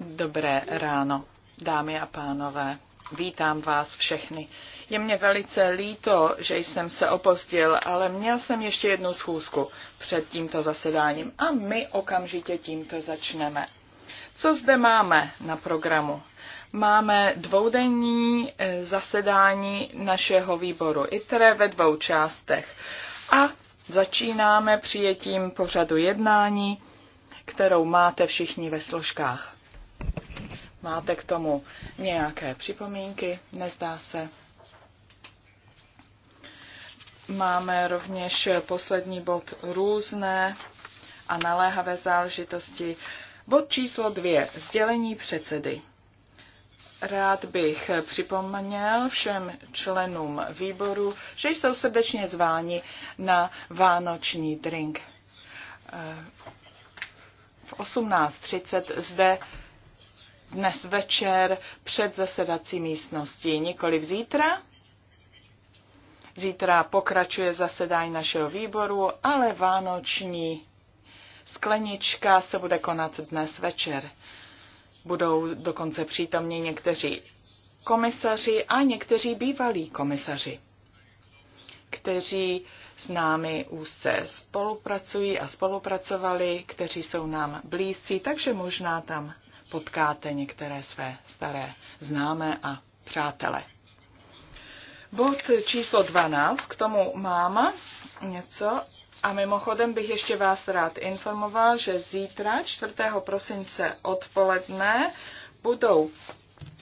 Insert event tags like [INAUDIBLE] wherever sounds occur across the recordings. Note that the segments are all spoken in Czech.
Dobré ráno, dámy a pánové. Vítám vás všechny. Je mě velice líto, že jsem se opozdil, ale měl jsem ještě jednu schůzku před tímto zasedáním a my okamžitě tímto začneme. Co zde máme na programu? Máme dvoudenní eh, zasedání našeho výboru ITRE ve dvou částech. A Začínáme přijetím pořadu jednání, kterou máte všichni ve složkách. Máte k tomu nějaké připomínky? Nezdá se. Máme rovněž poslední bod různé a naléhavé záležitosti. Bod číslo dvě. Sdělení předsedy. Rád bych připomněl všem členům výboru, že jsou srdečně zváni na vánoční drink. Eh, v 18.30 zde dnes večer před zasedací místností, nikoli zítra. Zítra pokračuje zasedání našeho výboru, ale vánoční sklenička se bude konat dnes večer. Budou dokonce přítomni někteří komisaři a někteří bývalí komisaři, kteří s námi úzce spolupracují a spolupracovali, kteří jsou nám blízcí, takže možná tam potkáte některé své staré známé a přátele. Bod číslo 12, k tomu máma něco a mimochodem bych ještě vás rád informoval, že zítra, 4. prosince odpoledne, budou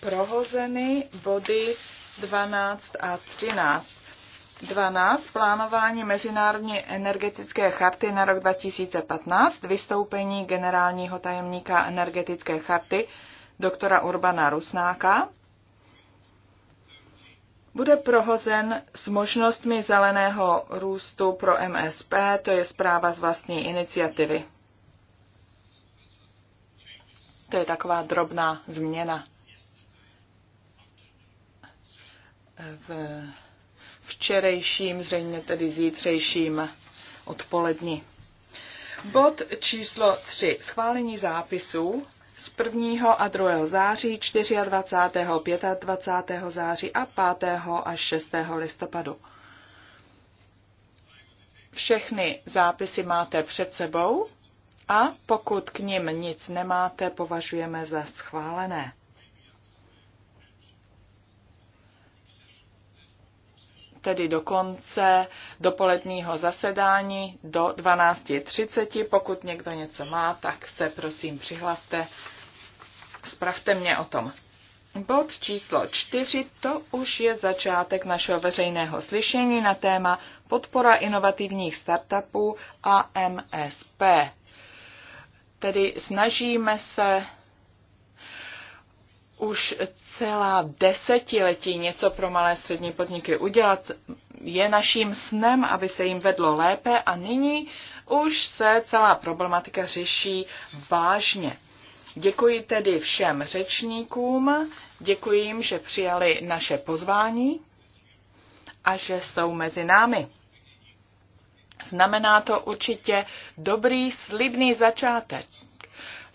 prohozeny body 12 a 13. 12. Plánování Mezinárodní energetické charty na rok 2015, vystoupení generálního tajemníka energetické charty doktora Urbana Rusnáka bude prohozen s možnostmi zeleného růstu pro MSP, to je zpráva z vlastní iniciativy. To je taková drobná změna. V včerejším, zřejmě tedy zítřejším odpolední. Bod číslo 3. Schválení zápisů z 1. a 2. září, 24. 25. září a 5. až 6. listopadu. Všechny zápisy máte před sebou a pokud k nim nic nemáte, považujeme za schválené. tedy do konce dopoledního zasedání do 12.30. Pokud někdo něco má, tak se prosím přihlaste. Spravte mě o tom. Bod číslo čtyři, to už je začátek našeho veřejného slyšení na téma podpora inovativních startupů a MSP. Tedy snažíme se už celá desetiletí něco pro malé střední podniky udělat. Je naším snem, aby se jim vedlo lépe a nyní už se celá problematika řeší vážně. Děkuji tedy všem řečníkům, děkuji jim, že přijali naše pozvání a že jsou mezi námi. Znamená to určitě dobrý, slibný začátek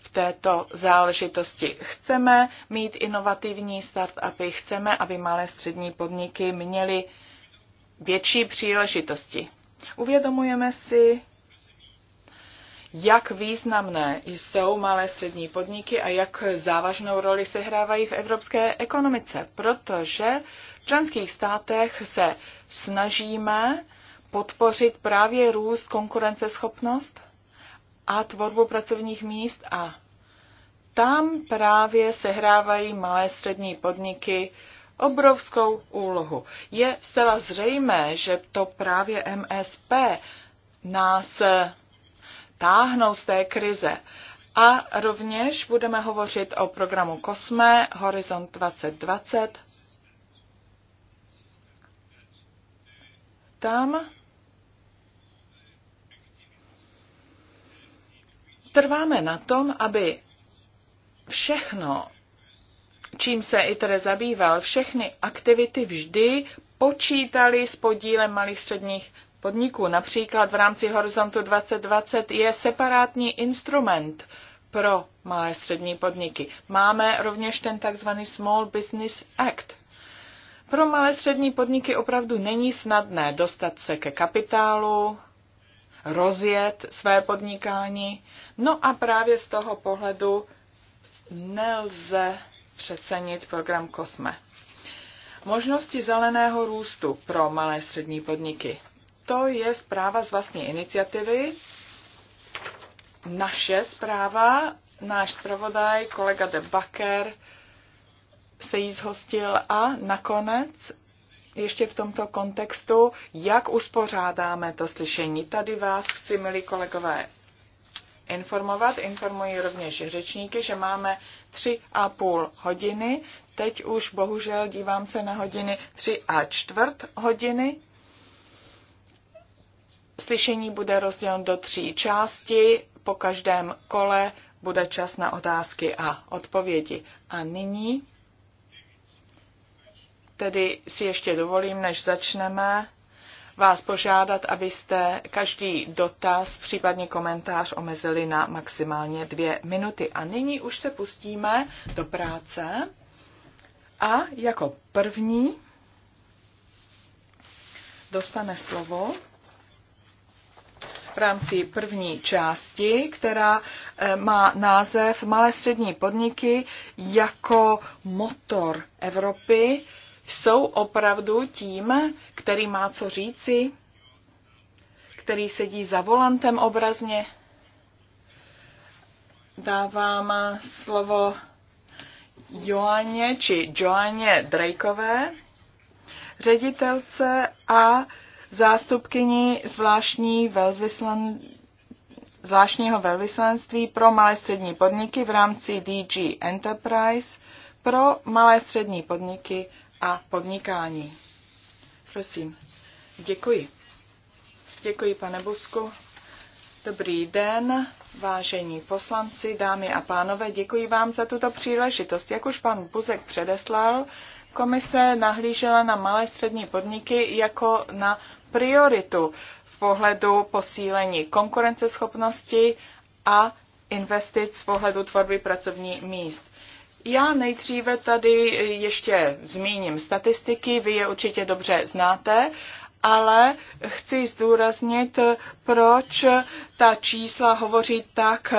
v této záležitosti. Chceme mít inovativní startupy, chceme, aby malé střední podniky měly větší příležitosti. Uvědomujeme si, jak významné jsou malé střední podniky a jak závažnou roli sehrávají v evropské ekonomice, protože v členských státech se snažíme podpořit právě růst konkurenceschopnost a tvorbu pracovních míst a tam právě sehrávají malé střední podniky obrovskou úlohu. Je zcela zřejmé, že to právě MSP nás eh, táhnou z té krize. A rovněž budeme hovořit o programu Kosme Horizont 2020. Tam trváme na tom, aby všechno, čím se i tedy zabýval, všechny aktivity vždy počítali s podílem malých středních podniků. Například v rámci Horizontu 2020 je separátní instrument pro malé střední podniky. Máme rovněž ten takzvaný Small Business Act. Pro malé střední podniky opravdu není snadné dostat se ke kapitálu, rozjet své podnikání. No a právě z toho pohledu nelze přecenit program Kosme. Možnosti zeleného růstu pro malé střední podniky. To je zpráva z vlastní iniciativy. Naše zpráva, náš zpravodaj, kolega de Baker, se jí zhostil a nakonec ještě v tomto kontextu, jak uspořádáme to slyšení. Tady vás chci, milí kolegové, informovat. Informuji rovněž řečníky, že máme tři a půl hodiny. Teď už bohužel dívám se na hodiny tři a čtvrt hodiny. Slyšení bude rozděleno do tří části. Po každém kole bude čas na otázky a odpovědi. A nyní tedy si ještě dovolím, než začneme, vás požádat, abyste každý dotaz, případně komentář omezili na maximálně dvě minuty. A nyní už se pustíme do práce. A jako první dostane slovo v rámci první části, která eh, má název Malé střední podniky jako motor Evropy jsou opravdu tím, který má co říci, který sedí za volantem obrazně. Dávám slovo Joanně či Joanně Drakeové, ředitelce a zástupkyni zvláštní velvyslan... zvláštního velvyslanství pro malé střední podniky v rámci DG Enterprise pro malé střední podniky a podnikání. Prosím. Děkuji. Děkuji, pane Busku. Dobrý den, vážení poslanci, dámy a pánové, děkuji vám za tuto příležitost. Jak už pan Buzek předeslal, komise nahlížela na malé střední podniky jako na prioritu v pohledu posílení konkurenceschopnosti a investic z pohledu tvorby pracovních míst. Já nejdříve tady ještě zmíním statistiky, vy je určitě dobře znáte, ale chci zdůraznit, proč ta čísla hovoří tak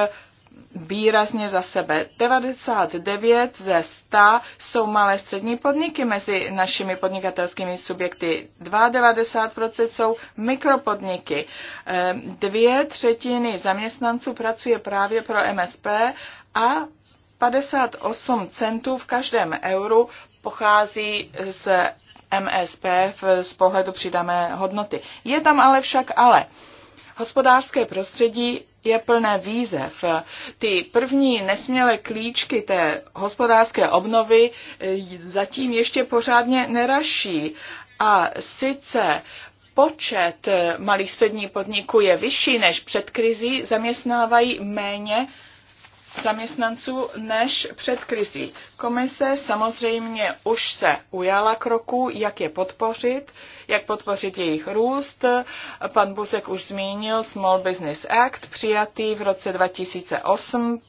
výrazně za sebe. 99 ze 100 jsou malé střední podniky mezi našimi podnikatelskými subjekty. 92% jsou mikropodniky. Ehm, dvě třetiny zaměstnanců pracuje právě pro MSP a 58 centů v každém euru pochází z MSP z pohledu přidané hodnoty. Je tam ale však ale. Hospodářské prostředí je plné výzev. Ty první nesmělé klíčky té hospodářské obnovy e, zatím ještě pořádně neraší. A sice počet e, malých středních podniků je vyšší než před krizí, zaměstnávají méně zaměstnanců než před krizí. Komise samozřejmě už se ujala kroku, jak je podpořit, jak podpořit jejich růst. Pan Buzek už zmínil Small Business Act, přijatý v roce 2008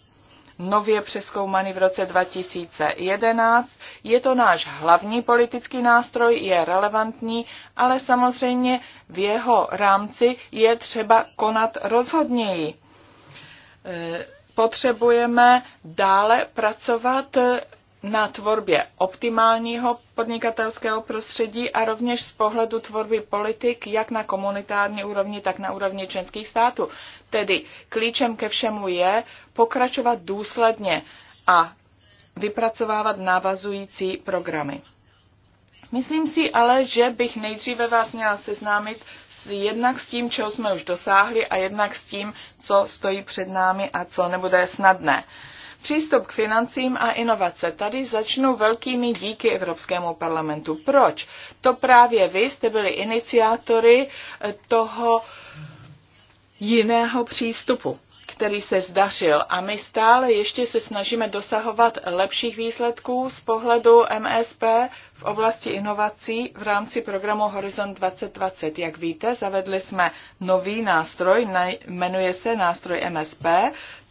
nově přeskoumaný v roce 2011. Je to náš hlavní politický nástroj, je relevantní, ale samozřejmě v jeho rámci je třeba konat rozhodněji potřebujeme dále pracovat na tvorbě optimálního podnikatelského prostředí a rovněž z pohledu tvorby politik jak na komunitární úrovni, tak na úrovni členských států. Tedy klíčem ke všemu je pokračovat důsledně a vypracovávat navazující programy. Myslím si ale, že bych nejdříve vás měla seznámit jednak s tím, čeho jsme už dosáhli a jednak s tím, co stojí před námi a co nebude snadné. Přístup k financím a inovace. Tady začnu velkými díky Evropskému parlamentu. Proč? To právě vy jste byli iniciátory eh, toho jiného přístupu který se zdařil a my stále ještě se snažíme dosahovat lepších výsledků z pohledu MSP v oblasti inovací v rámci programu Horizon 2020. Jak víte, zavedli jsme nový nástroj, jmenuje se nástroj MSP.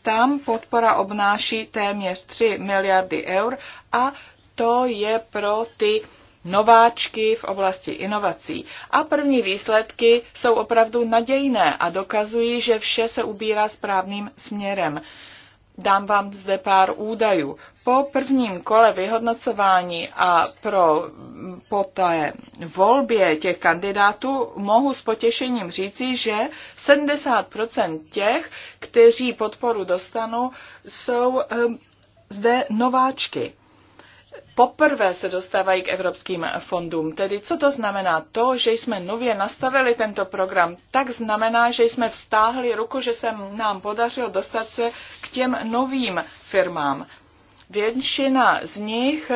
Tam podpora obnáší téměř 3 miliardy eur a to je pro ty nováčky v oblasti inovací. A první výsledky jsou opravdu nadějné a dokazují, že vše se ubírá správným směrem. Dám vám zde pár údajů. Po prvním kole vyhodnocování a pro, po té volbě těch kandidátů mohu s potěšením říci, že 70% těch, kteří podporu dostanou, jsou eh, zde nováčky poprvé se dostávají k evropským fondům. Tedy co to znamená? To, že jsme nově nastavili tento program, tak znamená, že jsme vstáhli ruku, že se nám podařilo dostat se k těm novým firmám. Většina z nich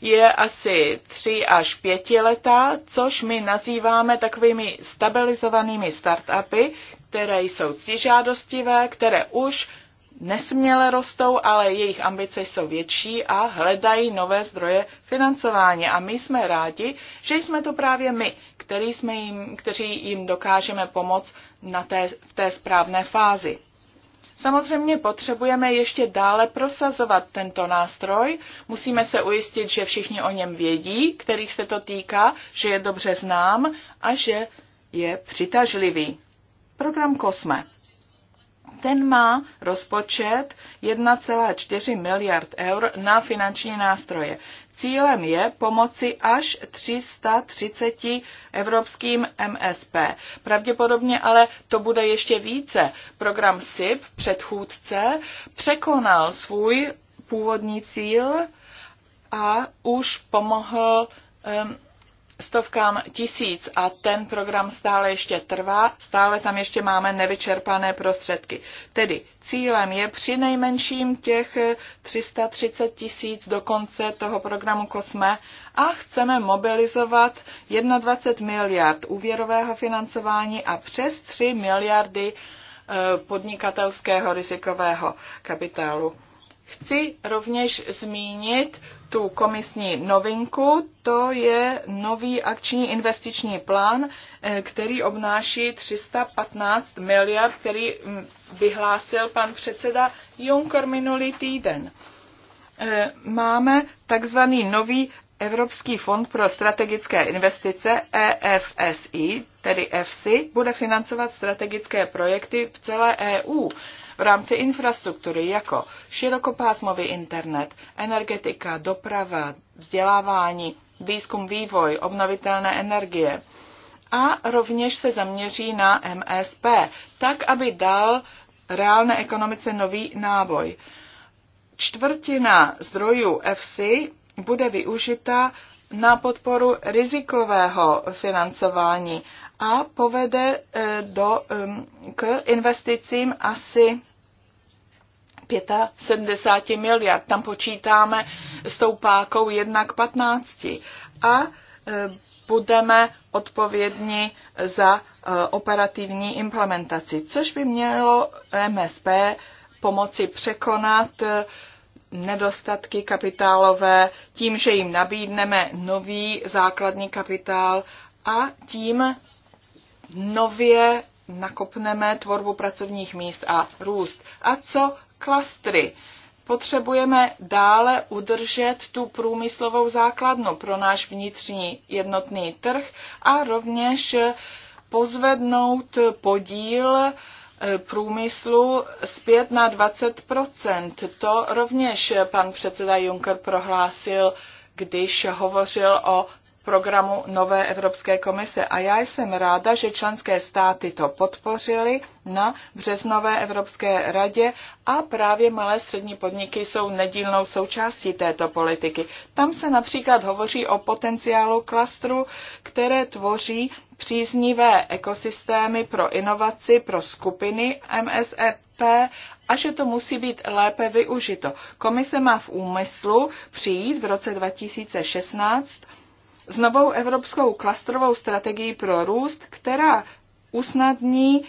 je asi 3 až 5 letá, což my nazýváme takovými stabilizovanými startupy, které jsou ctižádostivé, které už nesměle rostou, ale jejich ambice jsou větší a hledají nové zdroje financování. A my jsme rádi, že jsme to právě my, který jsme jim, kteří jim dokážeme pomoct na té, v té správné fázi. Samozřejmě potřebujeme ještě dále prosazovat tento nástroj. Musíme se ujistit, že všichni o něm vědí, kterých se to týká, že je dobře znám a že je přitažlivý. Program Kosme ten má rozpočet 1,4 miliard eur na finanční nástroje. Cílem je pomoci až 330 evropským MSP. Pravděpodobně ale to bude ještě více. Program SIP, předchůdce, překonal svůj původní cíl a už pomohl um, stovkám tisíc a ten program stále ještě trvá, stále tam ještě máme nevyčerpané prostředky. Tedy cílem je při nejmenším těch 330 eh, tisíc do konce toho programu Kosme a chceme mobilizovat 21 miliard úvěrového financování a přes 3 miliardy eh, podnikatelského rizikového kapitálu Chci rovněž zmínit tu komisní novinku, to je nový akční investiční plán, eh, který obnáší 315 miliard, který mm, vyhlásil pan předseda Juncker minulý týden. Eh, máme takzvaný nový Evropský fond pro strategické investice EFSI, tedy EFSI, bude financovat strategické projekty v celé EU v rámci infrastruktury jako širokopásmový internet, energetika, doprava, vzdělávání, výzkum, vývoj, obnovitelné energie. A rovněž se zaměří na MSP, tak aby dal reálné ekonomice nový náboj. Čtvrtina zdrojů FC bude využita na podporu rizikového financování a povede eh, do, k investicím asi 75 miliard. Tam počítáme s tou pákou jednak 15. A eh, budeme odpovědní za eh, operativní implementaci, což by mělo MSP pomoci překonat nedostatky kapitálové tím, že jim nabídneme nový základní kapitál a tím nově nakopneme tvorbu pracovních míst a růst. A co klastry? Potřebujeme dále udržet tu průmyslovou základnu pro náš vnitřní jednotný trh a rovněž pozvednout podíl e, průmyslu zpět na 20%. To rovněž pan předseda Juncker prohlásil, když hovořil o programu Nové Evropské komise. A já jsem ráda, že členské státy to podpořily na březnové Evropské radě a právě malé střední podniky jsou nedílnou součástí této politiky. Tam se například hovoří o potenciálu klastru, které tvoří příznivé ekosystémy pro inovaci, pro skupiny MSEP a že to musí být lépe využito. Komise má v úmyslu přijít v roce 2016 s novou evropskou klastrovou strategií pro růst, která usnadní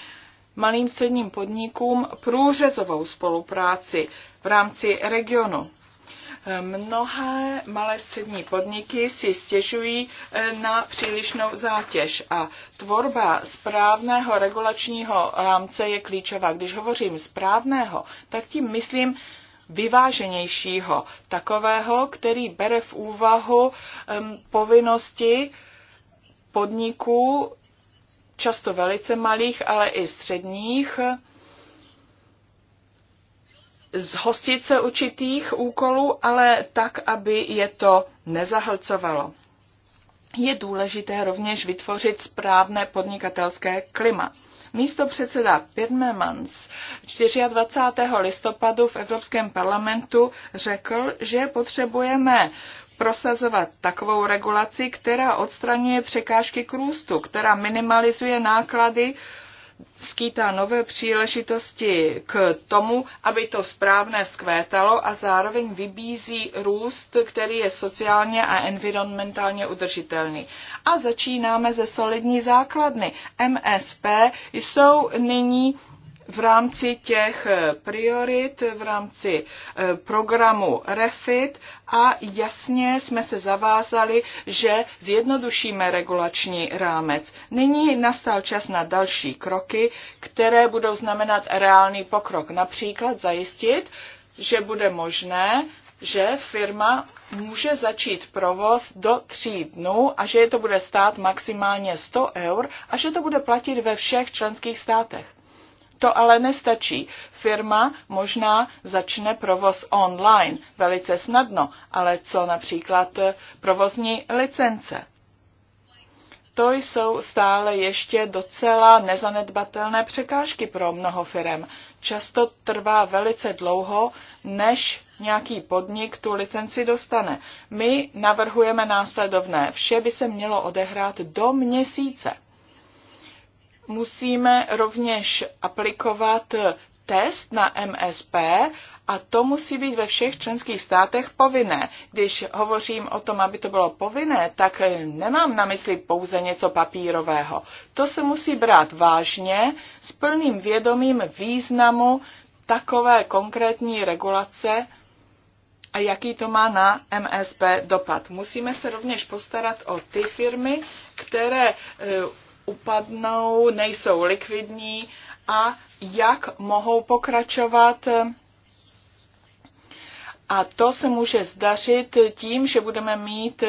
malým středním podnikům průřezovou spolupráci v rámci regionu. Mnohé malé střední podniky si stěžují eh, na přílišnou zátěž a tvorba správného regulačního rámce je klíčová. Když hovořím správného, tak tím myslím vyváženějšího, takového, který bere v úvahu um, povinnosti podniků, často velice malých, ale i středních, zhostit se určitých úkolů, ale tak, aby je to nezahlcovalo. Je důležité rovněž vytvořit správné podnikatelské klima. Místo předseda Pirmemans 24. listopadu v Evropském parlamentu řekl, že potřebujeme prosazovat takovou regulaci, která odstraňuje překážky k růstu, která minimalizuje náklady skýtá nové příležitosti k tomu, aby to správné zkvétalo a zároveň vybízí růst, který je sociálně a environmentálně udržitelný. A začínáme ze solidní základny. MSP jsou nyní v rámci těch eh, priorit, v rámci eh, programu REFIT a jasně jsme se zavázali, že zjednodušíme regulační rámec. Nyní nastal čas na další kroky, které budou znamenat reálný pokrok. Například zajistit, že bude možné že firma může začít provoz do tří dnů a že je to bude stát maximálně 100 eur a že to bude platit ve všech členských státech. To ale nestačí. Firma možná začne provoz online velice snadno, ale co například provozní licence? To jsou stále ještě docela nezanedbatelné překážky pro mnoho firm. Často trvá velice dlouho, než nějaký podnik tu licenci dostane. My navrhujeme následovné. Vše by se mělo odehrát do měsíce musíme rovněž aplikovat test na MSP a to musí být ve všech členských státech povinné. Když hovořím o tom, aby to bylo povinné, tak nemám na mysli pouze něco papírového. To se musí brát vážně s plným vědomím významu takové konkrétní regulace a jaký to má na MSP dopad. Musíme se rovněž postarat o ty firmy, které eh, upadnou, nejsou likvidní a jak mohou pokračovat a to se může zdařit tím, že budeme mít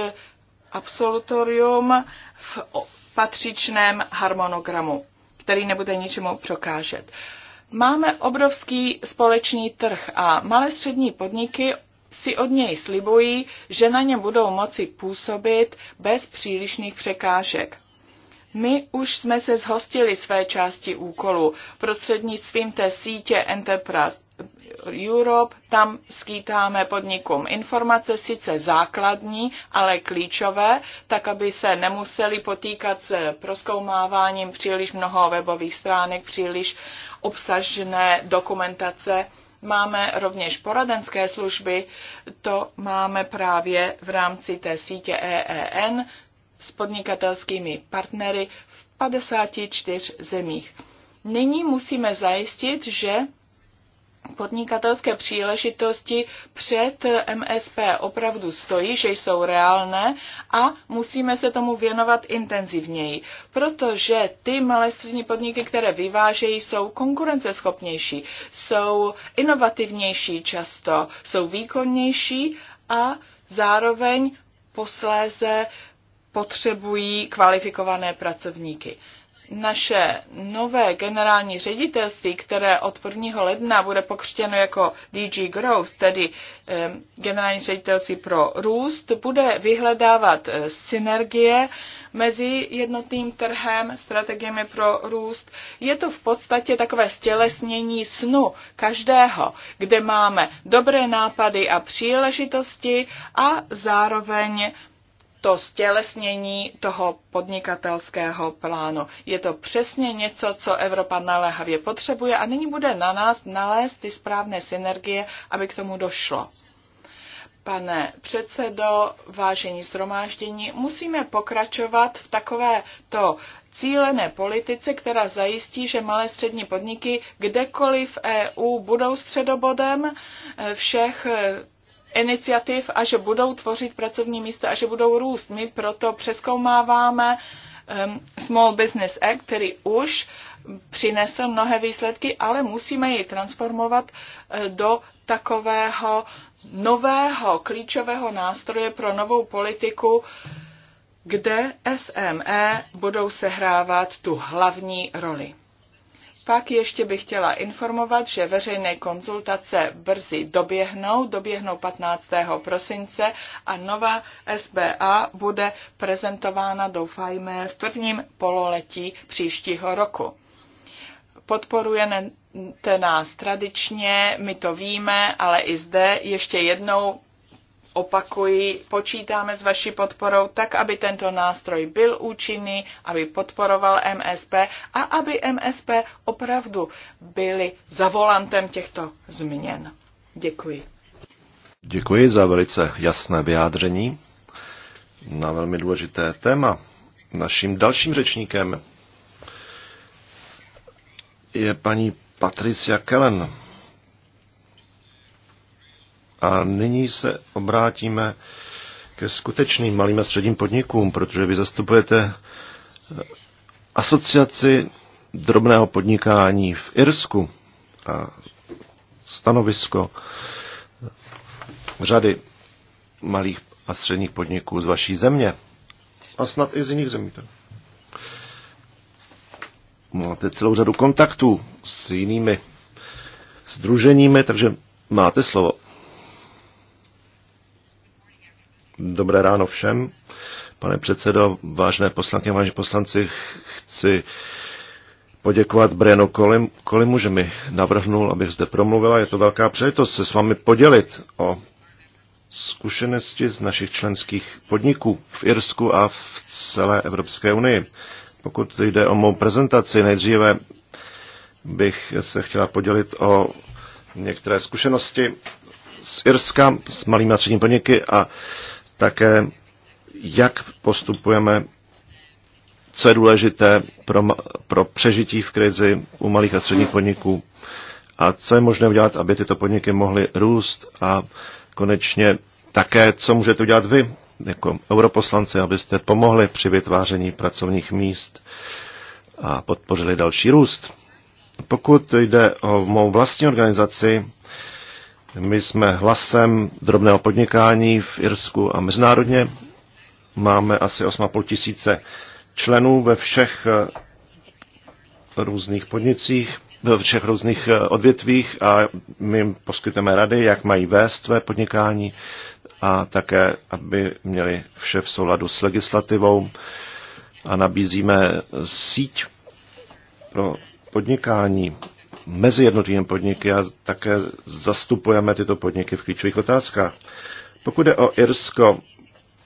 absolutorium v patřičném harmonogramu, který nebude ničemu prokážet. Máme obrovský společný trh a malé střední podniky si od něj slibují, že na ně budou moci působit bez přílišných překážek. My už jsme se zhostili své části úkolu prostřednictvím té sítě Enterprise Europe, tam skýtáme podnikům informace, sice základní, ale klíčové, tak aby se nemuseli potýkat s proskoumáváním příliš mnoho webových stránek, příliš obsažené dokumentace. Máme rovněž poradenské služby, to máme právě v rámci té sítě EEN, s podnikatelskými partnery v 54 zemích. Nyní musíme zajistit, že podnikatelské příležitosti před MSP opravdu stojí, že jsou reálné a musíme se tomu věnovat intenzivněji, protože ty malé střední podniky, které vyvážejí, jsou konkurenceschopnější, jsou inovativnější často, jsou výkonnější a zároveň posléze potřebují kvalifikované pracovníky. Naše nové generální ředitelství, které od 1. ledna bude pokřtěno jako DG Growth, tedy eh, generální ředitelství pro růst, bude vyhledávat eh, synergie mezi jednotným trhem, strategiemi pro růst. Je to v podstatě takové stělesnění snu každého, kde máme dobré nápady a příležitosti a zároveň to stělesnění toho podnikatelského plánu. Je to přesně něco, co Evropa naléhavě potřebuje a nyní bude na nás nalézt ty správné synergie, aby k tomu došlo. Pane předsedo, vážení zhromáždění, musíme pokračovat v takové to cílené politice, která zajistí, že malé střední podniky kdekoliv v EU budou středobodem všech iniciativ a že budou tvořit pracovní místa a že budou růst. My proto přeskoumáváme um, Small Business Act, který už přinesl mnohé výsledky, ale musíme ji transformovat eh, do takového nového klíčového nástroje pro novou politiku, kde SME budou sehrávat tu hlavní roli. Pak ještě bych chtěla informovat, že veřejné konzultace brzy doběhnou, doběhnou 15. prosince a nová SBA bude prezentována, doufajme, v prvním pololetí příštího roku. Podporujete nás tradičně, my to víme, ale i zde ještě jednou opakuji, počítáme s vaší podporou tak, aby tento nástroj byl účinný, aby podporoval MSP a aby MSP opravdu byly za volantem těchto změn. Děkuji. Děkuji za velice jasné vyjádření na velmi důležité téma. Naším dalším řečníkem je paní Patricia Kellen. A nyní se obrátíme ke skutečným malým a středním podnikům, protože vy zastupujete eh, asociaci drobného podnikání v Irsku a stanovisko eh, řady malých a středních podniků z vaší země a snad i z jiných zemí. Máte celou řadu kontaktů s jinými združeními, takže máte slovo. Dobré ráno všem. Pane předsedo, vážné poslanky, vážení poslanci, chci poděkovat Breno Kolim, Kolimu, že mi navrhnul, abych zde promluvila. Je to velká přejitost se s vámi podělit o zkušenosti z našich členských podniků v Irsku a v celé Evropské unii. Pokud jde o mou prezentaci, nejdříve bych se chtěla podělit o některé zkušenosti z Irska, s malými a středními podniky a také, jak postupujeme, co je důležité pro, pro přežití v krizi u malých a středních podniků a co je možné udělat, aby tyto podniky mohly růst a konečně také, co můžete udělat vy jako europoslanci, abyste pomohli při vytváření pracovních míst a podpořili další růst. Pokud jde o mou vlastní organizaci, my jsme hlasem drobného podnikání v Irsku a mezinárodně. Máme asi 8,5 tisíce členů ve všech eh, různých podnicích, ve všech různých eh, odvětvích a my jim poskytujeme rady, jak mají vést své podnikání a také, aby měli vše v souladu s legislativou a nabízíme síť pro podnikání mezi jednotlivými podniky a také zastupujeme tyto podniky v klíčových otázkách. Pokud je o Irsko,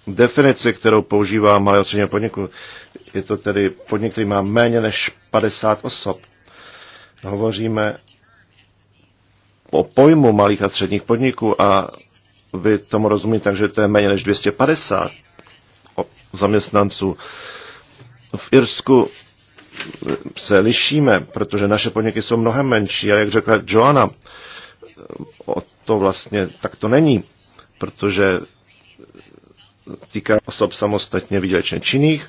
definici, kterou používá malé a podniku, je to tedy podnik, který má méně než 50 osob. Hovoříme o pojmu malých a středních podniků a vy tomu rozumíte, takže to je méně než 250 zaměstnanců. V Irsku se lišíme, protože naše podniky jsou mnohem menší a jak řekla Joana, o to vlastně tak to není, protože týká osob samostatně výdělečně činných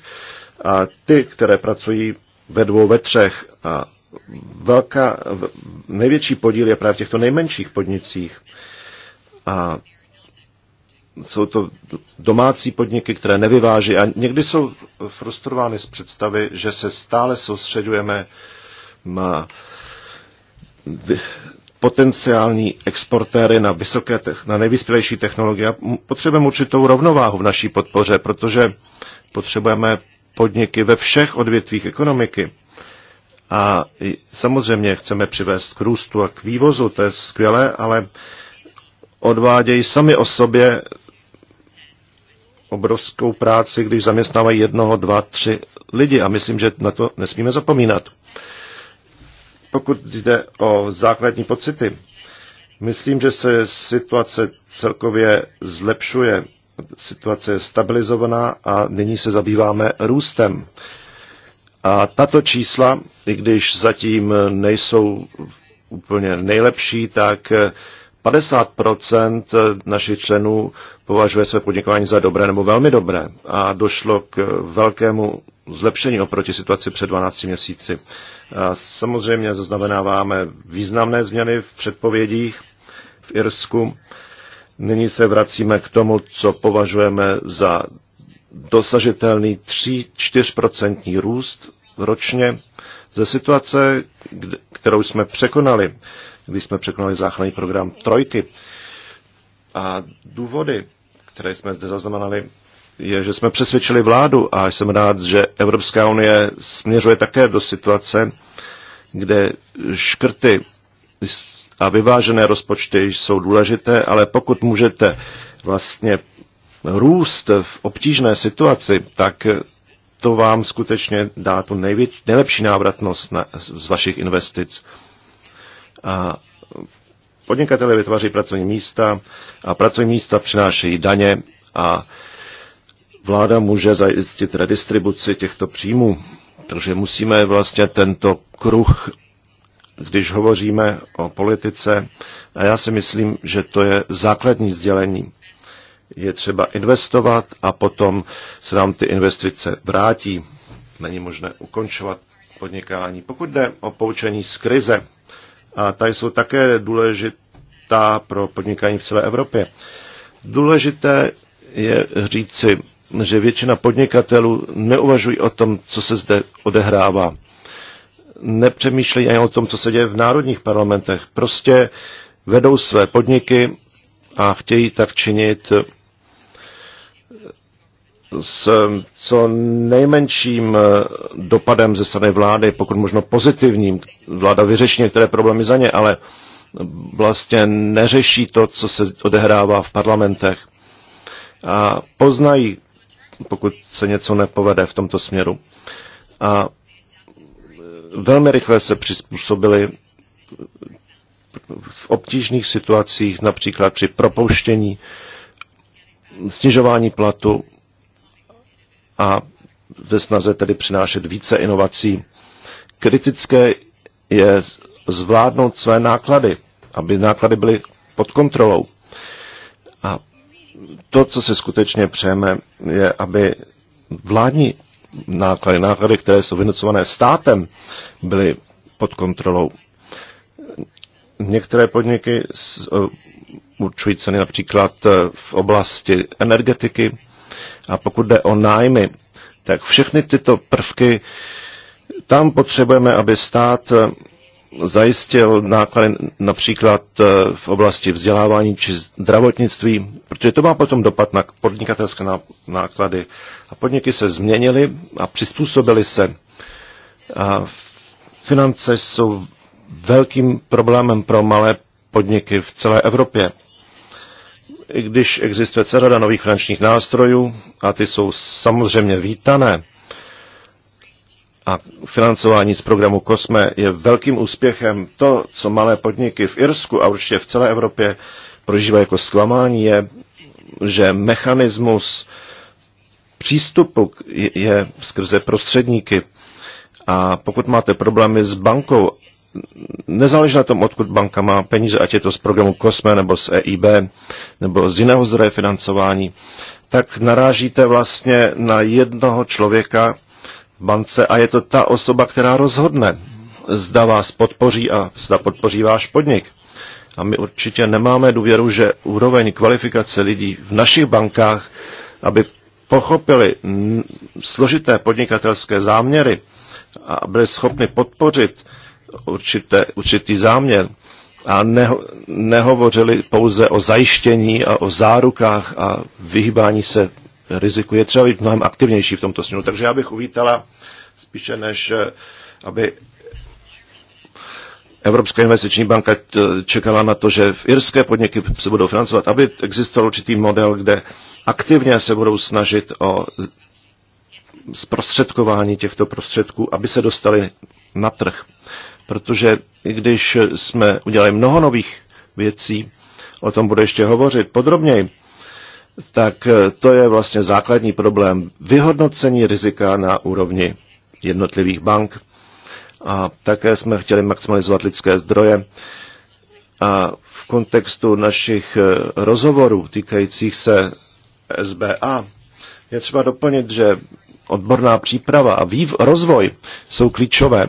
a ty, které pracují ve dvou, ve třech a velká, největší podíl je právě v těchto nejmenších podnicích. A jsou to domácí podniky, které nevyváží a někdy jsou frustrovány z představy, že se stále soustředujeme na potenciální exportéry na, vysoké, na nejvyspělejší technologie. Potřebujeme určitou rovnováhu v naší podpoře, protože potřebujeme podniky ve všech odvětvích ekonomiky. A samozřejmě chceme přivést k růstu a k vývozu, to je skvělé, ale odvádějí sami o sobě obrovskou práci, když zaměstnávají jednoho, dva, tři lidi a myslím, že na to nesmíme zapomínat. Pokud jde o základní pocity, myslím, že se situace celkově zlepšuje. Situace je stabilizovaná a nyní se zabýváme růstem. A tato čísla, i když zatím nejsou úplně nejlepší, tak 50 eh, našich členů považuje své podnikání za dobré nebo velmi dobré a došlo k velkému zlepšení oproti situaci před 12 měsíci. A samozřejmě zaznamenáváme významné změny v předpovědích v Irsku. Nyní se vracíme k tomu, co považujeme za dosažitelný 3-4% růst ročně ze situace, kterou jsme překonali, když jsme překonali záchranný program Trojky. A důvody, které jsme zde zaznamenali, je, že jsme přesvědčili vládu a jsem rád, že Evropská unie směřuje také do situace, kde škrty a vyvážené rozpočty jsou důležité, ale pokud můžete vlastně růst v obtížné situaci, tak to vám skutečně dá tu největ, nejlepší návratnost na, z vašich investic. A podnikatelé vytváří pracovní místa a pracovní místa přinášejí daně a vláda může zajistit redistribuci těchto příjmů. Takže musíme vlastně tento kruh, když hovoříme o politice, a já si myslím, že to je základní sdělení je třeba investovat a potom se nám ty investice vrátí. Není možné ukončovat podnikání. Pokud jde o poučení z krize, a ta jsou také důležitá pro podnikání v celé Evropě. Důležité je říci, že většina podnikatelů neuvažují o tom, co se zde odehrává. Nepřemýšlejí ani o tom, co se děje v národních parlamentech. Prostě vedou své podniky a chtějí tak činit s co nejmenším dopadem ze strany vlády, pokud možno pozitivním. Vláda vyřeší některé problémy za ně, ale vlastně neřeší to, co se odehrává v parlamentech. A poznají, pokud se něco nepovede v tomto směru. A velmi rychle se přizpůsobili v obtížných situacích, například při propouštění, snižování platu a ve snaze tedy přinášet více inovací. Kritické je zvládnout své náklady, aby náklady byly pod kontrolou. A to, co se skutečně přejeme, je, aby vládní náklady, náklady, které jsou vynucované státem, byly pod kontrolou. Některé podniky eh, určují ceny například eh, v oblasti energetiky a pokud jde o nájmy, tak všechny tyto prvky, tam potřebujeme, aby stát eh, zajistil náklady například v oblasti vzdělávání či zdravotnictví, protože to má potom dopad na podnikatelské náklady. A podniky se změnily a přizpůsobily se. A finance jsou velkým problémem pro malé podniky v celé Evropě. I když existuje celá řada nových finančních nástrojů, a ty jsou samozřejmě vítané, a financování z programu COSME je velkým úspěchem. To, co malé podniky v Irsku a určitě v celé Evropě prožívají jako zklamání, je, že mechanismus přístupu je skrze prostředníky. A pokud máte problémy s bankou nezáleží na tom, odkud banka má peníze, ať je to z programu COSME nebo z EIB nebo z jiného zdroje financování, tak narážíte vlastně na jednoho člověka v bance a je to ta osoba, která rozhodne, zda vás podpoří a zda podpoří váš podnik. A my určitě nemáme důvěru, že úroveň kvalifikace lidí v našich bankách, aby pochopili složité podnikatelské záměry a byli schopni podpořit určité, určitý záměr a neho, nehovořili pouze o zajištění a o zárukách a vyhýbání se riziku. Je třeba být mnohem aktivnější v tomto směru. Takže já bych uvítala spíše než, eh, aby Evropská investiční banka eh, čekala na to, že v irské podniky se budou financovat, aby existoval určitý model, kde aktivně se budou snažit o zprostředkování těchto prostředků, aby se dostali na trh protože i když jsme udělali mnoho nových věcí, o tom bude ještě hovořit podrobněji, tak eh, to je vlastně základní problém vyhodnocení rizika na úrovni jednotlivých bank. A také jsme chtěli maximalizovat lidské zdroje. A v kontextu našich eh, rozhovorů týkajících se SBA je třeba doplnit, že odborná příprava a výv- rozvoj jsou klíčové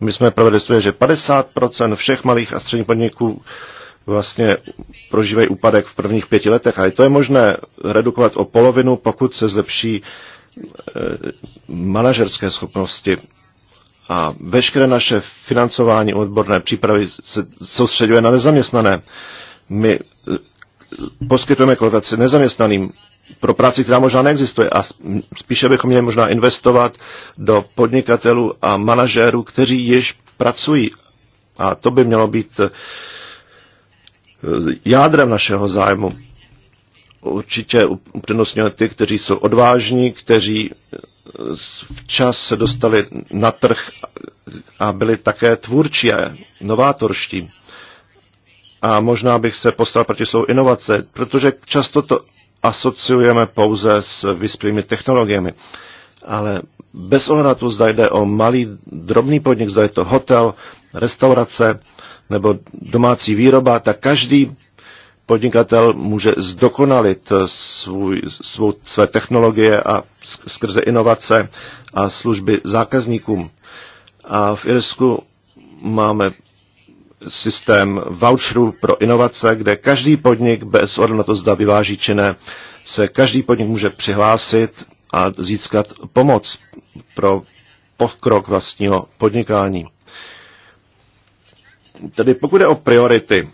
my jsme provedli studie, že 50% všech malých a středních podniků vlastně prožívají úpadek v prvních pěti letech a to je možné redukovat o polovinu, pokud se zlepší eh, manažerské schopnosti a veškeré naše financování odborné přípravy se soustředuje na nezaměstnané. My eh, poskytujeme kvalitaci nezaměstnaným pro práci, která možná neexistuje. A spíše bychom měli možná investovat do podnikatelů a manažérů, kteří již pracují. A to by mělo být eh, jádrem našeho zájmu. Určitě upřednostňuje ty, kteří jsou odvážní, kteří eh, včas se dostali na trh a byli také tvůrčí a novátorští. A možná bych se postal proti svou inovace, protože často to asociujeme pouze s vyspělými technologiemi. Ale bez ohledu na to, zda jde o malý, drobný podnik, zda je to hotel, restaurace nebo domácí výroba, tak každý podnikatel může zdokonalit svůj, svou, své technologie a skrze inovace a služby zákazníkům. A v Irsku máme systém voucherů pro inovace, kde každý podnik, bez ohledu na to, zda vyváží či ne, se každý podnik může přihlásit a získat pomoc pro pokrok vlastního podnikání. Tedy pokud je o priority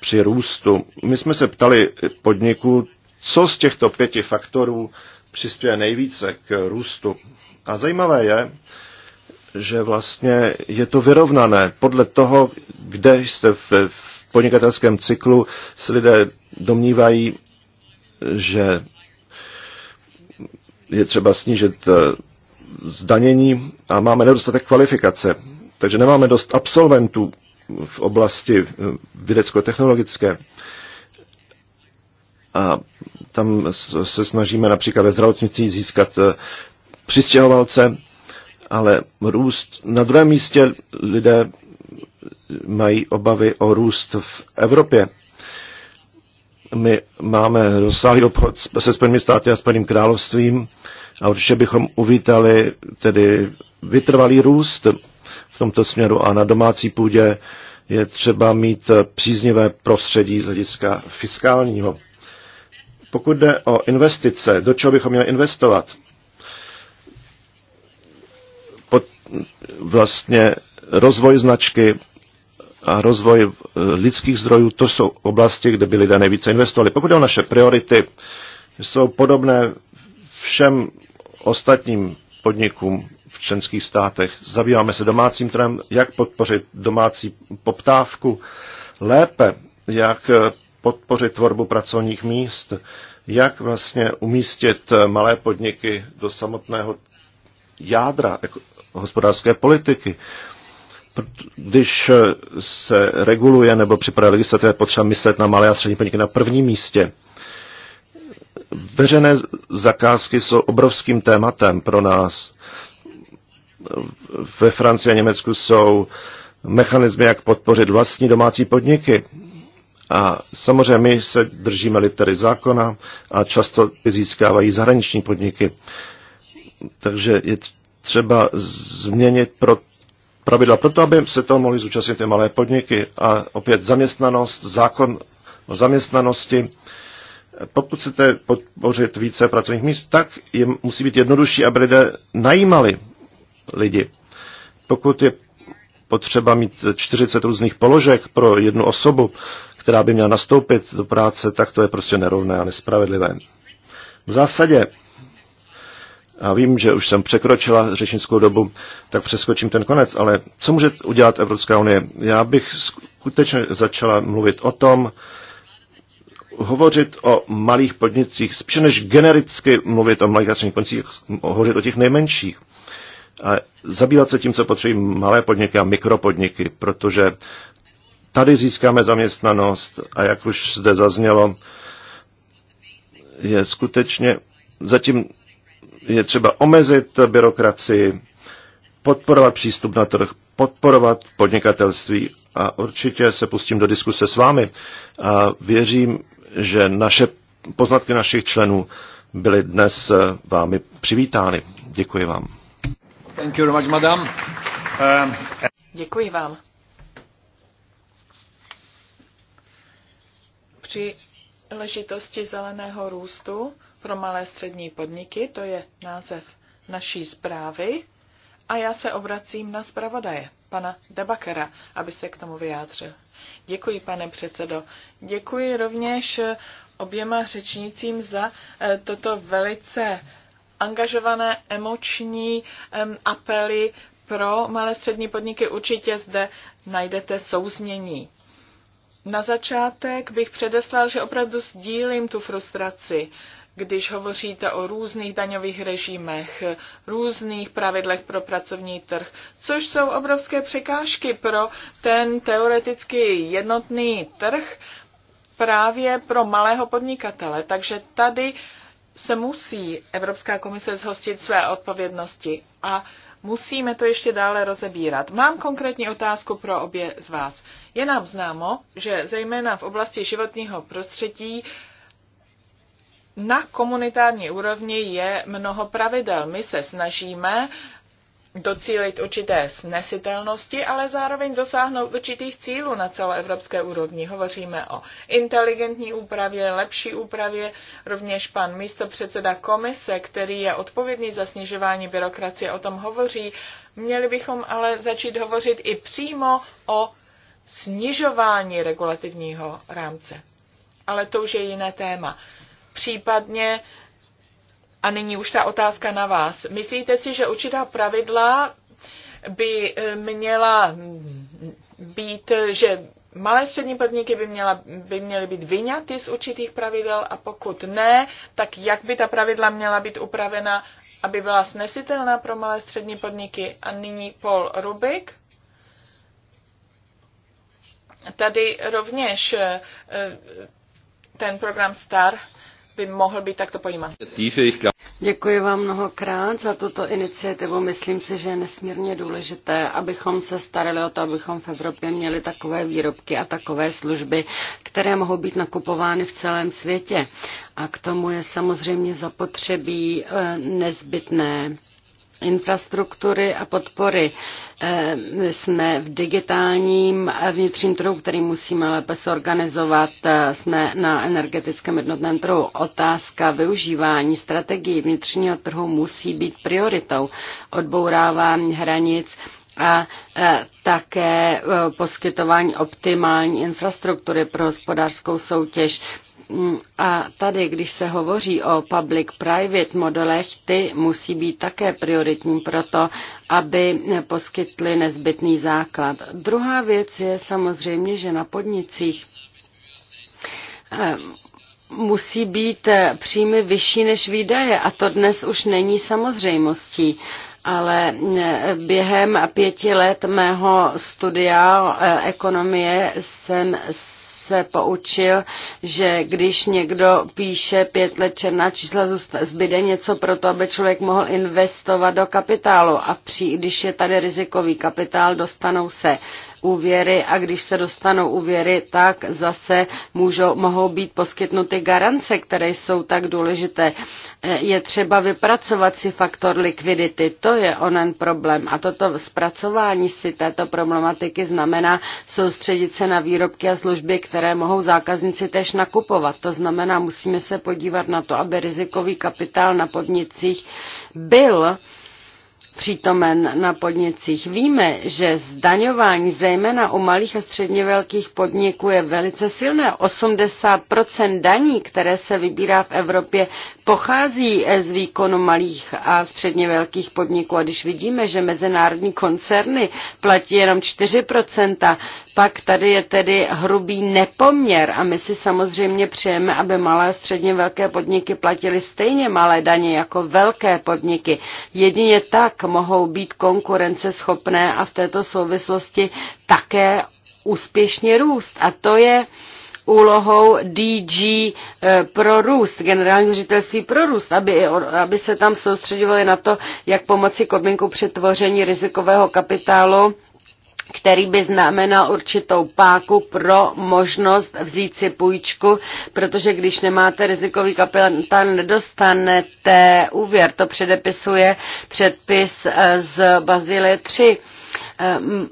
při růstu, my jsme se ptali podniku, co z těchto pěti faktorů přispěje nejvíce k růstu. A zajímavé je, že vlastně je to vyrovnané podle toho, kde jste v, v podnikatelském cyklu, se lidé domnívají, že je třeba snížit eh, zdanění a máme nedostatek kvalifikace. Takže nemáme dost absolventů v oblasti eh, vědecko-technologické. A tam se snažíme například ve zdravotnictví získat eh, přistěhovalce, ale růst, na druhém místě lidé mají obavy o růst v Evropě. My máme rozsáhlý obchod se Spojenými státy a Spojeným královstvím a určitě bychom uvítali tedy vytrvalý růst v tomto směru a na domácí půdě je třeba mít příznivé prostředí z hlediska fiskálního. Pokud jde o investice, do čeho bychom měli investovat, pod, vlastně rozvoj značky a rozvoj eh, lidských zdrojů, to jsou oblasti, kde by lidé nejvíce investovali. Pokud je o naše priority, jsou podobné všem ostatním podnikům v členských státech. Zabýváme se domácím trhem, jak podpořit domácí poptávku lépe, jak eh, podpořit tvorbu pracovních míst, jak vlastně umístit eh, malé podniky do samotného jádra hospodářské politiky. Když se reguluje nebo připravuje legislativa, potřeba myslet na malé a střední podniky na prvním místě. Veřejné zakázky jsou obrovským tématem pro nás. Ve Francii a Německu jsou mechanizmy, jak podpořit vlastní domácí podniky. A samozřejmě my se držíme litery zákona a často získávají zahraniční podniky. Takže je třeba změnit pro pravidla proto, aby se toho mohly zúčastnit ty malé podniky. A opět zaměstnanost, zákon o zaměstnanosti. Pokud chcete podpořit více pracovních míst, tak je, musí být jednodušší, aby lidé najímali lidi. Pokud je potřeba mít 40 různých položek pro jednu osobu, která by měla nastoupit do práce, tak to je prostě nerovné a nespravedlivé. V zásadě a vím, že už jsem překročila řečnickou dobu, tak přeskočím ten konec, ale co může udělat Evropská unie? Já bych skutečně začala mluvit o tom, hovořit o malých podnicích, spíše než genericky mluvit o malých a středních podnicích, hovořit o těch nejmenších. A zabývat se tím, co potřebují malé podniky a mikropodniky, protože tady získáme zaměstnanost a jak už zde zaznělo, je skutečně zatím je třeba omezit byrokracii, podporovat přístup na trh, podporovat podnikatelství a určitě se pustím do diskuse s vámi a věřím, že naše poznatky našich členů byly dnes eh, vámi přivítány. Děkuji vám. Thank you very much, madam. Um, Děkuji vám. Při ležitosti zeleného růstu pro malé střední podniky, to je název naší zprávy. A já se obracím na zpravodaje, pana Debakera, aby se k tomu vyjádřil. Děkuji, pane předsedo. Děkuji rovněž oběma řečnicím za eh, toto velice angažované emoční apely pro malé střední podniky. Určitě zde najdete souznění. Na začátek bych předeslal, že opravdu sdílím tu frustraci když hovoříte o různých daňových režimech, různých pravidlech pro pracovní trh, což jsou obrovské překážky pro ten teoreticky jednotný trh právě pro malého podnikatele. Takže tady se musí Evropská komise zhostit své odpovědnosti a musíme to ještě dále rozebírat. Mám konkrétní otázku pro obě z vás. Je nám známo, že zejména v oblasti životního prostředí na komunitární úrovni je mnoho pravidel. My se snažíme docílit určité snesitelnosti, ale zároveň dosáhnout určitých cílů na celoevropské úrovni. Hovoříme o inteligentní úpravě, lepší úpravě. Rovněž pan místopředseda komise, který je odpovědný za snižování byrokracie, o tom hovoří. Měli bychom ale začít hovořit i přímo o snižování regulativního rámce. Ale to už je jiné téma případně a nyní už ta otázka na vás. Myslíte si, že určitá pravidla by e, měla být, že malé střední podniky by, měla, by měly být vyňaty z určitých pravidel a pokud ne, tak jak by ta pravidla měla být upravena, aby byla snesitelná pro malé střední podniky? A nyní Paul Rubik. Tady rovněž e, e, ten program STAR by mohl být takto pojímat. Děkuji vám mnohokrát za tuto iniciativu. Myslím si, že je nesmírně důležité, abychom se starali o to, abychom v Evropě měli takové výrobky a takové služby, které mohou být nakupovány v celém světě. A k tomu je samozřejmě zapotřebí eh, nezbytné infrastruktury a podpory. Eh, jsme v digitálním vnitřním trhu, který musíme lépe zorganizovat. Eh, jsme na energetickém jednotném trhu. Otázka využívání strategií vnitřního trhu musí být prioritou. Odbourávání hranic a eh, také poskytování optimální infrastruktury pro hospodářskou soutěž. Mm, a tady, když se hovoří o public-private modelech, ty musí být také prioritní proto, aby poskytly nezbytný základ. Druhá věc je samozřejmě, že na podnicích eh, musí být eh, příjmy vyšší než výdaje a to dnes už není samozřejmostí ale eh, během pěti let mého studia ekonomie jsem se poučil, že když někdo píše pět let černá čísla, zbyde něco pro to, aby člověk mohl investovat do kapitálu a při, když je tady rizikový kapitál, dostanou se úvěry a když se dostanou úvěry, tak zase můžou, mohou být poskytnuty garance, které jsou tak důležité. Je třeba vypracovat si faktor likvidity, to je onen problém. A toto zpracování si této problematiky znamená soustředit se na výrobky a služby, které mohou zákazníci tež nakupovat. To znamená, musíme se podívat na to, aby rizikový kapitál na podnicích byl přítomen na podnicích. Víme, že zdaňování zejména u malých a středně velkých podniků je velice silné. 80% daní, které se vybírá v Evropě, pochází eh, z výkonu malých a středně velkých podniků. A když vidíme, že mezinárodní koncerny platí jenom 4%, pak tady je tedy hrubý nepoměr a my si samozřejmě přejeme, aby malé a středně velké podniky platily stejně malé daně jako velké podniky. Jedině tak mohou být konkurenceschopné a v této souvislosti také úspěšně růst. A to je úlohou DG eh, pro růst, generální ředitelství pro růst, aby, aby se tam soustředovali na to, jak pomoci podmínku přetvoření rizikového kapitálu který by znamenal určitou páku pro možnost vzít si půjčku, protože když nemáte rizikový kapitál, nedostanete úvěr. To předepisuje předpis eh, z Bazile 3. Ehm,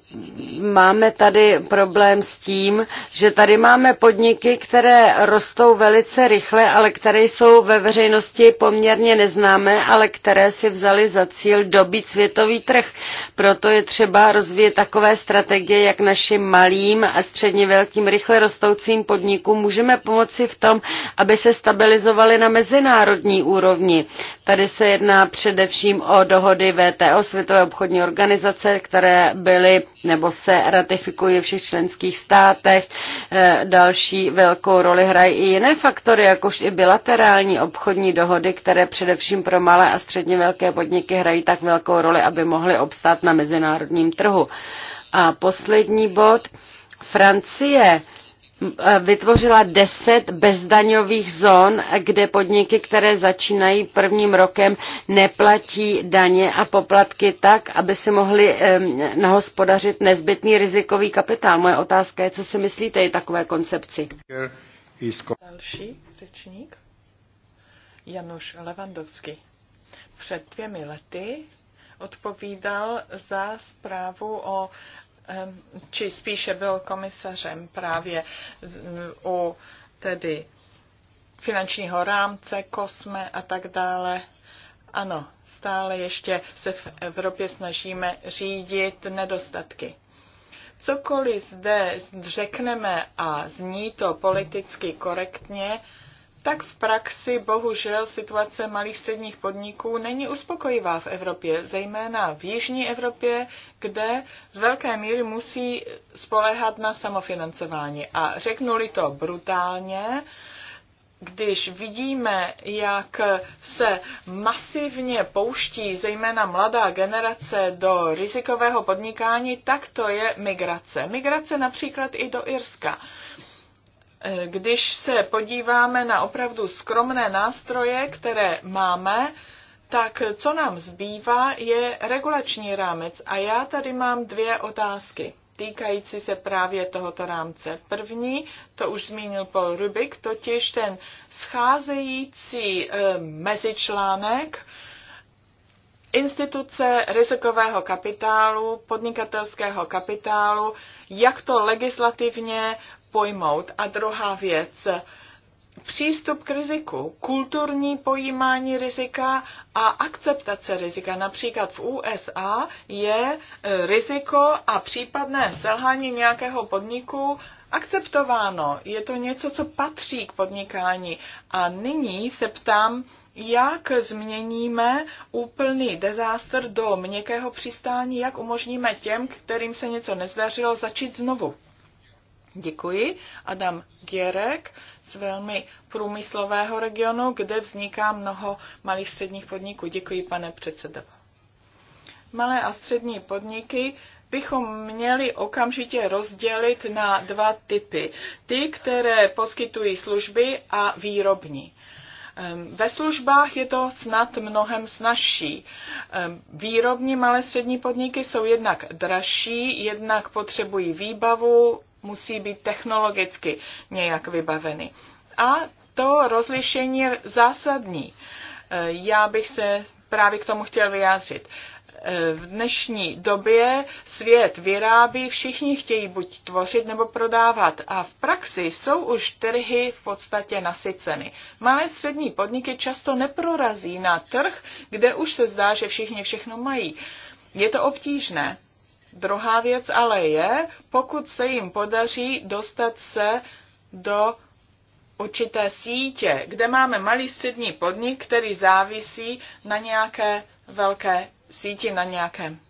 máme tady problém s tím, že tady máme podniky, které rostou velice rychle, ale které jsou ve veřejnosti poměrně neznámé, ale které si vzali za cíl dobít světový trh. Proto je třeba rozvíjet takové strategie, jak našim malým a středně velkým rychle rostoucím podnikům můžeme pomoci v tom, aby se stabilizovali na mezinárodní úrovni. Tady se jedná především o dohody VTO, Světové obchodní organizace, které byly nebo se ratifikují v všech členských státech. E, další velkou roli hrají i jiné faktory, jakož i bilaterální obchodní dohody, které především pro malé a středně velké podniky hrají tak velkou roli, aby mohly obstát na mezinárodním trhu. A poslední bod. Francie vytvořila deset bezdaňových zón, kde podniky, které začínají prvním rokem, neplatí daně a poplatky tak, aby si mohli nahospodařit nezbytný rizikový kapitál. Moje otázka je, co si myslíte i takové koncepci? Další řečník, Januš Levandovský. Před dvěmi lety odpovídal za zprávu o Ehm, či spíše byl komisařem právě u tedy finančního rámce, kosme a tak dále. Ano, stále ještě se v Evropě snažíme řídit nedostatky. Cokoliv zde řekneme a zní to politicky korektně, tak v praxi bohužel situace malých středních podniků není uspokojivá v Evropě, zejména v Jižní Evropě, kde z velké míry musí spolehat na samofinancování. A řeknu-li to brutálně, když vidíme, jak se masivně pouští zejména mladá generace do rizikového podnikání, tak to je migrace. Migrace například i do Irska. Eh, když se podíváme na opravdu skromné nástroje, které máme, tak co nám zbývá, je regulační rámec. A já tady mám dvě otázky týkající se právě tohoto rámce. První, to už zmínil Paul Rubik, totiž ten scházející e, mezičlánek instituce rizikového kapitálu, podnikatelského kapitálu, jak to legislativně pojmout. A druhá věc, přístup k riziku, kulturní pojímání rizika a akceptace rizika. Například v USA je e, riziko a případné selhání nějakého podniku akceptováno. Je to něco, co patří k podnikání. A nyní se ptám, jak změníme úplný dezástr do měkkého přistání, jak umožníme těm, kterým se něco nezdařilo, začít znovu. Děkuji. Adam Gierek z velmi průmyslového regionu, kde vzniká mnoho malých středních podniků. Děkuji, pane předsedo. Malé a střední podniky bychom měli okamžitě rozdělit na dva typy. Ty, které poskytují služby a výrobní. Ehm, ve službách je to snad mnohem snažší. Ehm, výrobní malé střední podniky jsou jednak dražší, jednak potřebují výbavu, musí být technologicky nějak vybaveny. A to rozlišení je zásadní. Eh, já bych se právě k tomu chtěl vyjádřit. Eh, v dnešní době svět vyrábí, všichni chtějí buď tvořit nebo prodávat a v praxi jsou už trhy v podstatě nasyceny. Malé střední podniky často neprorazí na trh, kde už se zdá, že všichni všechno mají. Je to obtížné Druhá věc ale je, pokud se jim podaří dostat se do určité sítě, kde máme malý střední podnik, který závisí na nějaké velké síti, na nějakém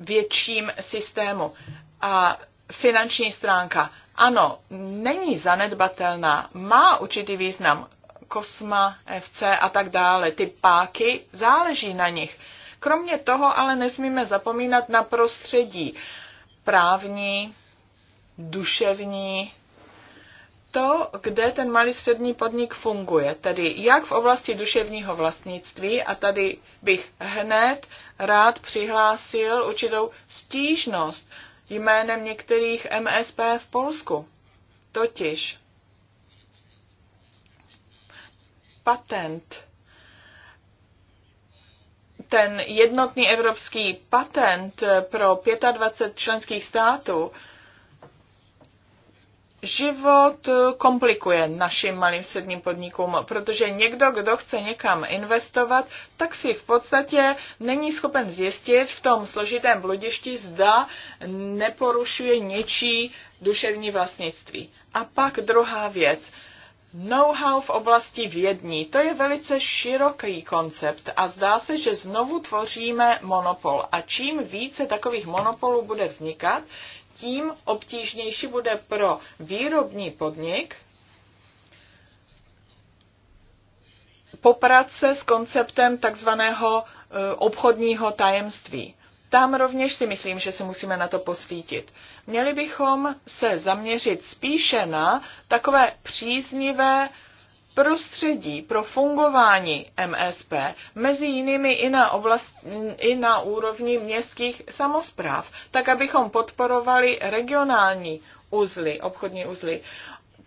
větším systému. A finanční stránka, ano, není zanedbatelná, má určitý význam. Kosma, FC a tak dále, ty páky, záleží na nich Kromě toho ale nesmíme zapomínat na prostředí právní, duševní, to, kde ten malý střední podnik funguje, tedy jak v oblasti duševního vlastnictví, a tady bych hned rád přihlásil určitou stížnost jménem některých MSP v Polsku. Totiž patent ten jednotný evropský patent pro 25 členských států život komplikuje našim malým středním podnikům, protože někdo, kdo chce někam investovat, tak si v podstatě není schopen zjistit v tom složitém bludišti, zda neporušuje něčí duševní vlastnictví. A pak druhá věc Know-how v oblasti vědní, to je velice široký koncept a zdá se, že znovu tvoříme monopol. A čím více takových monopolů bude vznikat, tím obtížnější bude pro výrobní podnik poprat se s konceptem takzvaného eh, obchodního tajemství. Tam rovněž si myslím, že se musíme na to posvítit. Měli bychom se zaměřit spíše na takové příznivé prostředí pro fungování MSP, mezi jinými i na, oblast, i na úrovni městských samozpráv, tak abychom podporovali regionální uzly, obchodní uzly.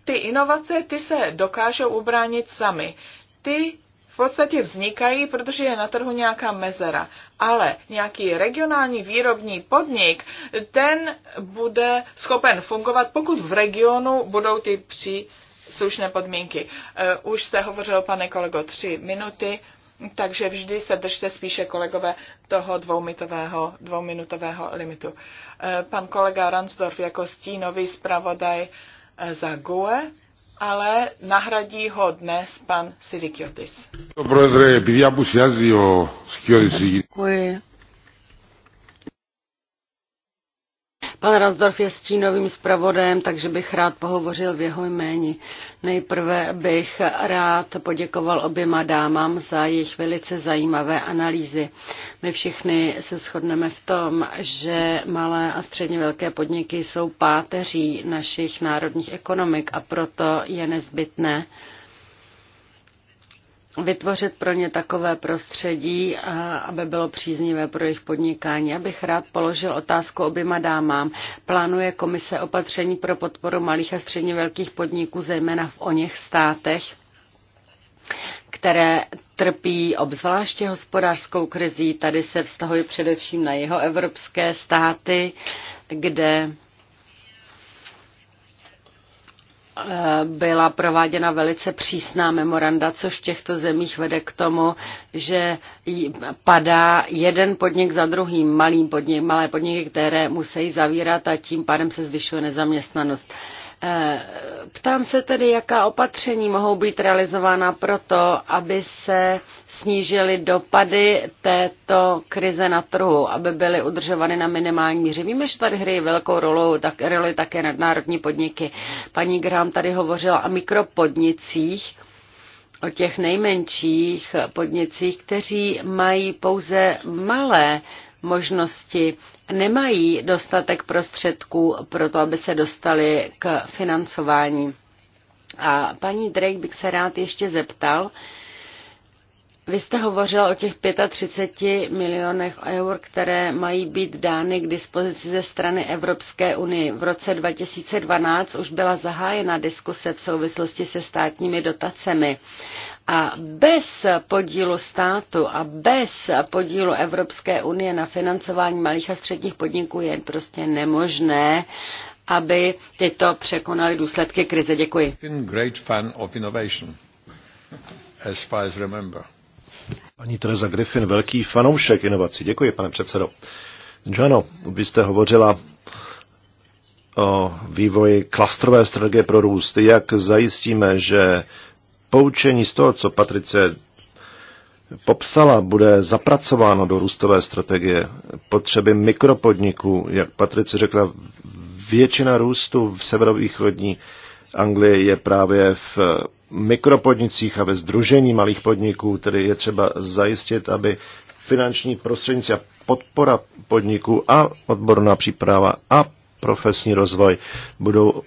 Ty inovace, ty se dokážou ubránit sami. Ty v podstatě vznikají, protože je na trhu nějaká mezera. Ale nějaký regionální výrobní podnik, ten bude schopen fungovat, pokud v regionu budou ty při slušné podmínky. Eh, už jste hovořil, pane kolego, tři minuty, takže vždy se držte spíše, kolegové, toho dvouminutového, dvouminutového limitu. Eh, pan kolega Ransdorf jako stínový zpravodaj eh, za GUE ale nahradí ho dnes pan Sirikiotis. Děkuji, Pan Razdorf je stínovým zpravodajem, takže bych rád pohovořil v jeho jméni. Nejprve bych rád poděkoval oběma dámám za jejich velice zajímavé analýzy. My všichni se shodneme v tom, že malé a středně velké podniky jsou páteří našich národních ekonomik a proto je nezbytné, vytvořit pro ně takové prostředí, aby bylo příznivé pro jejich podnikání. Já bych rád položil otázku oběma dámám. Plánuje komise opatření pro podporu malých a středně velkých podniků, zejména v oněch státech, které trpí obzvláště hospodářskou krizí. Tady se vztahuje především na jeho evropské státy, kde Eh, byla prováděna velice přísná memoranda, což v těchto zemích vede k tomu, že padá jeden podnik za druhým, malý podnik, malé podniky, které musí zavírat a tím pádem se zvyšuje nezaměstnanost. Ptám se tedy, jaká opatření mohou být realizována proto, aby se snížily dopady této krize na trhu, aby byly udržovány na minimální míře. Víme, že tady hrají velkou roli, tak, roli také nadnárodní podniky. Paní Graham tady hovořila o mikropodnicích, o těch nejmenších podnicích, kteří mají pouze malé možnosti nemají dostatek prostředků pro to, aby se dostali k financování. A paní Drake bych se rád ještě zeptal, vy jste hovořila o těch 35 milionech eur, které mají být dány k dispozici ze strany Evropské unie. V roce 2012 už byla zahájena diskuse v souvislosti se státními dotacemi a bez podílu státu a bez podílu Evropské unie na financování malých a středních podniků je prostě nemožné, aby tyto překonaly důsledky krize. Děkuji. Great Paní Teresa Griffin, velký fanoušek inovací. Děkuji, pane předsedo. Jano, vy jste hovořila o vývoji klastrové strategie pro růst. Jak zajistíme, že poučení z toho, co Patrice popsala, bude zapracováno do růstové strategie potřeby mikropodniků. Jak Patrice řekla, většina růstu v severovýchodní Anglii je právě v mikropodnicích a ve združení malých podniků, tedy je třeba zajistit, aby finanční prostřednice a podpora podniků a odborná příprava a profesní rozvoj budou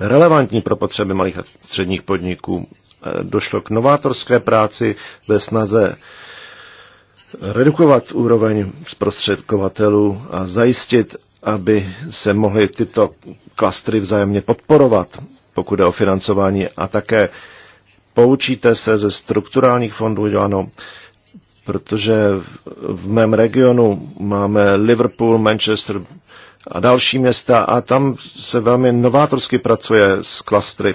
relevantní pro potřeby malých a středních podniků. Eh, došlo k novátorské práci ve snaze redukovat úroveň zprostředkovatelů a zajistit, aby se mohly tyto klastry vzájemně podporovat, pokud je o financování a také poučíte se ze strukturálních fondů, jo, ano, protože v mém regionu máme Liverpool, Manchester a další města a tam se velmi novátorsky pracuje s klastry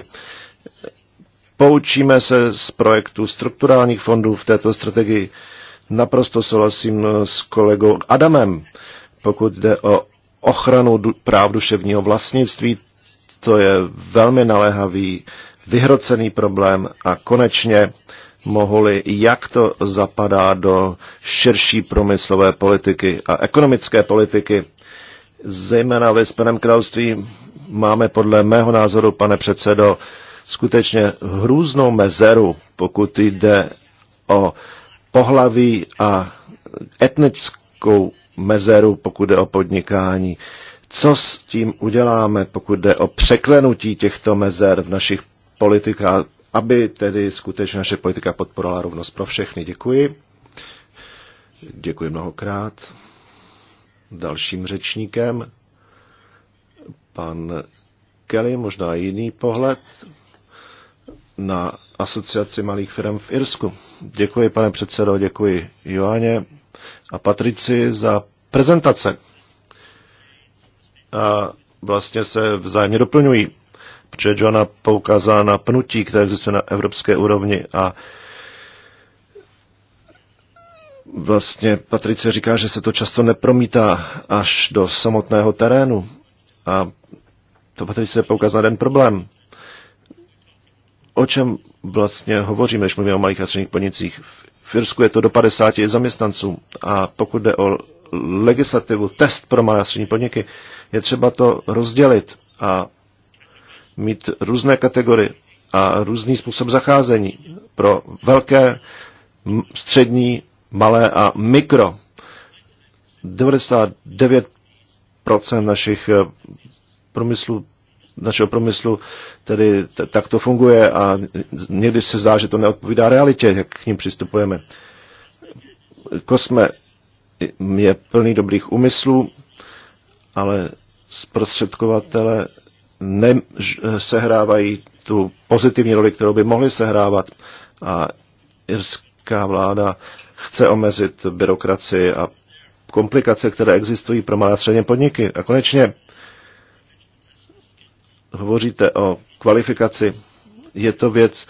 poučíme se z projektu strukturálních fondů v této strategii. Naprosto souhlasím s kolegou Adamem, pokud jde o ochranu práv duševního vlastnictví. To je velmi naléhavý, vyhrocený problém a konečně mohli, jak to zapadá do širší průmyslové politiky a ekonomické politiky. Zejména ve Spenem království máme podle mého názoru, pane předsedo, skutečně hrůznou mezeru, pokud jde o pohlaví a etnickou mezeru, pokud jde o podnikání. Co s tím uděláme, pokud jde o překlenutí těchto mezer v našich politikách, aby tedy skutečně naše politika podporovala rovnost pro všechny. Děkuji. Děkuji mnohokrát. Dalším řečníkem pan Kelly, možná jiný pohled na asociaci malých firm v Irsku. Děkuji, pane předsedo, děkuji Joáně a Patrici za prezentace. A vlastně se vzájemně doplňují, protože Joana poukázala na pnutí, které existuje na evropské úrovni a vlastně Patrice říká, že se to často nepromítá až do samotného terénu. A to Patrice poukázala na ten problém o čem vlastně hovoříme, když mluvíme o malých a středních podnicích. V Firsku je to do 50 zaměstnanců a pokud jde o legislativu, test pro malé a střední podniky, je třeba to rozdělit a mít různé kategorie a různý způsob zacházení pro velké, střední, malé a mikro. 99% našich eh, průmyslů našeho promyslu, tedy tak to funguje a někdy se zdá, že to neodpovídá realitě, jak k ním přistupujeme. Kosme je plný dobrých úmyslů, ale zprostředkovatele ne, sehrávají tu pozitivní roli, kterou by mohli sehrávat. A irská vláda chce omezit byrokracii a komplikace, které existují pro malé a střední podniky. A konečně hovoříte o kvalifikaci, je to věc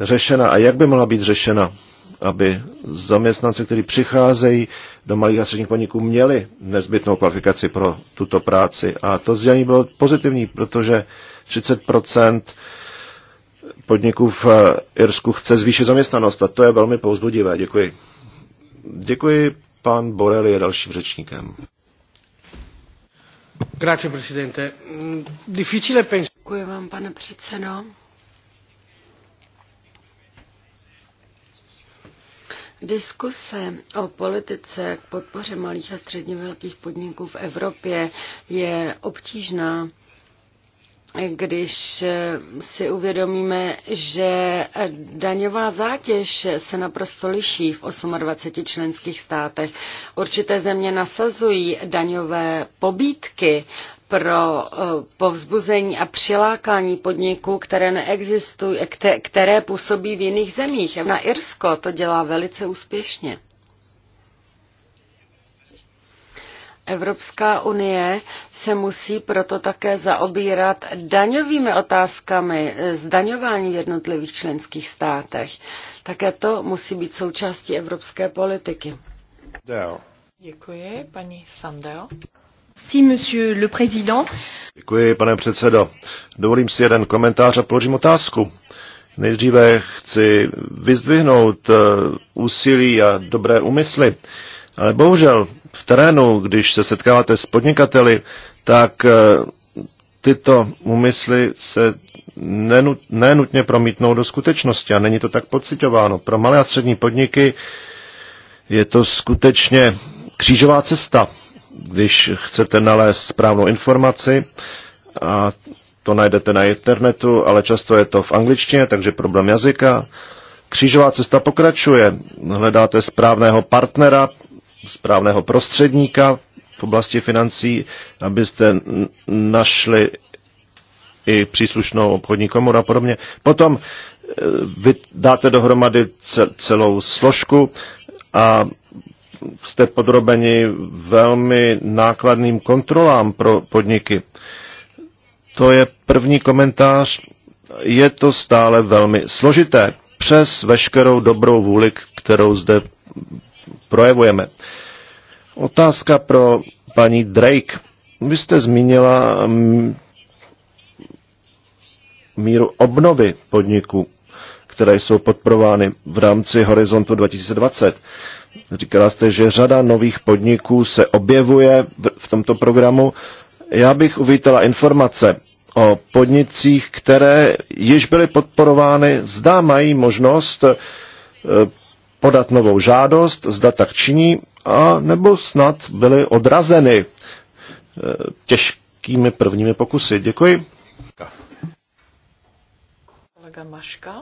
řešena a jak by mohla být řešena, aby zaměstnanci, kteří přicházejí do malých a středních podniků, měli nezbytnou kvalifikaci pro tuto práci. A to sdělení bylo pozitivní, protože 30 podniků v Irsku chce zvýšit zaměstnanost a to je velmi pouzbudivé. Děkuji. Děkuji, pan Borel je dalším řečníkem. Mm, pane předsedo. Diskuse o politice k podpoře malých a středně velkých podniků v Evropě je obtížná když si uvědomíme, že daňová zátěž se naprosto liší v 28 členských státech. Určité země nasazují daňové pobídky pro eh, povzbuzení a přilákání podniků, které neexistují, které působí v jiných zemích. Na Irsko to dělá velice úspěšně. Evropská unie se musí proto také zaobírat daňovými otázkami, eh, zdaňování v jednotlivých členských státech. Také to musí být součástí evropské politiky. Deo. Děkuji, paní Sandel. Si, monsieur le président. Děkuji, pane předsedo. Dovolím si jeden komentář a položím otázku. Nejdříve chci vyzdvihnout eh, úsilí a dobré úmysly ale bohužel v terénu, když se setkáváte s podnikateli, tak eh, tyto úmysly se nenutně promítnou do skutečnosti a není to tak pocitováno. Pro malé a střední podniky je to skutečně křížová cesta, když chcete nalézt správnou informaci a to najdete na internetu, ale často je to v angličtině, takže problém jazyka. Křížová cesta pokračuje. Hledáte správného partnera správného prostředníka v oblasti financí, abyste našli i příslušnou obchodní komoru a podobně. Potom e, vy dáte dohromady celou složku a jste podrobeni velmi nákladným kontrolám pro podniky. To je první komentář. Je to stále velmi složité přes veškerou dobrou vůli, kterou zde projevujeme. Otázka pro paní Drake. Vy jste zmínila mm, míru obnovy podniků, které jsou podporovány v rámci Horizontu 2020. Říkala jste, že řada nových podniků se objevuje v tomto programu. Já bych uvítala informace o podnicích, které již byly podporovány, zdá mají možnost eh, podat novou žádost, zda tak činí, a nebo snad byly odrazeny eh, těžkými prvními pokusy. Děkuji. Kolega Maška.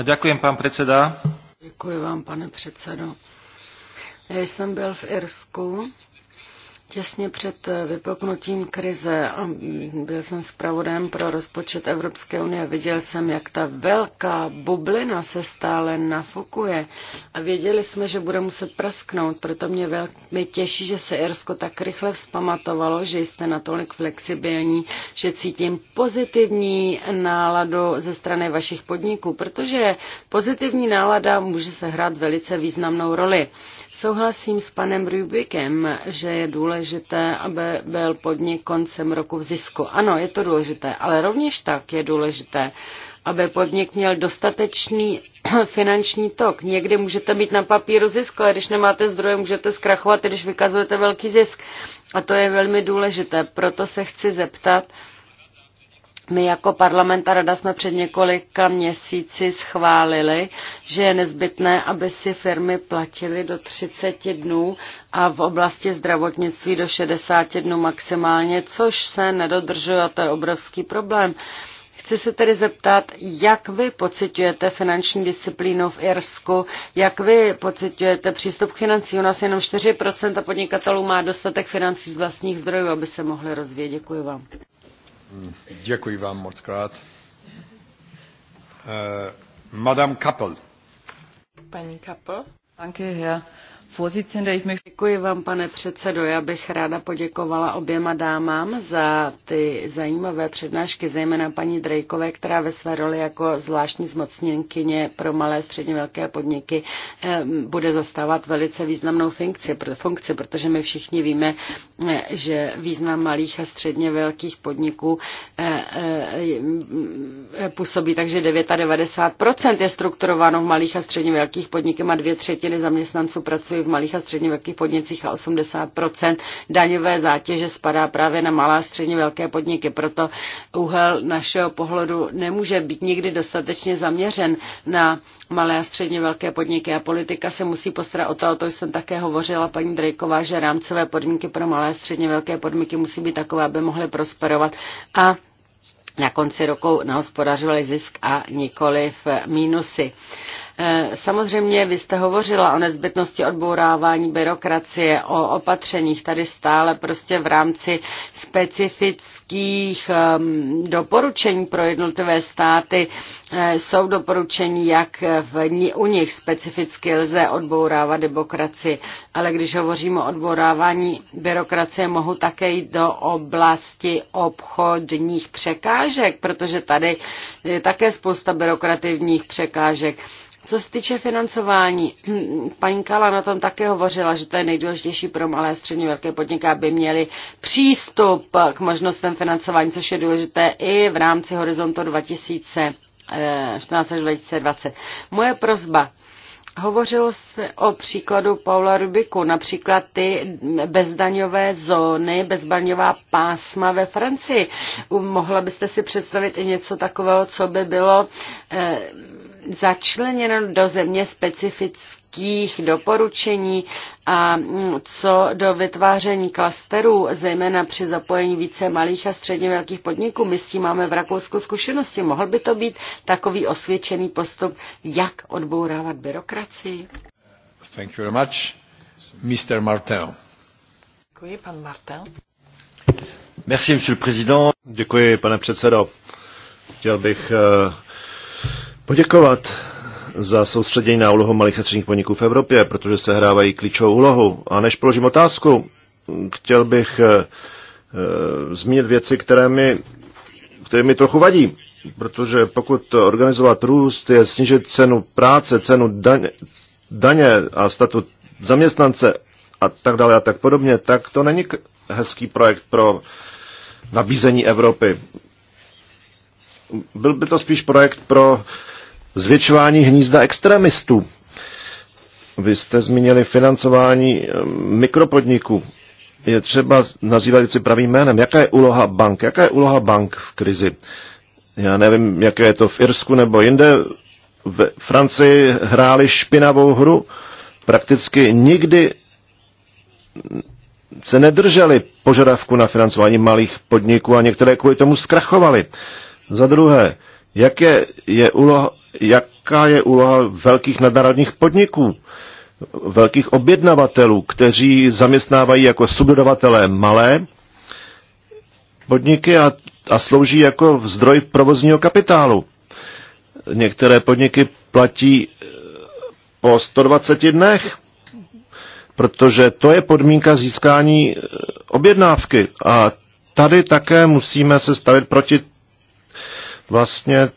Eh, děkuji, pan předseda. Děkuji vám, pane předsedo. Já jsem byl v Irsku Těsně před eh, vypuknutím krize a mm, byl jsem zpravodajem pro rozpočet Evropské unie. Viděl jsem, jak ta velká bublina se stále nafukuje a věděli jsme, že bude muset prasknout. Proto mě velmi těší, že se Irsko tak rychle vzpamatovalo, že jste natolik flexibilní, že cítím pozitivní náladu ze strany vašich podniků, protože pozitivní nálada může se hrát velice významnou roli. Souhlasím s panem Rubikem, že je důležité, důležité, aby byl podnik koncem roku v zisku. Ano, je to důležité, ale rovněž tak je důležité, aby podnik měl dostatečný [CLEARS THROAT] finanční tok. Někdy můžete být na papíru zisk, ale když nemáte zdroje, můžete zkrachovat, když vykazujete velký zisk. A to je velmi důležité. Proto se chci zeptat, my jako parlament a rada jsme před několika měsíci schválili, že je nezbytné, aby si firmy platily do 30 dnů a v oblasti zdravotnictví do 60 dnů maximálně, což se nedodržuje a to je obrovský problém. Chci se tedy zeptat, jak vy pocitujete finanční disciplínu v Irsku, jak vy pocitujete přístup k financí. U nás jenom 4% podnikatelů má dostatek financí z vlastních zdrojů, aby se mohli rozvíjet. Děkuji vám. Děkuji vám moc krát. Eh, Madame Kappel. Paní Kappel. Danke, Herr Děkuji vám, pane předsedo. Já bych ráda poděkovala oběma dámám za ty zajímavé přednášky, zejména paní Drejkové, která ve své roli jako zvláštní zmocněnkyně pro malé středně velké podniky eh, bude zastávat velice významnou funkci, funkci, protože my všichni víme, eh, že význam malých a středně velkých podniků eh, působí tak, že 99% je strukturováno v malých a středně velkých podnikem a dvě třetiny zaměstnanců pracují v malých a středně velkých podnicích a 80 daňové zátěže spadá právě na malá a středně velké podniky. Proto úhel našeho pohledu nemůže být nikdy dostatečně zaměřen na malé a středně velké podniky a politika se musí postarat o to, o to jsem také hovořila paní Drejková, že rámcové podmínky pro malé a středně velké podmínky musí být takové, aby mohly prosperovat a na konci roku nahospodařovali zisk a nikoli v mínusy. Eh, samozřejmě vy jste hovořila o nezbytnosti odbourávání byrokracie, o opatřeních tady stále prostě v rámci specifických ehm, doporučení pro jednotlivé státy. Eh, jsou doporučení, jak v, u nich specificky lze odbourávat demokracii. Ale když hovoříme o odbourávání byrokracie, mohu také jít do oblasti obchodních překážek, protože tady je také spousta byrokrativních překážek. Co se týče financování, [CLEARS THROAT] paní Kala na tom také hovořila, že to je nejdůležitější pro malé a střední velké podniky, aby měli přístup k možnostem financování, což je důležité i v rámci horizontu 2014 eh, až 2020. Moje prozba. Hovořilo se o příkladu Paula Rubiku, například ty bezdaňové zóny, bezdaňová pásma ve Francii. Mohla byste si představit i něco takového, co by bylo eh, začleněno do země specifických doporučení a co do vytváření klasterů, zejména při zapojení více malých a středně velkých podniků. My s tím máme v Rakousku zkušenosti. Mohl by to být takový osvědčený postup, jak odbourávat byrokracii? Thank you very much. Mr. Martel. Děkuji, pan Martel. Merci, monsieur le président. Děkuji, pane předsedo. Chtěl bych uh, poděkovat za soustředění na úlohu malých a středních podniků v Evropě, protože se hrávají klíčovou úlohu. A než položím otázku, chtěl bych e, zmínit věci, které mi, které mi trochu vadí. Protože pokud organizovat růst je snížit cenu práce, cenu daně, daně a statut zaměstnance a tak dále a tak podobně, tak to není hezký projekt pro nabízení Evropy. Byl by to spíš projekt pro uh, zvětšování hnízda extremistů. Vy jste zmínili financování eh, mikropodniků. Je třeba nazývat věci pravým jménem. Jaká je úloha bank? Jaká je úloha bank v krizi? Já nevím, jaké je to v Irsku nebo jinde. V Francii hráli špinavou hru. Prakticky nikdy se nedrželi požadavku na financování malých podniků a některé kvůli tomu zkrachovali. Za druhé, jak je, je úloha, jaká je úloha velkých nadnárodních podniků, velkých objednavatelů, kteří zaměstnávají jako subdodavatelé malé podniky a, a slouží jako zdroj provozního kapitálu. Některé podniky platí eh, po 120 dnech, protože to je podmínka získání eh, objednávky a tady také musíme se stavit proti vlastně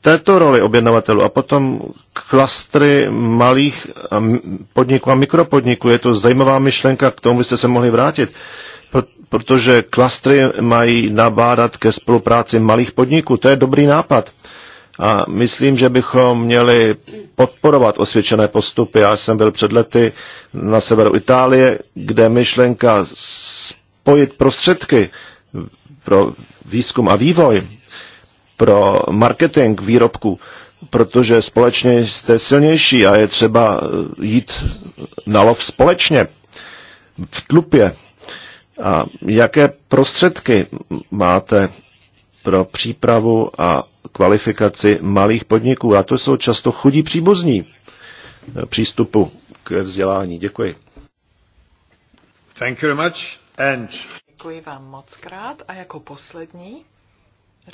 této roli objednavatelů a potom klastry malých podniků a mikropodniků. Je to zajímavá myšlenka, k tomu byste se mohli vrátit, protože klastry mají nabádat ke spolupráci malých podniků. To je dobrý nápad. A myslím, že bychom měli podporovat osvědčené postupy. Já jsem byl před lety na severu Itálie, kde myšlenka spojit prostředky pro výzkum a vývoj pro marketing výrobku, protože společně jste silnější a je třeba eh, jít na lov společně v tlupě. A jaké prostředky máte pro přípravu a kvalifikaci malých podniků? A to jsou často chudí příbuzní eh, přístupu k vzdělání. Děkuji. Thank you very much. And... Děkuji vám moc krát. A jako poslední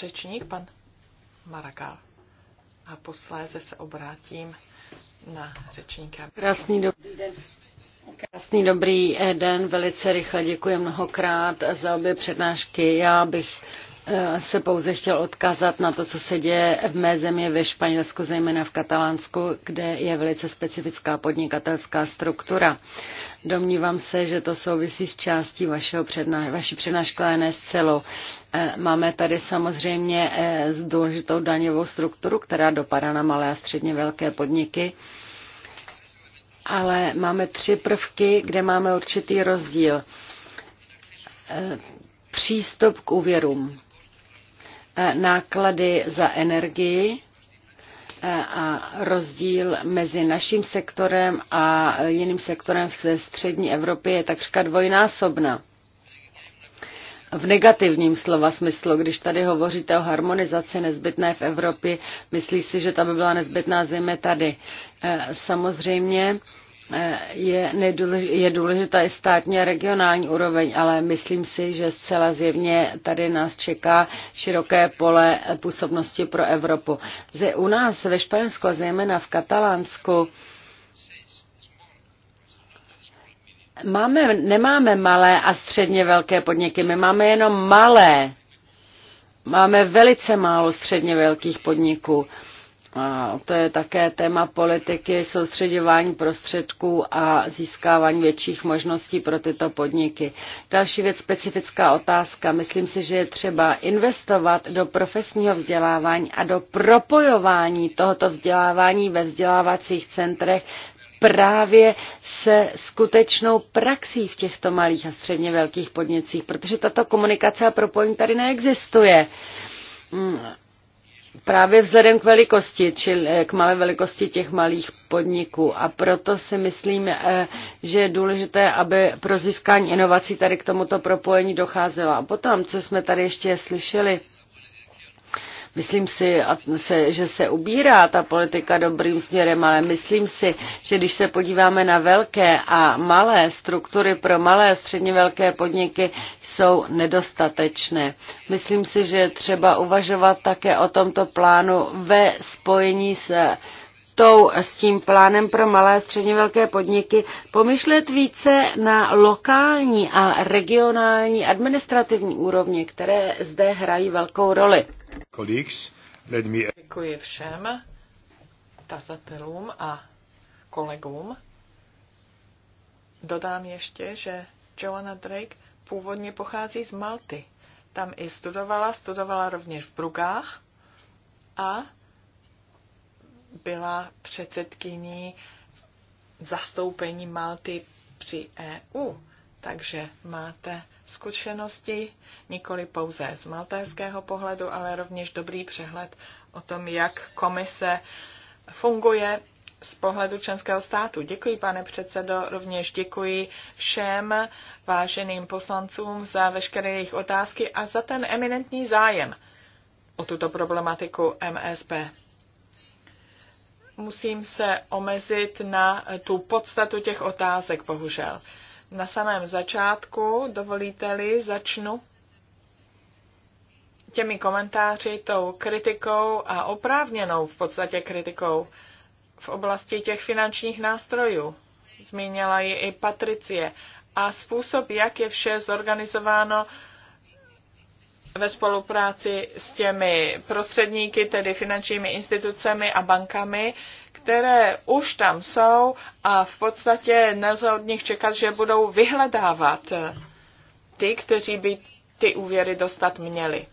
řečník, pan Maragal. A posléze se obrátím na řečníka. Krásný dobrý den. Krásný dobrý den, velice rychle děkuji mnohokrát za obě přednášky. Já bych Eh, se pouze chtěl odkázat na to, co se děje v mé zemi ve Španělsku, zejména v Katalánsku, kde je velice specifická podnikatelská struktura. Domnívám se, že to souvisí s částí vašeho předna- vaší přednášky, ale ne s celou. Eh, máme tady samozřejmě eh, s důležitou daňovou strukturu, která dopadá na malé a středně velké podniky, ale máme tři prvky, kde máme určitý rozdíl. Přístup k úvěrům E, náklady za energii e, a rozdíl mezi naším sektorem a jiným sektorem ve střední Evropě je takřka dvojnásobná. V negativním slova smyslu, když tady hovoříte o harmonizaci nezbytné v Evropě, myslí si, že ta by byla nezbytná zejmě tady. E, samozřejmě je, nedůlež, je důležitá i státní a regionální úroveň, ale myslím si, že zcela zjevně tady nás čeká široké pole působnosti pro Evropu. Zde u nás ve Španělsku, zejména v Katalánsku, máme, nemáme malé a středně velké podniky, my máme jenom malé. Máme velice málo středně velkých podniků. A to je také téma politiky, soustředěvání prostředků a získávání větších možností pro tyto podniky. Další věc, specifická otázka. Myslím si, že je třeba investovat do profesního vzdělávání a do propojování tohoto vzdělávání ve vzdělávacích centrech právě se skutečnou praxí v těchto malých a středně velkých podnicích, protože tato komunikace a propojení tady neexistuje mm, právě vzhledem k velikosti, či eh, k malé velikosti těch malých podniků. A proto si myslím, eh, že je důležité, aby pro získání inovací tady k tomuto propojení docházelo. A potom, co jsme tady ještě slyšeli, Myslím si, že se ubírá ta politika dobrým směrem, ale myslím si, že když se podíváme na velké a malé struktury pro malé a středně velké podniky, jsou nedostatečné. Myslím si, že třeba uvažovat také o tomto plánu ve spojení s s tím plánem pro malé a středně velké podniky pomyšlet více na lokální a regionální administrativní úrovně, které zde hrají velkou roli. Děkuji všem tazatelům a kolegům. Dodám ještě, že Joanna Drake původně pochází z Malty. Tam i studovala, studovala rovněž v Brugách a byla předsedkyní zastoupení Malty při EU. Takže máte zkušenosti, nikoli pouze z maltéského pohledu, ale rovněž dobrý přehled o tom, jak komise funguje z pohledu členského státu. Děkuji, pane předsedo, rovněž děkuji všem váženým poslancům za veškeré jejich otázky a za ten eminentní zájem o tuto problematiku MSP. Musím se omezit na tu podstatu těch otázek, bohužel na samém začátku, dovolíte-li, začnu těmi komentáři, tou kritikou a oprávněnou v podstatě kritikou v oblasti těch finančních nástrojů. Zmínila ji i Patricie. A způsob, jak je vše zorganizováno ve spolupráci s těmi prostředníky, tedy finančními institucemi a bankami, které už tam jsou a v podstatě nelze od nich čekat, že budou vyhledávat eh, ty, kteří by ty úvěry dostat měli.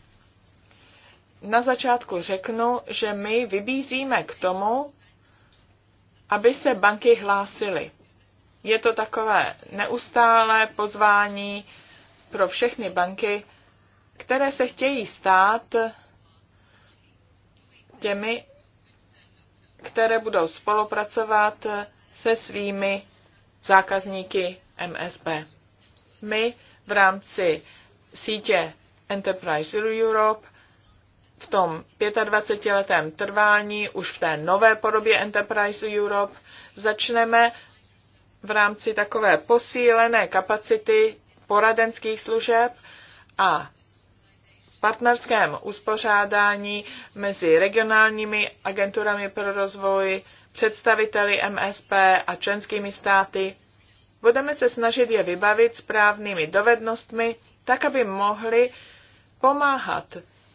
Na začátku řeknu, že my vybízíme k tomu, aby se banky hlásily. Je to takové neustálé pozvání pro všechny banky, které se chtějí stát těmi které budou spolupracovat se svými zákazníky MSP. My v rámci sítě Enterprise Europe v tom 25-letém trvání, už v té nové podobě Enterprise Europe, začneme v rámci takové posílené kapacity poradenských služeb a partnerském uspořádání mezi regionálními agenturami pro rozvoj, představiteli MSP a členskými státy. Budeme se snažit je vybavit správnými dovednostmi, tak aby mohli pomáhat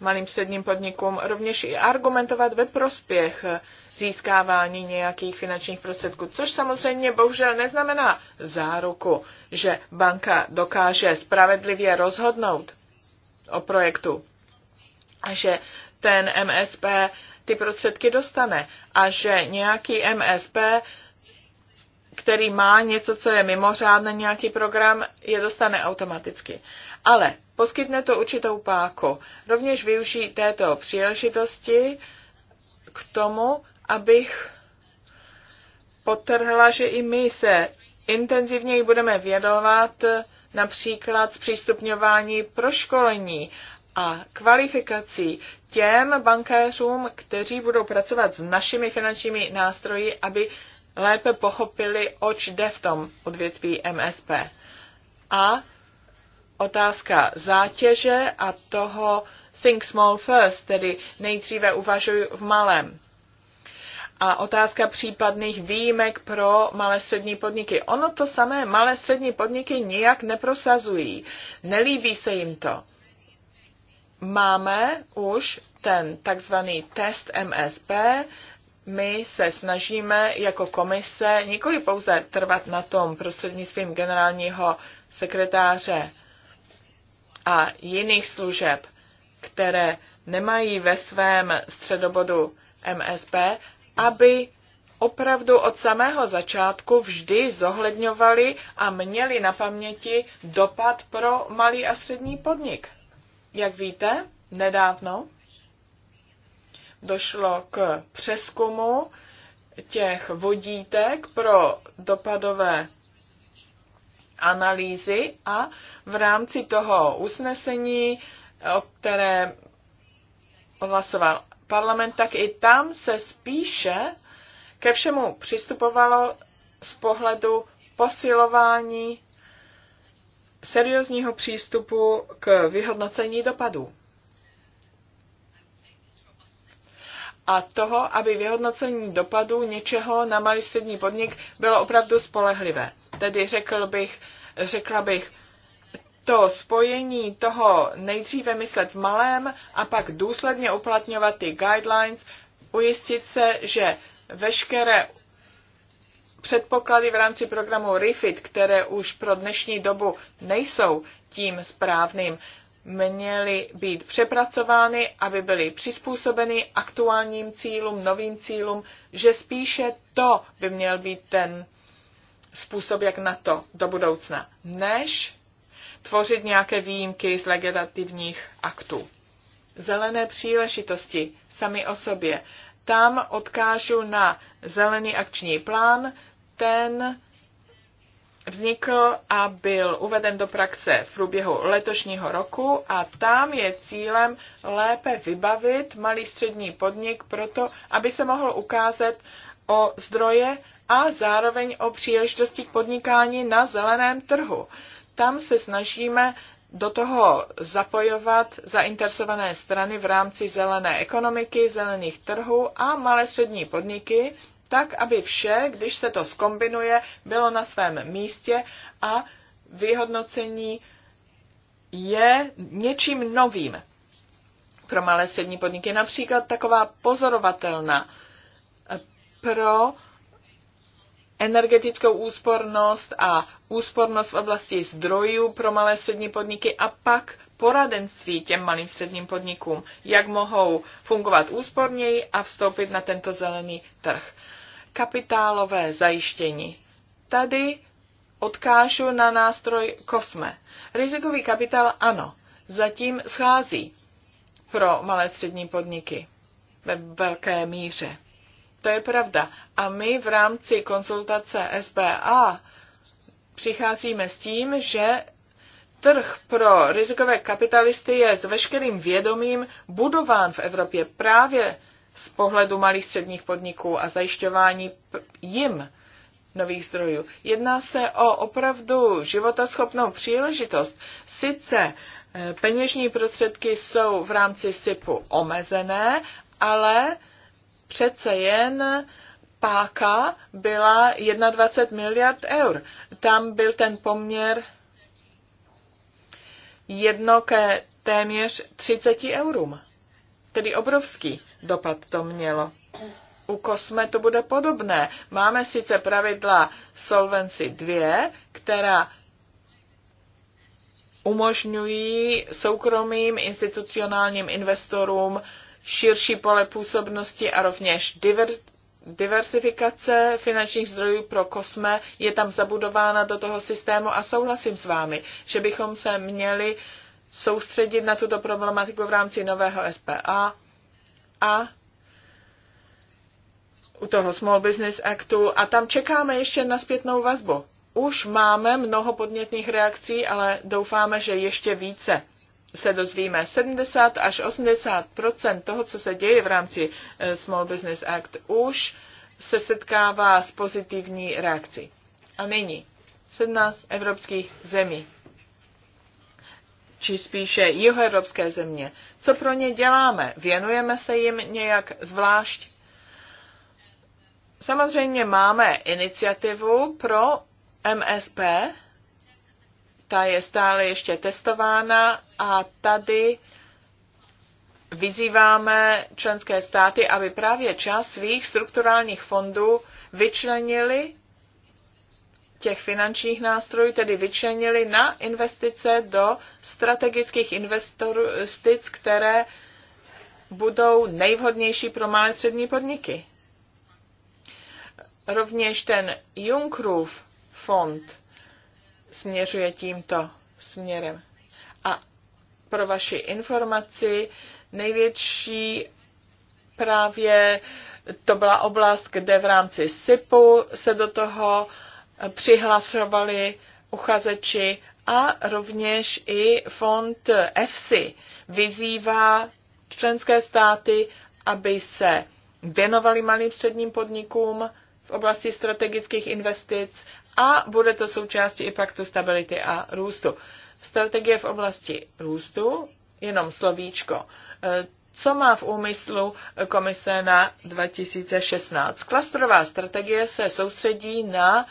malým středním podnikům, rovněž i argumentovat ve prospěch získávání nějakých finančních prostředků, což samozřejmě bohužel neznamená záruku, že banka dokáže spravedlivě rozhodnout o projektu. A že ten MSP ty prostředky dostane a že nějaký MSP, který má něco, co je mimořádné, nějaký program, je dostane automaticky. Ale poskytne to určitou páku. Rovněž využij této příležitosti k tomu, abych potrhla, že i my se intenzivněji budeme vědovat například zpřístupňování proškolení a kvalifikací těm bankéřům, kteří budou pracovat s našimi finančními nástroji, aby lépe pochopili, oč jde v tom odvětví MSP. A otázka zátěže a toho think small first, tedy nejdříve uvažuji v malém a otázka případných výjimek pro malé střední podniky. Ono to samé malé střední podniky nijak neprosazují. Nelíbí se jim to. Máme už ten takzvaný test MSP. My se snažíme jako komise nikoli pouze trvat na tom prostřednictvím generálního sekretáře a jiných služeb, které nemají ve svém středobodu MSP, aby opravdu od samého začátku vždy zohledňovali a měli na paměti dopad pro malý a střední podnik. Jak víte, nedávno došlo k přeskumu těch vodítek pro dopadové analýzy a v rámci toho usnesení, o které hlasoval parlament, tak i tam se spíše ke všemu přistupovalo z pohledu posilování seriózního přístupu k vyhodnocení dopadů. a toho, aby vyhodnocení dopadů něčeho na malý střední podnik bylo opravdu spolehlivé. Tedy řekl bych, řekla bych, to spojení toho nejdříve myslet v malém a pak důsledně uplatňovat ty guidelines, ujistit se, že veškeré předpoklady v rámci programu REFIT, které už pro dnešní dobu nejsou tím správným, měly být přepracovány, aby byly přizpůsobeny aktuálním cílům, novým cílům, že spíše to by měl být ten způsob, jak na to do budoucna, než tvořit nějaké výjimky z legislativních aktů. Zelené příležitosti sami o sobě. Tam odkážu na zelený akční plán. Ten vznikl a byl uveden do praxe v průběhu letošního roku a tam je cílem lépe vybavit malý střední podnik proto, aby se mohl ukázat o zdroje a zároveň o příležitosti k podnikání na zeleném trhu. Tam se snažíme do toho zapojovat zainteresované strany v rámci zelené ekonomiky, zelených trhů a malé střední podniky, tak aby vše, když se to skombinuje, bylo na svém místě a vyhodnocení je něčím novým pro malé střední podniky. Například taková pozorovatelna pro energetickou úspornost a úspornost v oblasti zdrojů pro malé střední podniky a pak poradenství těm malým středním podnikům, jak mohou fungovat úsporněji a vstoupit na tento zelený trh. Kapitálové zajištění. Tady odkážu na nástroj kosme. Rizikový kapitál ano, zatím schází pro malé střední podniky ve velké míře. To je pravda. A my v rámci konzultace SBA přicházíme s tím, že trh pro rizikové kapitalisty je s veškerým vědomím budován v Evropě právě z pohledu malých středních podniků a zajišťování jim nových zdrojů. Jedná se o opravdu životaschopnou příležitost. Sice eh, peněžní prostředky jsou v rámci SIPu omezené, ale přece jen páka byla 21 miliard eur. Tam byl ten poměr jedno ke téměř 30 eurům. Tedy obrovský dopad to mělo. U kosme to bude podobné. Máme sice pravidla Solvency 2, která umožňují soukromým institucionálním investorům širší pole působnosti a rovněž diver, diversifikace finančních zdrojů pro kosme je tam zabudována do toho systému a souhlasím s vámi, že bychom se měli soustředit na tuto problematiku v rámci nového SPA a u toho Small Business Actu a tam čekáme ještě na zpětnou vazbu. Už máme mnoho podnětných reakcí, ale doufáme, že ještě více se dozvíme. 70 až 80 toho, co se děje v rámci eh, Small Business Act, už se setkává s pozitivní reakcí. A nyní 17 evropských zemí, či spíše jihoevropské země. Co pro ně děláme? Věnujeme se jim nějak zvlášť? Samozřejmě máme iniciativu pro MSP, ta je stále ještě testována a tady vyzýváme členské státy, aby právě část svých strukturálních fondů vyčlenili těch finančních nástrojů, tedy vyčlenili na investice do strategických investic, které budou nejvhodnější pro malé střední podniky. Rovněž ten Junckerův fond směřuje tímto směrem. A pro vaši informaci, největší právě to byla oblast, kde v rámci SIPu se do toho přihlasovali uchazeči a rovněž i fond EFSI vyzývá členské státy, aby se věnovali malým středním podnikům v oblasti strategických investic a bude to součástí i paktu stability a růstu. Strategie v oblasti růstu, jenom slovíčko. E, co má v úmyslu komise na 2016? Klastrová strategie se soustředí na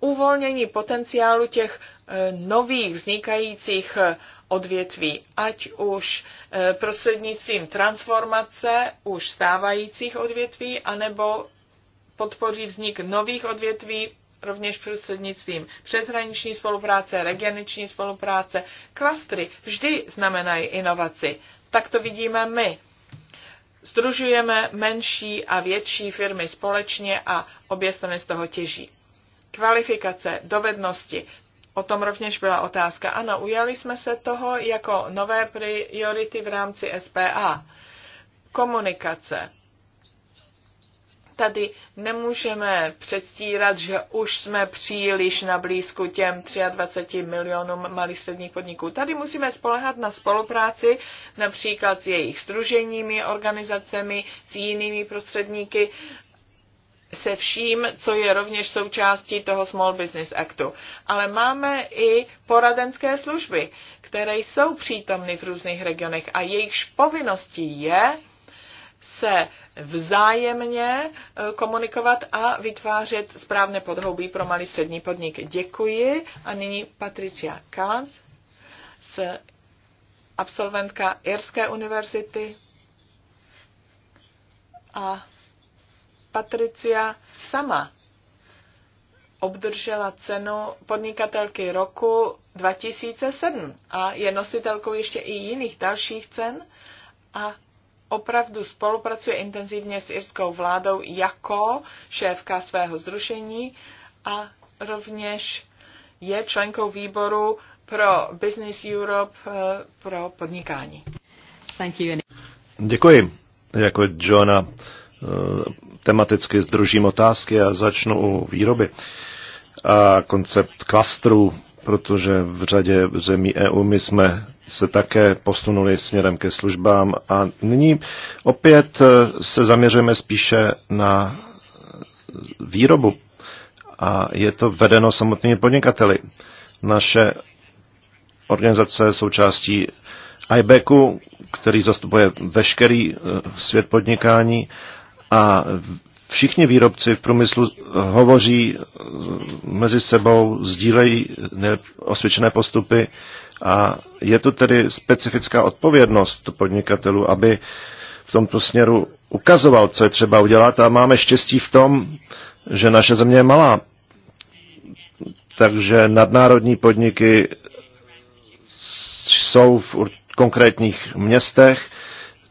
uvolnění potenciálu těch e, nových vznikajících e, odvětví, ať už prostřednictvím transformace už stávajících odvětví, anebo podpoří vznik nových odvětví rovněž prostřednictvím přeshraniční spolupráce, regioniční spolupráce. Klastry vždy znamenají inovaci. Tak to vidíme my. Združujeme menší a větší firmy společně a obě strany z toho těží. Kvalifikace, dovednosti, O tom rovněž byla otázka. Ano, ujali jsme se toho jako nové priority v rámci SPA. Komunikace, tady nemůžeme předstírat, že už jsme příliš na blízku těm 23 milionům malých středních podniků. Tady musíme spolehat na spolupráci například s jejich združeními, organizacemi, s jinými prostředníky, se vším, co je rovněž součástí toho Small Business Actu. Ale máme i poradenské služby, které jsou přítomny v různých regionech a jejichž povinností je se vzájemně eh, komunikovat a vytvářet správné podhoubí pro malý střední podnik. Děkuji. A nyní Patricia Kalas, absolventka Irské univerzity. A Patricia sama obdržela cenu podnikatelky roku 2007 a je nositelkou ještě i jiných dalších cen a opravdu spolupracuje intenzivně s irskou vládou jako šéfka svého zrušení a rovněž je členkou výboru pro Business Europe eh, pro podnikání. Thank you. Děkuji. Jako Johna eh, tematicky združím otázky a začnu u výroby. A koncept klastrů protože v řadě zemí EU my jsme se také posunuli směrem ke službám a nyní opět e, se zaměřujeme spíše na e, výrobu a je to vedeno samotnými podnikateli. Naše organizace součástí IBECu, který zastupuje veškerý e, svět podnikání a Všichni výrobci v průmyslu eh, hovoří eh, mezi sebou, sdílejí osvědčené postupy a je to tedy specifická odpovědnost podnikatelů, aby v tomto směru ukazoval, co je třeba udělat a máme štěstí v tom, že naše země je malá. Takže nadnárodní podniky jsou v konkrétních městech,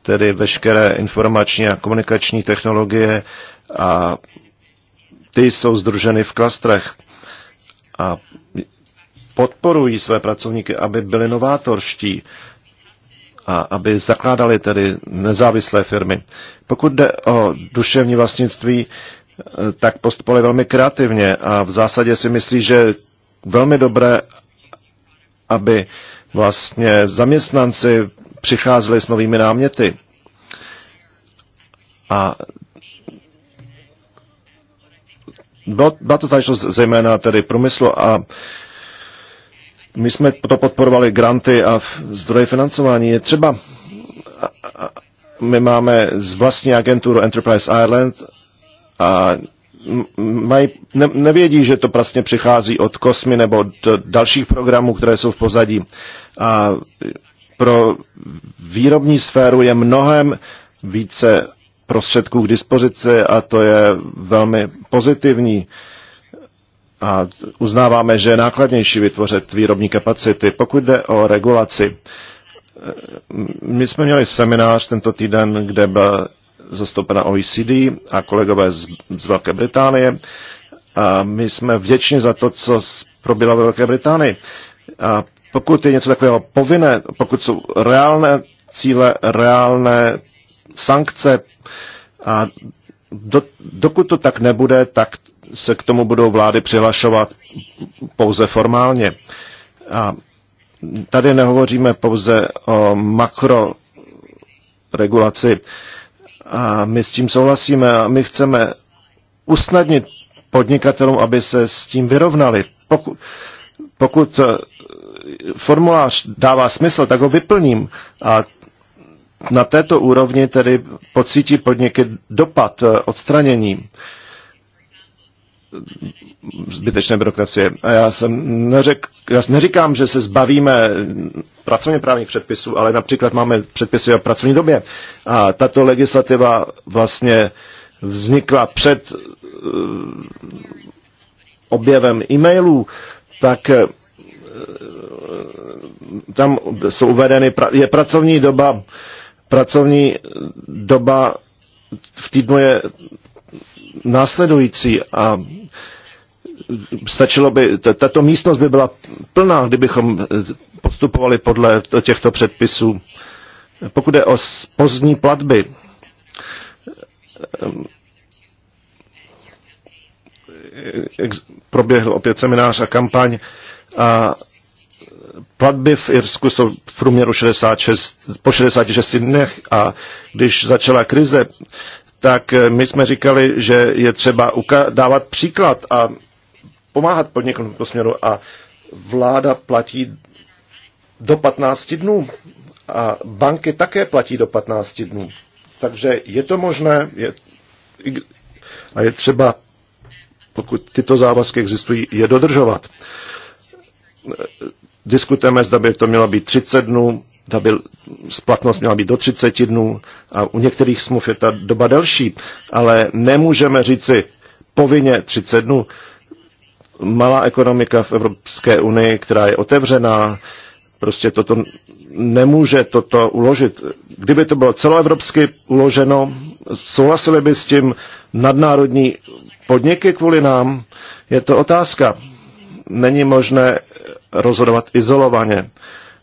tedy veškeré informační a komunikační technologie a ty jsou združeny v klastrech a podporují své pracovníky, aby byli novátorští a aby zakládali tedy nezávislé firmy. Pokud jde o duševní vlastnictví, tak postupovali velmi kreativně a v zásadě si myslí, že velmi dobré, aby vlastně zaměstnanci přicházeli s novými náměty. A byla, byla to záležitost zejména tedy průmyslu a my jsme to podporovali granty a zdroje financování. Je třeba, my máme z vlastní agenturu Enterprise Ireland a mají, ne, nevědí, že to vlastně přichází od Kosmy nebo od dalších programů, které jsou v pozadí. A pro výrobní sféru je mnohem více prostředků k dispozici a to je velmi pozitivní. A uznáváme, že je nákladnější vytvořit výrobní kapacity. Pokud jde o regulaci, my jsme měli seminář tento týden, kde byla zastoupena OECD a kolegové z, z Velké Británie. A my jsme vděční za to, co proběhlo ve Velké Británii. A pokud je něco takového povinné, pokud jsou reálné cíle, reálné sankce a do, dokud to tak nebude, tak se k tomu budou vlády přihlašovat pouze formálně. A tady nehovoříme pouze o makroregulaci. A my s tím souhlasíme a my chceme usnadnit podnikatelům, aby se s tím vyrovnali. Pokud, pokud eh, formulář dává smysl, tak ho vyplním. A na této úrovni tedy pocítí podniky dopad eh, odstranění zbytečné byrokracie. A já jsem neřek, já neříkám, že se zbavíme pracovně právních předpisů, ale například máme předpisy o pracovní době. A tato legislativa vlastně vznikla před eh, objevem e-mailů, tak eh, tam jsou uvedeny, je pracovní doba Pracovní doba v týdnu je následující a stačilo by, tato místnost by byla plná, kdybychom e, postupovali podle těchto předpisů. Pokud je o pozdní platby, e, e, proběhl opět seminář a kampaň a platby v Irsku jsou v průměru 66, po 66 dnech a když začala krize, tak eh, my jsme říkali, že je třeba dávat příklad a pomáhat podnikům v po směru a vláda platí do 15 dnů a banky také platí do 15 dnů. Takže je to možné je, a je třeba, pokud tyto závazky existují, je dodržovat. Diskutujeme, zda by to mělo být 30 dnů, zda by splatnost měla být do 30 dnů a u některých smluv je ta doba delší, ale nemůžeme říci povinně 30 dnů. Malá ekonomika v Evropské unii, která je otevřená, prostě toto nemůže toto uložit. Kdyby to bylo celoevropsky uloženo, souhlasili by s tím nadnárodní podniky kvůli nám? Je to otázka. Není možné rozhodovat izolovaně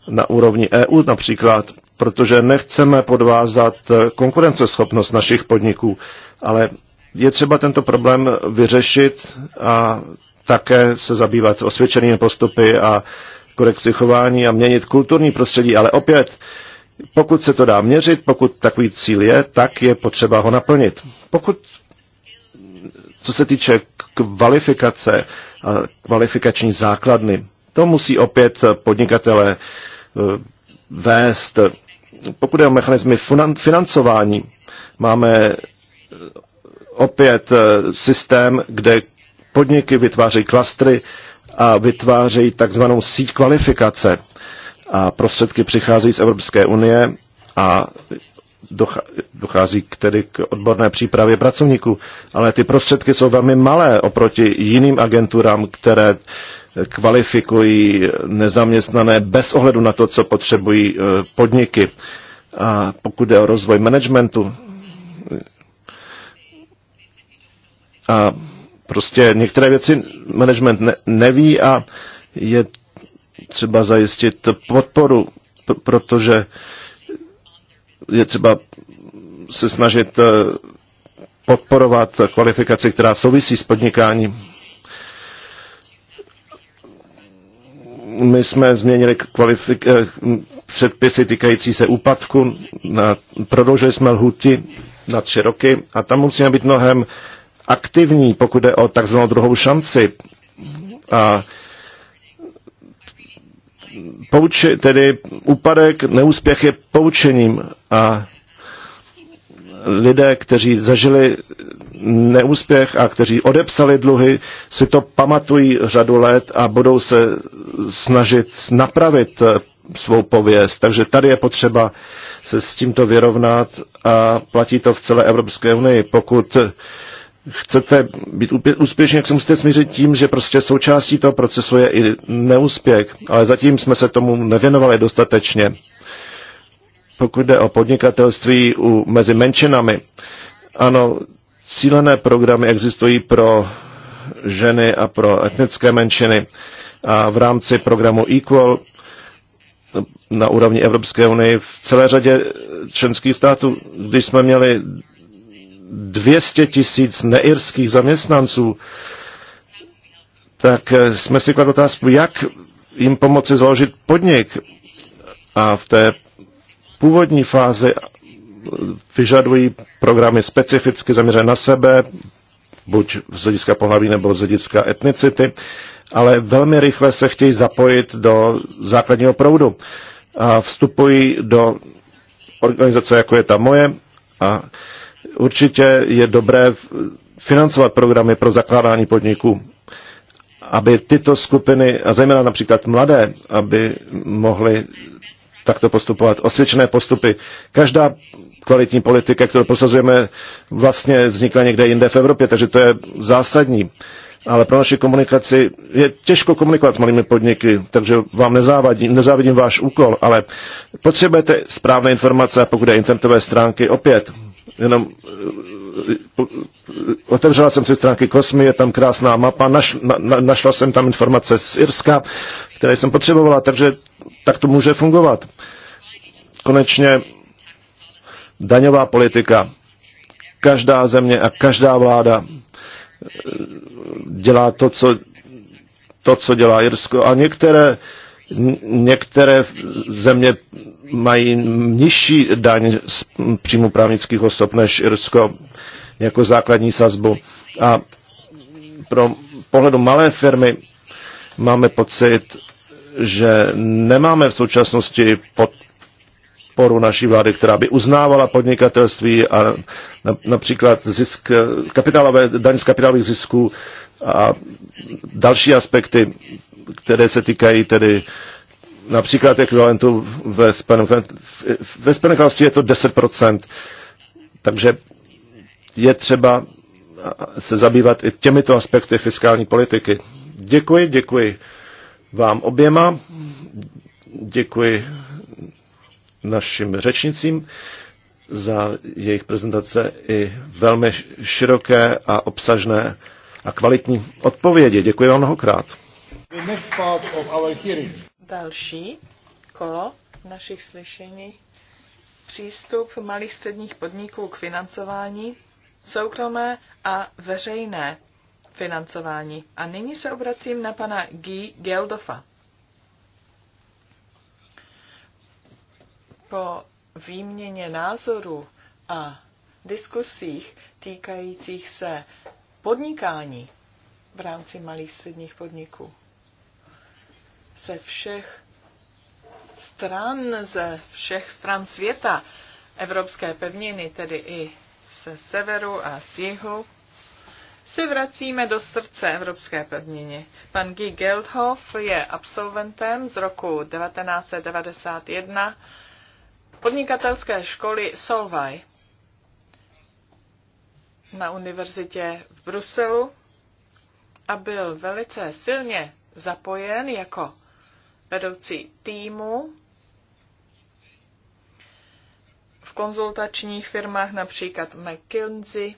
na úrovni EU například, protože nechceme podvázat konkurenceschopnost našich podniků, ale je třeba tento problém vyřešit a také se zabývat osvědčenými postupy a korekci chování a měnit kulturní prostředí, ale opět, pokud se to dá měřit, pokud takový cíl je, tak je potřeba ho naplnit. Pokud, co se týče kvalifikace a kvalifikační základny, to musí opět podnikatele eh, vést. Pokud je o mechanizmy financování, máme eh, opět eh, systém, kde podniky vytvářejí klastry a vytvářejí takzvanou síť kvalifikace. A prostředky přicházejí z Evropské unie a dochází k tedy k odborné přípravě pracovníků, ale ty prostředky jsou velmi malé oproti jiným agenturám, které kvalifikují nezaměstnané bez ohledu na to, co potřebují eh, podniky. A pokud jde o rozvoj managementu, a prostě některé věci management ne, neví a je třeba zajistit podporu, protože je třeba se snažit eh, podporovat kvalifikaci, která souvisí s podnikáním. my jsme změnili kvalifik- eh, předpisy týkající se úpadku, na, prodloužili jsme lhuty na tři roky a tam musíme být mnohem aktivní, pokud jde o takzvanou druhou šanci. A pouči, tedy úpadek, neúspěch je poučením a lidé, kteří zažili neúspěch a kteří odepsali dluhy, si to pamatují řadu let a budou se snažit napravit eh, svou pověst. Takže tady je potřeba se s tímto vyrovnat a platí to v celé Evropské unii. Pokud chcete být úspěšní, jak se musíte smířit tím, že prostě součástí toho procesu je i neúspěch, ale zatím jsme se tomu nevěnovali dostatečně pokud jde o podnikatelství u, mezi menšinami. Ano, cílené programy existují pro ženy a pro etnické menšiny a v rámci programu Equal na úrovni Evropské unie v celé řadě členských států, když jsme měli 200 tisíc neirských zaměstnanců, tak jsme si kladli otázku, jak jim pomoci založit podnik. A v té původní fázi vyžadují programy specificky zaměřené na sebe, buď z hlediska pohlaví nebo z hlediska etnicity, ale velmi rychle se chtějí zapojit do základního proudu a vstupují do organizace, jako je ta moje a určitě je dobré financovat programy pro zakládání podniků, aby tyto skupiny, a zejména například mladé, aby mohly takto postupovat. Osvědčené postupy. Každá kvalitní politika, kterou posazujeme, vlastně vznikla někde jinde v Evropě, takže to je zásadní. Ale pro naši komunikaci je těžko komunikovat s malými podniky, takže vám nezávidím, nezávidím váš úkol, ale potřebujete správné informace pokud je internetové stránky, opět, jenom otevřela jsem si stránky Kosmy, je tam krásná mapa, naš, na, našla jsem tam informace z Irska, které jsem potřebovala, takže tak to může fungovat. Konečně daňová politika. Každá země a každá vláda eh, dělá to, co, to, co dělá Irsko. A některé Některé země mají nižší daň z příjmu právnických osob než Irsko jako základní sazbu. A pro pohledu malé firmy máme pocit, že nemáme v současnosti podporu naší vlády, která by uznávala podnikatelství a například zisk, kapitálové, daň z kapitálových zisků a další aspekty které se týkají tedy například ekvivalentu ve Spojeném Ve je to 10%, takže je třeba se zabývat i těmito aspekty fiskální politiky. Děkuji, děkuji vám oběma, děkuji našim řečnicím za jejich prezentace i velmi široké a obsažné a kvalitní odpovědi. Děkuji vám mnohokrát. The next part of our hearing. Další kolo našich slyšení. Přístup malých středních podniků k financování, soukromé a veřejné financování. A nyní se obracím na pana Guy Geldofa. Po výměně názorů a diskusích týkajících se podnikání v rámci malých středních podniků ze všech stran, ze všech stran světa, evropské pevniny, tedy i se severu a z jihu, se vracíme do srdce evropské pevniny. Pan Guy Geldhoff je absolventem z roku 1991 podnikatelské školy Solvay na univerzitě v Bruselu a byl velice silně zapojen jako vedoucí týmu v konzultačních firmách, například McKinsey,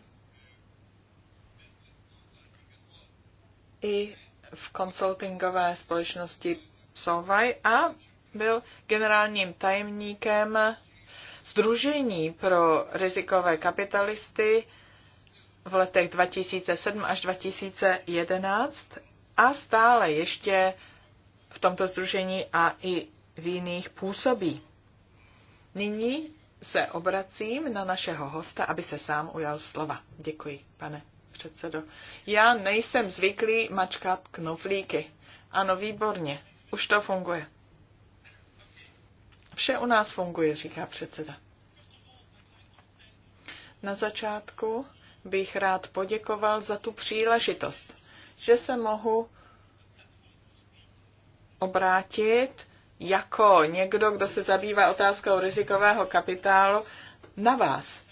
i v konsultingové společnosti Solvay a byl generálním tajemníkem Združení pro rizikové kapitalisty v letech 2007 až 2011 a stále ještě v tomto združení a i v jiných působí. Nyní se obracím na našeho hosta, aby se sám ujal slova. Děkuji, pane předsedo. Já nejsem zvyklý mačkat knoflíky. Ano, výborně, už to funguje. Vše u nás funguje, říká předseda. Na začátku bych rád poděkoval za tu příležitost, že se mohu obrátit jako někdo, kdo se zabývá otázkou rizikového kapitálu, na vás.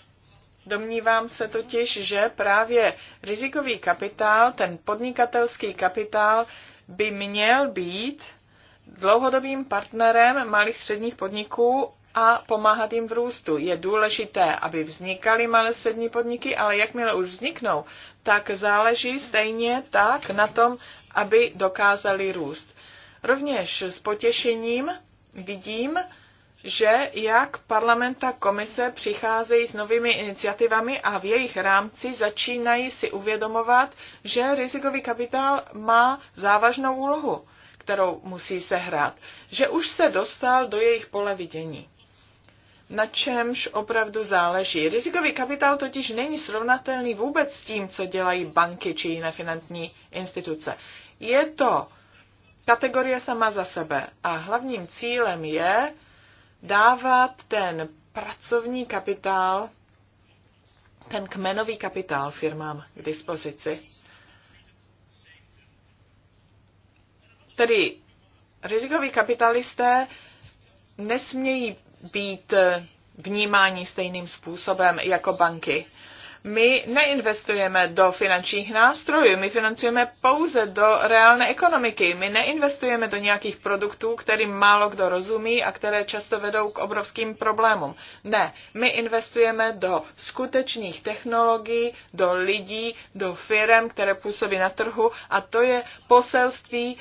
Domnívám se totiž, že právě rizikový kapitál, ten podnikatelský kapitál, by měl být dlouhodobým partnerem malých středních podniků a pomáhat jim v růstu. Je důležité, aby vznikaly malé střední podniky, ale jakmile už vzniknou, tak záleží stejně tak na tom, aby dokázali růst. Rovněž s potěšením vidím, že jak parlament, komise přicházejí s novými iniciativami a v jejich rámci začínají si uvědomovat, že rizikový kapitál má závažnou úlohu, kterou musí sehrát, že už se dostal do jejich pole vidění na čemž opravdu záleží. Rizikový kapitál totiž není srovnatelný vůbec s tím, co dělají banky či jiné finanční instituce. Je to kategorie sama za sebe. A hlavním cílem je dávat ten pracovní kapitál, ten kmenový kapitál firmám k dispozici. Tedy rizikoví kapitalisté nesmějí být vnímáni stejným způsobem jako banky. My neinvestujeme do finančních nástrojů, my financujeme pouze do reálné ekonomiky. My neinvestujeme do nějakých produktů, kterým málo kdo rozumí a které často vedou k obrovským problémům. Ne, my investujeme do skutečných technologií, do lidí, do firm, které působí na trhu a to je poselství,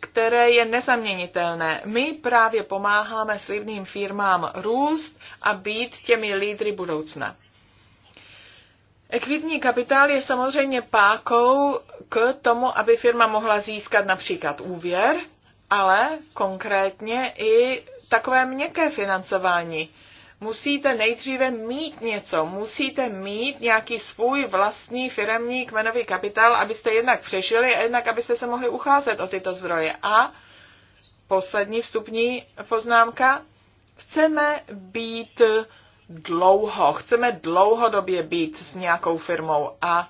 které je nezaměnitelné. My právě pomáháme slibným firmám růst a být těmi lídry budoucna. Ekvitní kapitál je samozřejmě pákou k tomu, aby firma mohla získat například úvěr, ale konkrétně i takové měkké financování. Musíte nejdříve mít něco, musíte mít nějaký svůj vlastní firemní kmenový kapitál, abyste jednak přežili a jednak abyste se mohli ucházet o tyto zdroje. A poslední vstupní poznámka. Chceme být dlouho, chceme dlouhodobě být s nějakou firmou a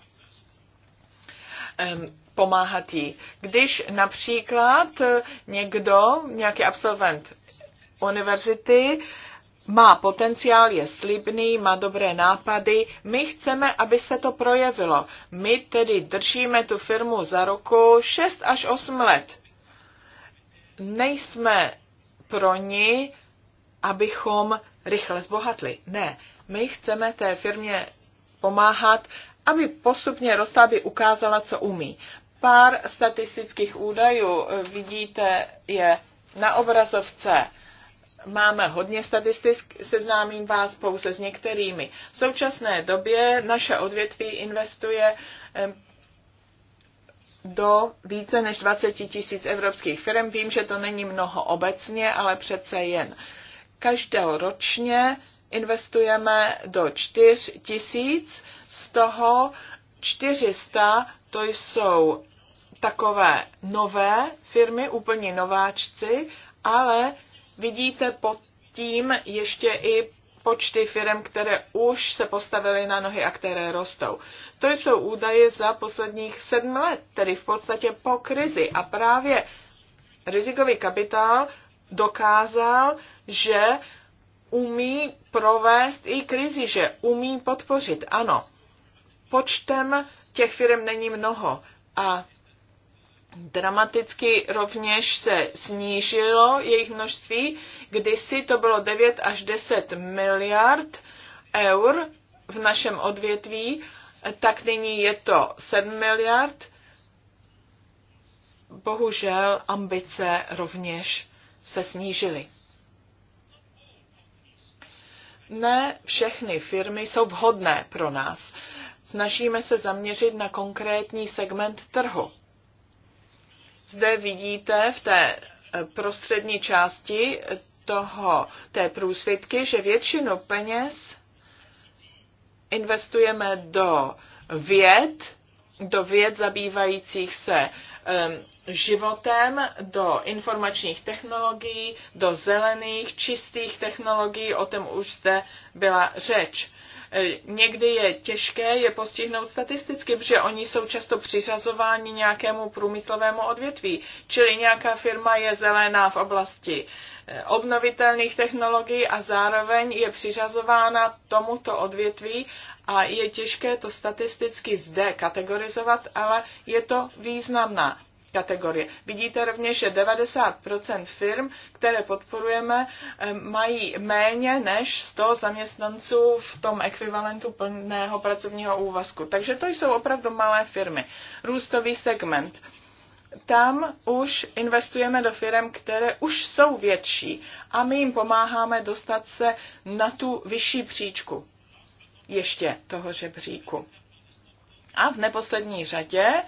um, pomáhat jí. Když například eh, někdo, nějaký absolvent univerzity, má potenciál, je slibný, má dobré nápady. My chceme, aby se to projevilo. My tedy držíme tu firmu za roku 6 až 8 let. Nejsme pro ní, abychom rychle zbohatli. Ne, my chceme té firmě pomáhat, aby postupně rostla, aby ukázala, co umí. Pár statistických údajů eh, vidíte je na obrazovce. Máme hodně statistik, seznámím vás pouze s některými. V současné době naše odvětví investuje do více než 20 tisíc evropských firm. Vím, že to není mnoho obecně, ale přece jen každoročně investujeme do 4 tisíc, z toho 400 to jsou takové nové firmy, úplně nováčci, ale vidíte pod tím ještě i počty firm, které už se postavily na nohy a které rostou. To jsou údaje za posledních sedm let, tedy v podstatě po krizi. A právě rizikový kapitál dokázal že umí provést i krizi, že umí podpořit. Ano, počtem těch firm není mnoho a dramaticky rovněž se snížilo jejich množství. Kdysi to bylo 9 až 10 miliard eur v našem odvětví, tak nyní je to 7 miliard. Bohužel ambice rovněž se snížily ne všechny firmy jsou vhodné pro nás. Snažíme se zaměřit na konkrétní segment trhu. Zde vidíte v té eh, prostřední části eh, toho, té průsvitky, že většinu peněz investujeme do věd, do věd zabývajících se životem do informačních technologií, do zelených, čistých technologií, o tom už zde byla řeč. E, někdy je těžké je postihnout statisticky, protože oni jsou často přiřazováni nějakému průmyslovému odvětví. Čili nějaká firma je zelená v oblasti e, obnovitelných technologií a zároveň je přiřazována tomuto odvětví a je těžké to statisticky zde kategorizovat, ale je to významná kategorie. Vidíte rovněž, že 90% firm, které podporujeme, mají méně než 100 zaměstnanců v tom ekvivalentu plného pracovního úvazku. Takže to jsou opravdu malé firmy. Růstový segment tam už investujeme do firm, které už jsou větší a my jim pomáháme dostat se na tu vyšší příčku ještě toho žebříku. A v neposlední řadě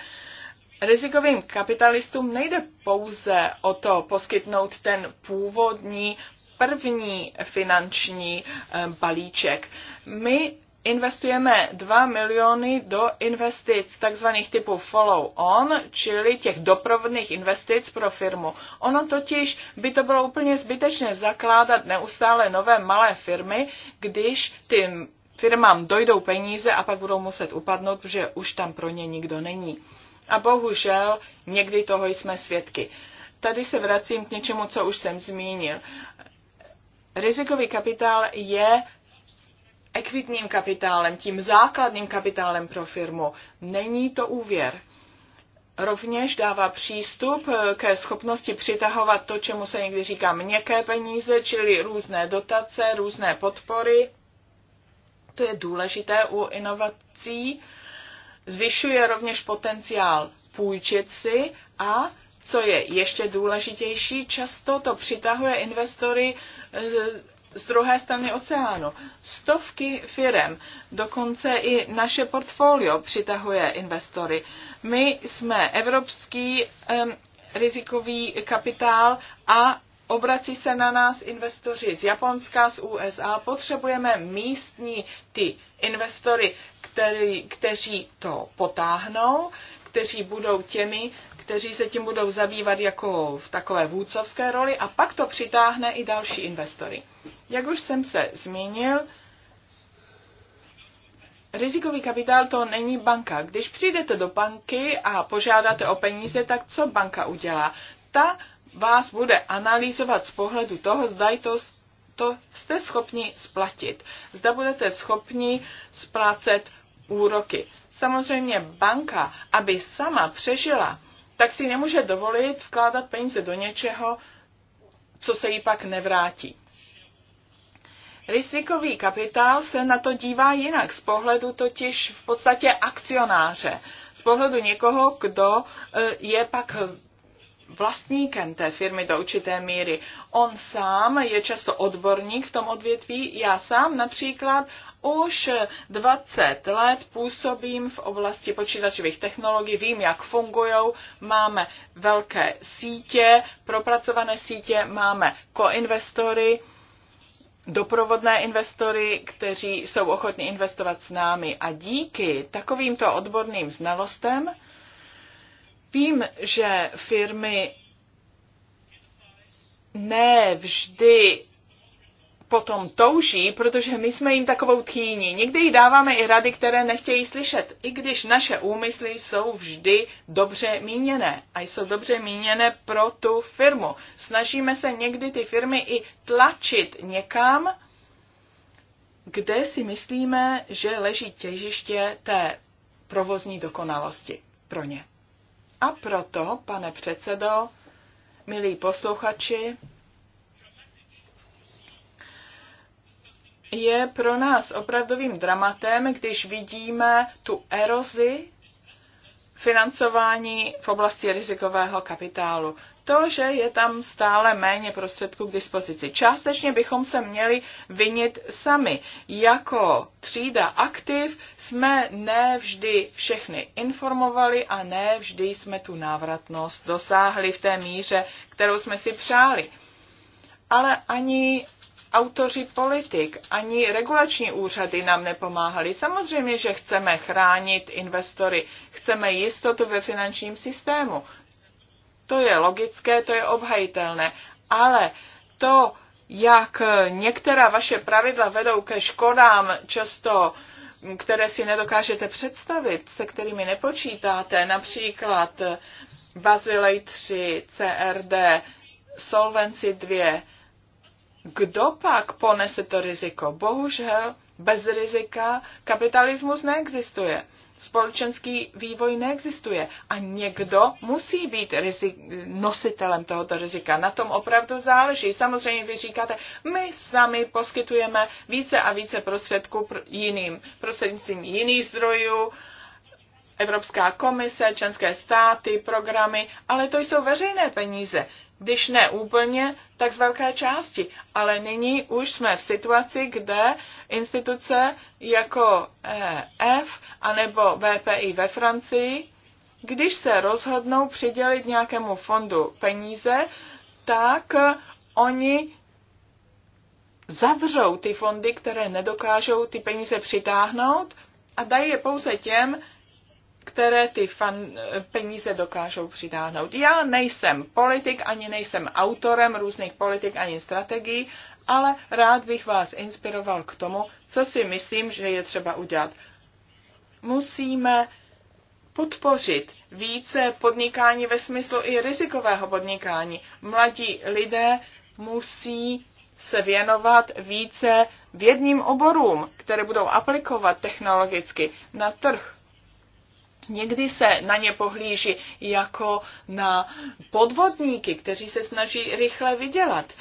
rizikovým kapitalistům nejde pouze o to poskytnout ten původní první finanční eh, balíček. My investujeme 2 miliony do investic takzvaných typu follow-on, čili těch doprovodných investic pro firmu. Ono totiž by to bylo úplně zbytečné zakládat neustále nové malé firmy, když ty firmám dojdou peníze a pak budou muset upadnout, protože už tam pro ně nikdo není. A bohužel někdy toho jsme svědky. Tady se vracím k něčemu, co už jsem zmínil. Rizikový kapitál je ekvitním kapitálem, tím základním kapitálem pro firmu. Není to úvěr. Rovněž dává přístup eh, ke schopnosti přitahovat to, čemu se někdy říká měkké peníze, čili různé dotace, různé podpory. To je důležité u inovací Zvyšuje rovněž potenciál půjčit si a co je ještě důležitější, často to přitahuje investory e, z druhé strany oceánu. Stovky firem, dokonce i naše portfolio přitahuje investory. My jsme evropský um, rizikový kapitál a obrací se na nás investoři z Japonska, z USA. Potřebujeme místní ty investory, který, kteří to potáhnou, kteří budou těmi, kteří se tím budou zabývat jako v takové vůdcovské roli a pak to přitáhne i další investory. Jak už jsem se zmínil, rizikový kapitál to není banka. Když přijdete do banky a požádáte o peníze, tak co banka udělá? Ta vás bude analyzovat z pohledu toho, zda to, to jste schopni splatit. Zda budete schopni splácet úroky. Samozřejmě banka, aby sama přežila, tak si nemůže dovolit vkládat peníze do něčeho, co se jí pak nevrátí. Rizikový kapitál se na to dívá jinak, z pohledu totiž v podstatě akcionáře, z pohledu někoho, kdo e, je pak vlastníkem té firmy do určité míry. On sám je často odborník v tom odvětví. Já sám například už 20 let působím v oblasti počítačových technologií, vím, jak fungují, máme velké sítě, propracované sítě, máme koinvestory, doprovodné investory, kteří jsou ochotni investovat s námi. A díky takovýmto odborným znalostem vím, že firmy ne vždy potom touží, protože my jsme jim takovou tchýní. Někdy jí dáváme i rady, které nechtějí slyšet, i když naše úmysly jsou vždy dobře míněné a jsou dobře míněné pro tu firmu. Snažíme se někdy ty firmy i tlačit někam, kde si myslíme, že leží těžiště té provozní dokonalosti pro ně. A proto, pane předsedo, milí posluchači, je pro nás opravdovým dramatem, když vidíme tu erozi financování v oblasti rizikového kapitálu. To, že je tam stále méně prostředků k dispozici. Částečně bychom se měli vinit sami. Jako třída aktiv jsme nevždy všechny informovali a nevždy jsme tu návratnost dosáhli v té míře, kterou jsme si přáli. Ale ani autoři politik, ani regulační úřady nám nepomáhali. Samozřejmě, že chceme chránit investory, chceme jistotu ve finančním systému. To je logické, to je obhajitelné. Ale to, jak některá vaše pravidla vedou ke škodám, často které si nedokážete představit, se kterými nepočítáte, například Basilej 3, CRD, Solvency 2, kdo pak ponese to riziko? Bohužel bez rizika kapitalismus neexistuje. Společenský vývoj neexistuje a někdo musí být rizik- nositelem tohoto rizika. Na tom opravdu záleží. Samozřejmě vy říkáte, my sami poskytujeme více a více prostředků pr- jiným, prostřednictvím jiných zdrojů, uh, Evropská komise, členské státy, programy, ale to jsou veřejné peníze. Když ne úplně, tak z velké části. Ale nyní už jsme v situaci, kde instituce jako EF eh, anebo VPI ve Francii, když se rozhodnou přidělit nějakému fondu peníze, tak eh, oni zavřou ty fondy, které nedokážou ty peníze přitáhnout a dají je pouze těm, které ty fan, peníze dokážou přidáhnout. Já nejsem politik, ani nejsem autorem různých politik, ani strategií, ale rád bych vás inspiroval k tomu, co si myslím, že je třeba udělat. Musíme podpořit více podnikání ve smyslu i rizikového podnikání. Mladí lidé musí se věnovat více vědním oborům, které budou aplikovat technologicky na trh. Někdy se na ně pohlíží jako na podvodníky, kteří se snaží rychle vydělat.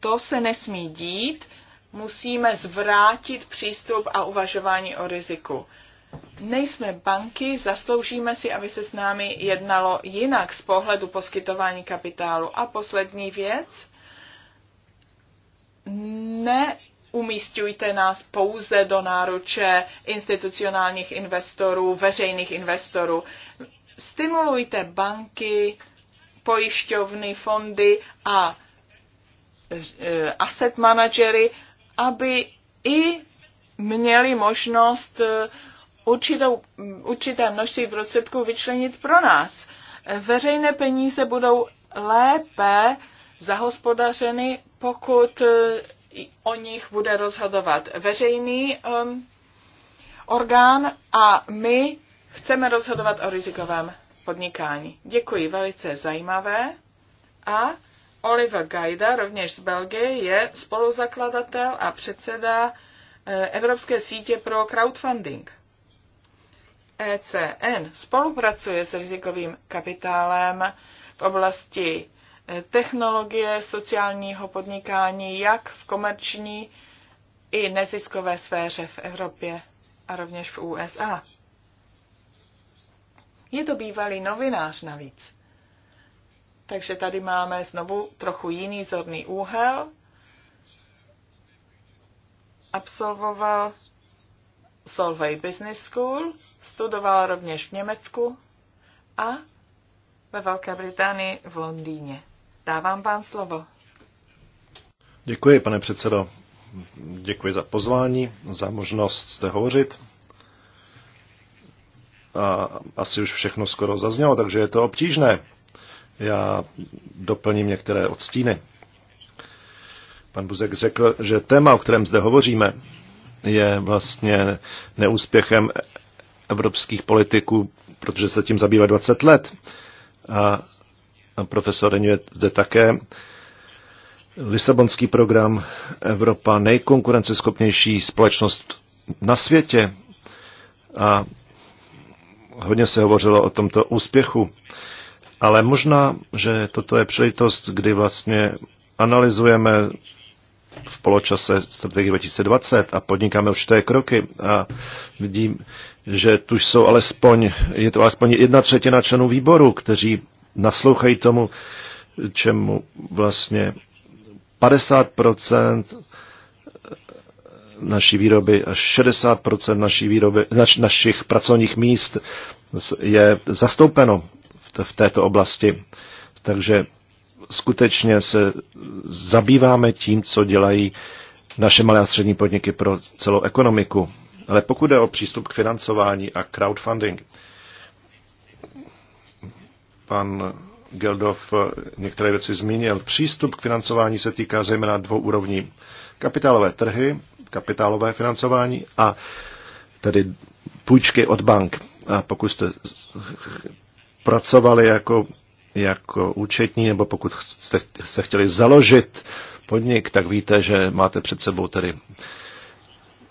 To se nesmí dít, musíme zvrátit přístup a uvažování o riziku. Nejsme banky, zasloužíme si, aby se s námi jednalo jinak z pohledu poskytování kapitálu. A poslední věc, ne umístujte nás pouze do náruče institucionálních investorů, veřejných investorů. Stimulujte banky, pojišťovny, fondy a eh, asset manažery, aby i měli možnost eh, určitou, určité množství prostředků vyčlenit pro nás. Veřejné peníze budou lépe zahospodařeny, pokud eh, o nich bude rozhodovat veřejný um, orgán a my chceme rozhodovat o rizikovém podnikání. Děkuji, velice zajímavé. A Oliver Gajda, rovněž z Belgie, je spoluzakladatel a předseda eh, Evropské sítě pro crowdfunding. ECN spolupracuje s rizikovým kapitálem v oblasti technologie sociálního podnikání jak v komerční i neziskové sféře v Evropě a rovněž v USA. Je to bývalý novinář navíc. Takže tady máme znovu trochu jiný zorný úhel. Absolvoval Solvay Business School, studoval rovněž v Německu a ve Velké Británii v Londýně. Dávám vám slovo. Děkuji, pane předsedo. Děkuji za pozvání, za možnost zde hovořit. A asi už všechno skoro zaznělo, takže je to obtížné. Já doplním některé odstíny. Pan Buzek řekl, že téma, o kterém zde hovoříme, je vlastně neúspěchem evropských politiků, protože se tím zabývá 20 let. A a profesor Reňuje zde také, Lisabonský program Evropa nejkonkurenceschopnější společnost na světě a hodně se hovořilo o tomto úspěchu. Ale možná, že toto je příležitost, kdy vlastně analyzujeme v poločase strategii 2020 a podnikáme určité kroky a vidím, že tu jsou alespoň, je to alespoň jedna třetina členů výboru, kteří naslouchají tomu, čemu vlastně 50% naší výroby a 60% naší výroby, naš, našich pracovních míst je zastoupeno v, v této oblasti. Takže skutečně se zabýváme tím, co dělají naše malé a střední podniky pro celou ekonomiku. Ale pokud jde o přístup k financování a crowdfunding, pan Geldov některé věci zmínil. Přístup k financování se týká zejména dvou úrovní. Kapitálové trhy, kapitálové financování a tedy půjčky od bank. A pokud jste pracovali jako, jako účetní, nebo pokud jste se chtěli založit podnik, tak víte, že máte před sebou tedy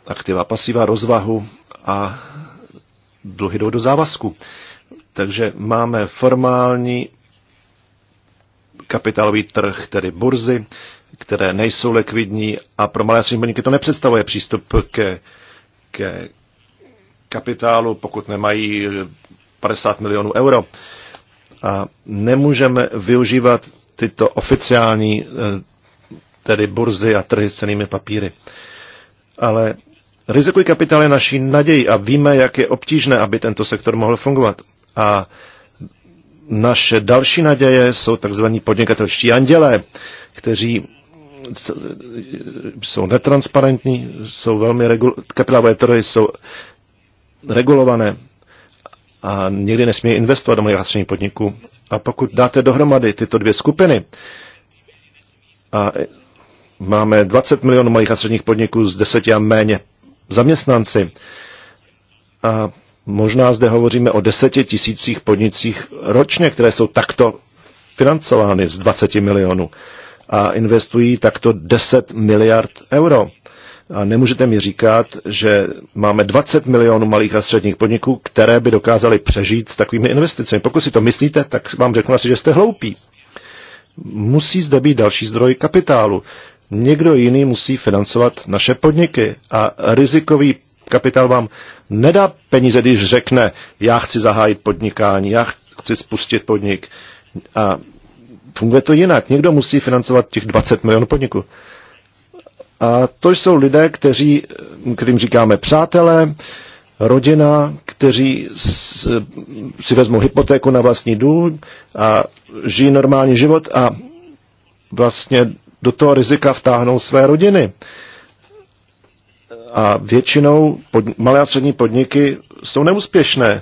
aktiva pasiva, rozvahu a dluhy jdou do závazku. Takže máme formální kapitálový trh, tedy burzy, které nejsou likvidní a pro malé a střední to nepředstavuje přístup ke, ke kapitálu, pokud nemají 50 milionů euro. A nemůžeme využívat tyto oficiální eh, tedy burzy a trhy s cenými papíry. Ale rizikový kapitál je naší naději a víme, jak je obtížné, aby tento sektor mohl fungovat. A naše další naděje jsou tzv. podnikatelští andělé, kteří jsou netransparentní, jsou velmi regul... kapitálové trhy jsou regulované a nikdy nesmí investovat do malých a podniků. A pokud dáte dohromady tyto dvě skupiny a máme 20 milionů malých a středních podniků z 10 a méně zaměstnanci a Možná zde hovoříme o deseti tisících podnicích ročně, které jsou takto financovány z 20 milionů a investují takto 10 miliard euro. A nemůžete mi říkat, že máme 20 milionů malých a středních podniků, které by dokázaly přežít s takovými investicemi. Pokud si to myslíte, tak vám řeknu asi, že jste hloupí. Musí zde být další zdroj kapitálu. Někdo jiný musí financovat naše podniky a rizikový kapitál vám nedá peníze, když řekne, já chci zahájit podnikání, já chci spustit podnik. A funguje to jinak. Někdo musí financovat těch 20 milionů podniků. A to jsou lidé, kteří, kterým říkáme přátelé, rodina, kteří si vezmou hypotéku na vlastní dům a žijí normální život a vlastně do toho rizika vtáhnou své rodiny. A většinou pod, malé a střední podniky jsou neúspěšné.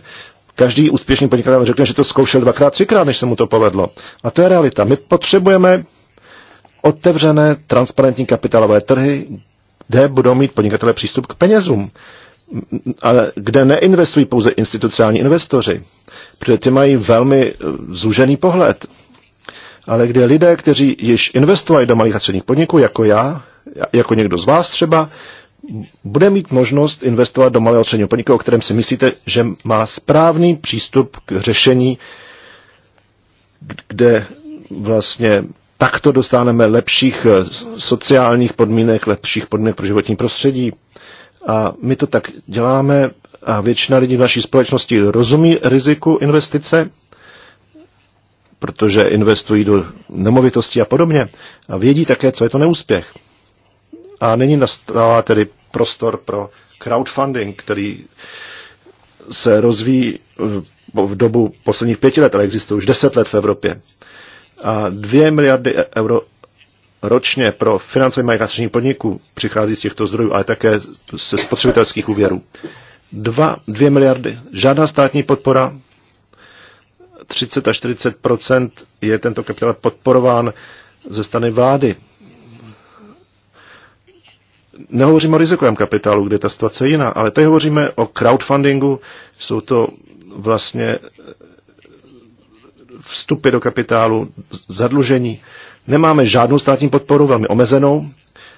Každý úspěšný podnikatel řekne, že to zkoušel dvakrát, třikrát, než se mu to povedlo. A to je realita. My potřebujeme otevřené, transparentní kapitálové trhy, kde budou mít podnikatelé přístup k penězům, ale kde neinvestují pouze institucionální investoři, protože ty mají velmi eh, zúžený pohled. Ale kde lidé, kteří již investovali do malých a středních podniků, jako já, jako někdo z vás třeba, bude mít možnost investovat do malého středního podniku, o kterém si myslíte, že má správný přístup k řešení, kde vlastně takto dostaneme lepších eh, sociálních podmínek, lepších podmínek pro životní prostředí. A my to tak děláme a většina lidí v naší společnosti rozumí riziku investice, protože investují do nemovitostí a podobně. A vědí také, co je to neúspěch. A není nastává tedy prostor pro crowdfunding, který se rozvíjí v dobu posledních pěti let, ale existuje už deset let v Evropě. A dvě miliardy euro ročně pro financování malých a středních podniků přichází z těchto zdrojů, ale také ze spotřebitelských úvěrů. Dva, dvě miliardy. Žádná státní podpora, 30 až 40 je tento kapitál podporován ze strany vlády nehovoříme o rizikovém kapitálu, kde ta situace jiná, ale tady hovoříme o crowdfundingu, jsou to vlastně eh, vstupy do kapitálu, zadlužení. Nemáme žádnou státní podporu, velmi omezenou.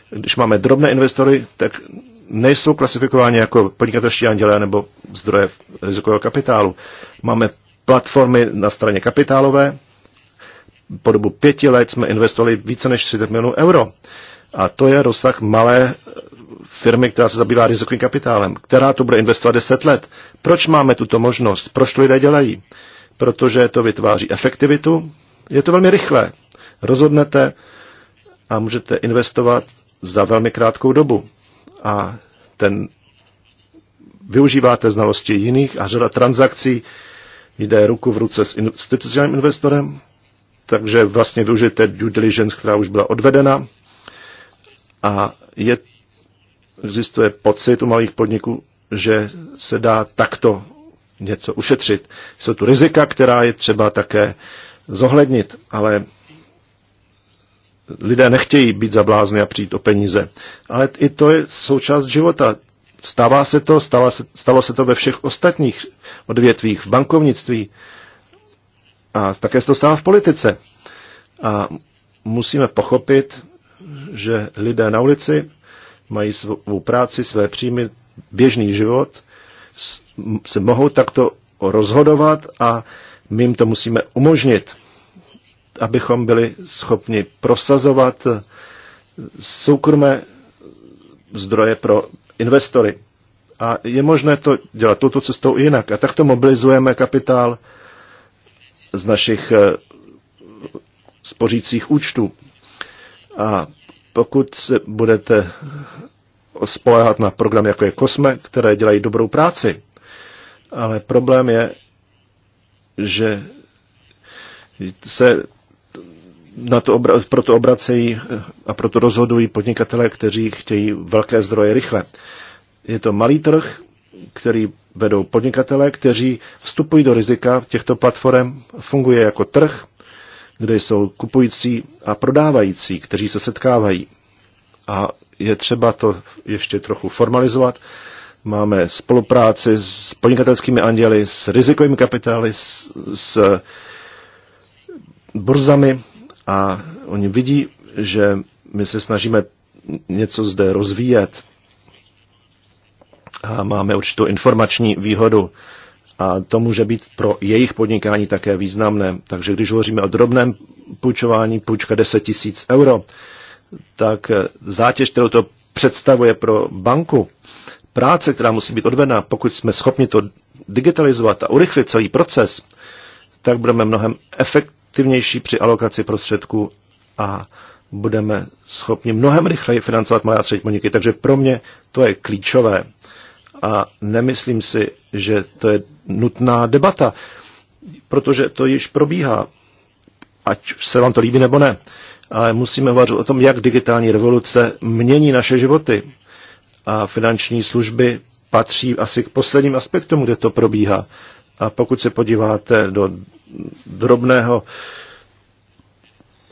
Když máme drobné investory, tak nejsou klasifikováni jako podnikatelští andělé nebo zdroje rizikového kapitálu. Máme platformy na straně kapitálové. Po dobu pěti let jsme investovali více než 30 milionů euro a to je rozsah malé firmy, která se zabývá rizikovým kapitálem, která to bude investovat 10 let. Proč máme tuto možnost? Proč to lidé dělají? Protože to vytváří efektivitu, je to velmi rychlé. Rozhodnete a můžete investovat za velmi krátkou dobu. A ten využíváte znalosti jiných a řada transakcí jde ruku v ruce s institucionálním investorem, takže vlastně využijete due diligence, která už byla odvedena a je, existuje pocit u malých podniků, že se dá takto něco ušetřit. Jsou tu rizika, která je třeba také zohlednit, ale lidé nechtějí být zablázny a přijít o peníze. Ale i to je součást života. Stává se to, stává se, stalo se to ve všech ostatních odvětvích, v bankovnictví a také se to stává v politice. A musíme pochopit, že lidé na ulici mají svou práci, své příjmy, běžný život, se mohou takto rozhodovat a my jim to musíme umožnit, abychom byli schopni prosazovat soukromé zdroje pro investory. A je možné to dělat touto cestou i jinak. A takto mobilizujeme kapitál z našich eh, spořících účtů. A pokud se budete spolehat na program jako je Kosme, které dělají dobrou práci, ale problém je, že se na to obra- proto obracejí eh, a proto rozhodují podnikatele, kteří chtějí velké zdroje rychle. Je to malý trh, který vedou podnikatele, kteří vstupují do rizika těchto platform, funguje jako trh kde jsou kupující a prodávající, kteří se setkávají. A je třeba to ještě trochu formalizovat. Máme spolupráci s podnikatelskými anděly, s rizikovými kapitály, s, s burzami a oni vidí, že my se snažíme něco zde rozvíjet a máme určitou informační výhodu a to může být pro jejich podnikání také významné. Takže když hovoříme o drobném půjčování, půjčka 10 tisíc euro, tak eh, zátěž, kterou to představuje pro banku, práce, která musí být odvedena, pokud jsme schopni to digitalizovat a urychlit celý proces, tak budeme mnohem efektivnější při alokaci prostředků a budeme schopni mnohem rychleji financovat malé a střední podniky. Takže pro mě to je klíčové a nemyslím si, že to je nutná debata, protože to již probíhá, ať se vám to líbí nebo ne. Ale musíme hovořit o tom, jak digitální revoluce mění naše životy. A finanční služby patří asi k posledním aspektům, kde to probíhá. A pokud se podíváte do drobného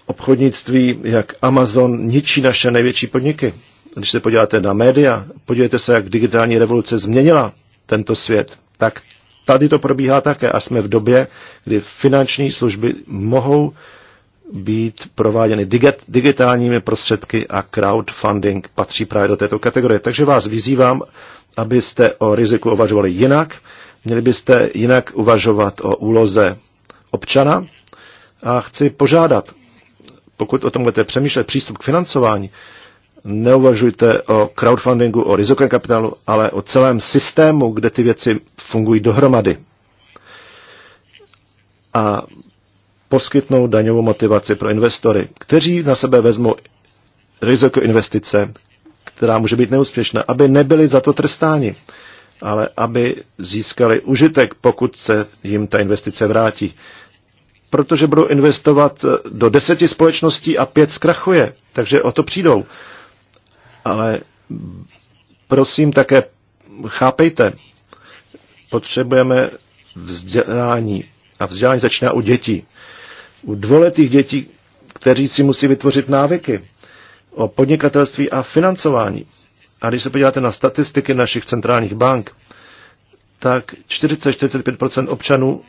obchodnictví, jak Amazon ničí naše největší podniky, když se podíváte na média, podívejte se, jak digitální revoluce změnila tento svět, tak tady to probíhá také a jsme v době, kdy finanční služby mohou být prováděny digitálními prostředky a crowdfunding patří právě do této kategorie. Takže vás vyzývám, abyste o riziku uvažovali jinak, měli byste jinak uvažovat o úloze občana a chci požádat, pokud o tom budete přemýšlet, přístup k financování, neuvažujte o crowdfundingu, o rizikovém kapitálu, ale o celém systému, kde ty věci fungují dohromady. A poskytnou daňovou motivaci pro investory, kteří na sebe vezmou riziko investice, která může být neúspěšná, aby nebyli za to trestáni, ale aby získali užitek, pokud se jim ta investice vrátí. Protože budou investovat do deseti společností a pět zkrachuje, takže o to přijdou ale prosím také chápejte, potřebujeme vzdělání a vzdělání začíná u dětí. U dvoletých dětí, kteří si musí vytvořit návyky o podnikatelství a financování. A když se podíváte na statistiky našich centrálních bank, tak 40-45 občanů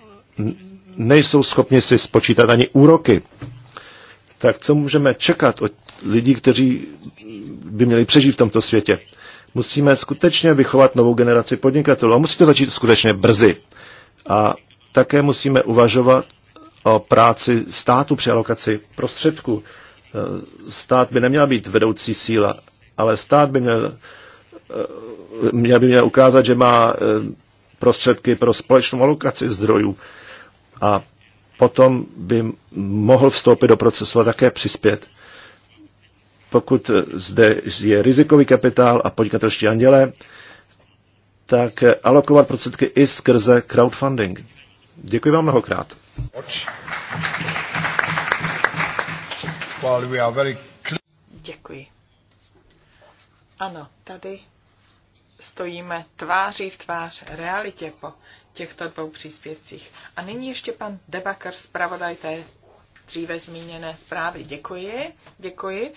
nejsou schopni si spočítat ani úroky tak co můžeme čekat od lidí, kteří by měli přežít v tomto světě? Musíme skutečně vychovat novou generaci podnikatelů a musí to začít skutečně brzy. A také musíme uvažovat o práci státu při alokaci prostředků. E, stát by neměl být vedoucí síla, ale stát by měl, e, měl by měl ukázat, že má e, prostředky pro společnou alokaci zdrojů. A potom by mohl vstoupit do procesu a také přispět. Pokud zde je rizikový kapitál a podnikatelští andělé, tak alokovat prostředky i skrze crowdfunding. Děkuji vám mnohokrát. Děkuji. Ano, tady stojíme tváří v tvář realitě po těchto dvou příspěvcích. A nyní ještě pan Debakar, zpravodaj té dříve zmíněné zprávy. Děkuji, děkuji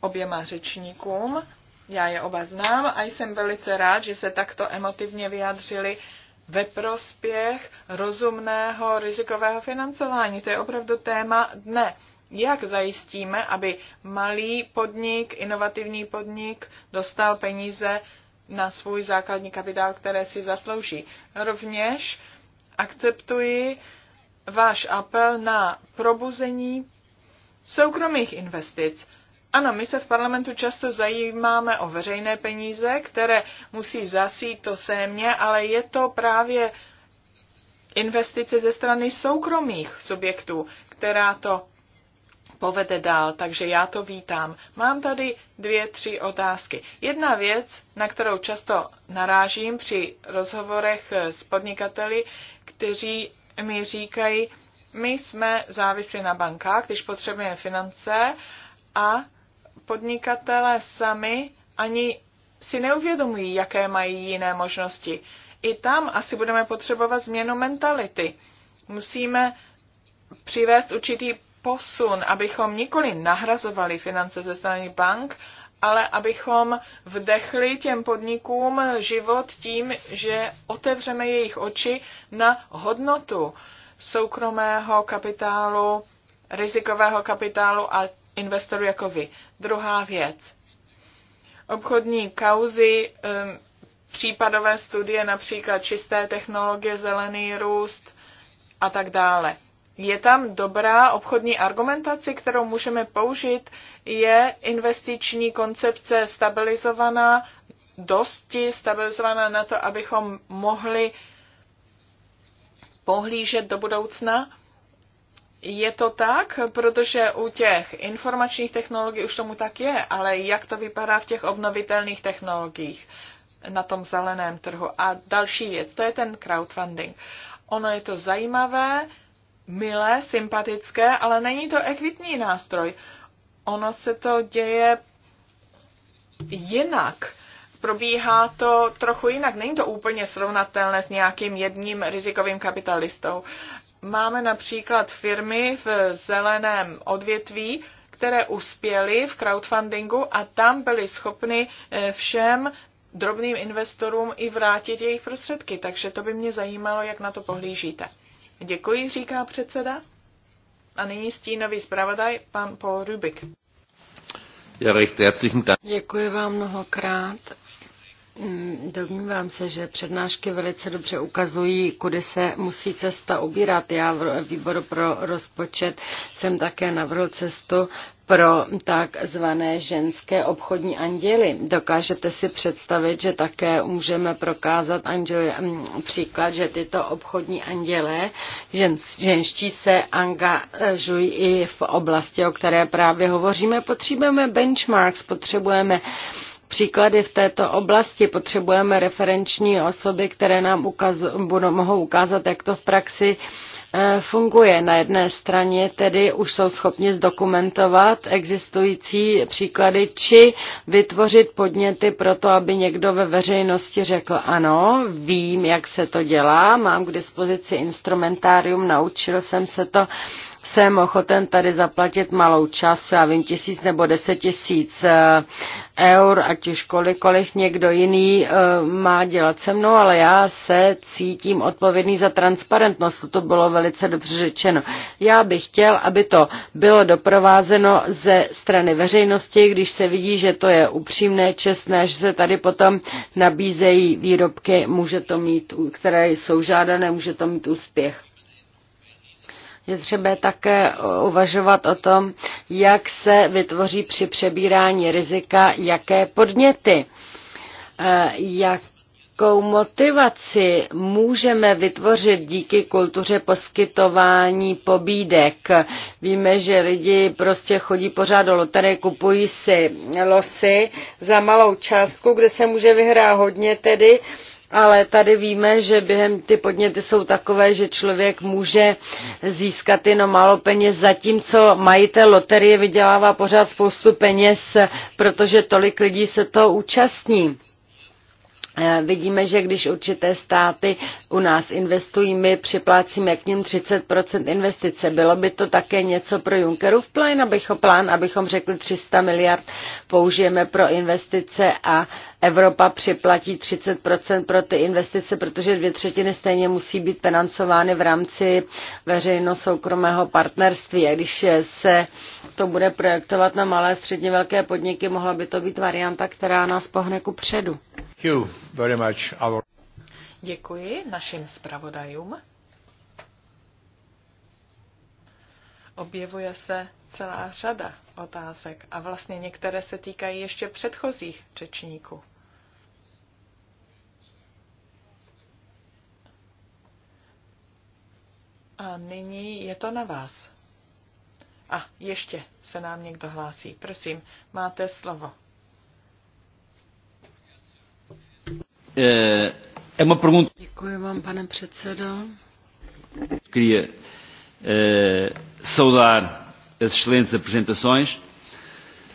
oběma řečníkům. Já je oba znám a jsem velice rád, že se takto emotivně vyjádřili ve prospěch rozumného rizikového financování. To je opravdu téma dne. Jak zajistíme, aby malý podnik, inovativní podnik dostal peníze na svůj základní kapitál, které si zaslouží. Rovněž akceptuji váš apel na probuzení soukromých investic. Ano, my se v parlamentu často zajímáme o veřejné peníze, které musí zasít to sémě, ale je to právě investice ze strany soukromých subjektů, která to povede dál, takže já to vítám. Mám tady dvě, tři otázky. Jedna věc, na kterou často narážím při rozhovorech s podnikateli, kteří mi říkají, my jsme závisli na bankách, když potřebujeme finance a podnikatele sami ani si neuvědomují, jaké mají jiné možnosti. I tam asi budeme potřebovat změnu mentality. Musíme přivést určitý posun, abychom nikoli nahrazovali finance ze strany bank, ale abychom vdechli těm podnikům život tím, že otevřeme jejich oči na hodnotu soukromého kapitálu, rizikového kapitálu a investorů jako vy. Druhá věc. Obchodní kauzy, um, případové studie, například čisté technologie, zelený růst a tak dále je tam dobrá obchodní argumentace, kterou můžeme použít, je investiční koncepce stabilizovaná, dosti stabilizovaná na to, abychom mohli pohlížet do budoucna. Je to tak, protože u těch informačních technologií už tomu tak je, ale jak to vypadá v těch obnovitelných technologiích na tom zeleném trhu? A další věc, to je ten crowdfunding. Ono je to zajímavé, milé, sympatické, ale není to ekvitní nástroj. Ono se to děje jinak. Probíhá to trochu jinak. Není to úplně srovnatelné s nějakým jedním rizikovým kapitalistou. Máme například firmy v zeleném odvětví, které uspěly v crowdfundingu a tam byly schopny eh, všem drobným investorům i vrátit jejich prostředky. Takže to by mě zajímalo, jak na to pohlížíte. Děkuji, říká předseda. A nyní stínový zpravodaj, pan Paul Rubik. Ja, recht Děkuji vám mnohokrát. Mm, domnívám se, že přednášky velice dobře ukazují, kudy se musí cesta ubírat. Já v výboru pro rozpočet jsem také navrhl cestu pro takzvané ženské obchodní anděly. Dokážete si představit, že také můžeme prokázat anděl, mm, příklad, že tyto obchodní anděle žen, ženští se angažují i v oblasti, o které právě hovoříme. Potřebujeme benchmarks, potřebujeme příklady v této oblasti. Potřebujeme referenční osoby, které nám ukazu, budou, mohou ukázat, jak to v praxi Eh, funguje. Na jedné straně tedy už jsou schopni zdokumentovat existující příklady či vytvořit podněty pro to, aby někdo ve veřejnosti řekl ano, vím, jak se to dělá, mám k dispozici instrumentárium, naučil jsem se to jsem ochoten tady zaplatit malou čas, já vím, tisíc nebo deset tisíc eh, eur, ať už kolikoliv někdo jiný eh, má dělat se mnou, ale já se cítím odpovědný za transparentnost. To bylo velice dobře řečeno. Já bych chtěl, aby to bylo doprovázeno ze strany veřejnosti, když se vidí, že to je upřímné, čestné, že se tady potom nabízejí výrobky, může to mít, které jsou žádané, může to mít úspěch. Je třeba také uvažovat o tom, jak se vytvoří při přebírání rizika, jaké podněty, jak eh, jakou motivaci můžeme vytvořit díky kultuře poskytování pobídek. Víme, že lidi prostě chodí pořád do loterie, kupují si losy za malou částku, kde se může vyhrát hodně tedy ale tady víme, že během ty podněty jsou takové, že člověk může získat jenom málo peněz, zatímco majitel loterie vydělává pořád spoustu peněz, protože tolik lidí se toho účastní. Eh, vidíme, že když určité státy u nás investují, my připlácíme k ním 30% investice. Bylo by to také něco pro Junckerův plán, abychom, plán, abychom řekli 300 miliard použijeme pro investice a Evropa připlatí 30% pro ty investice, protože dvě třetiny stejně musí být financovány v rámci veřejno-soukromého partnerství. A když se to bude projektovat na malé, středně velké podniky, mohla by to být varianta, která nás pohne ku předu you very much our... Děkuji našim zpravodajům. Objevuje se celá řada otázek a vlastně některé se týkají ještě předchozích řečníků. A nyní je to na vás. A ještě se nám někdo hlásí. Prosím, máte slovo. Eh, Děkuji vám, pane předsedo. Queria eh, saudar as excelentes apresentações.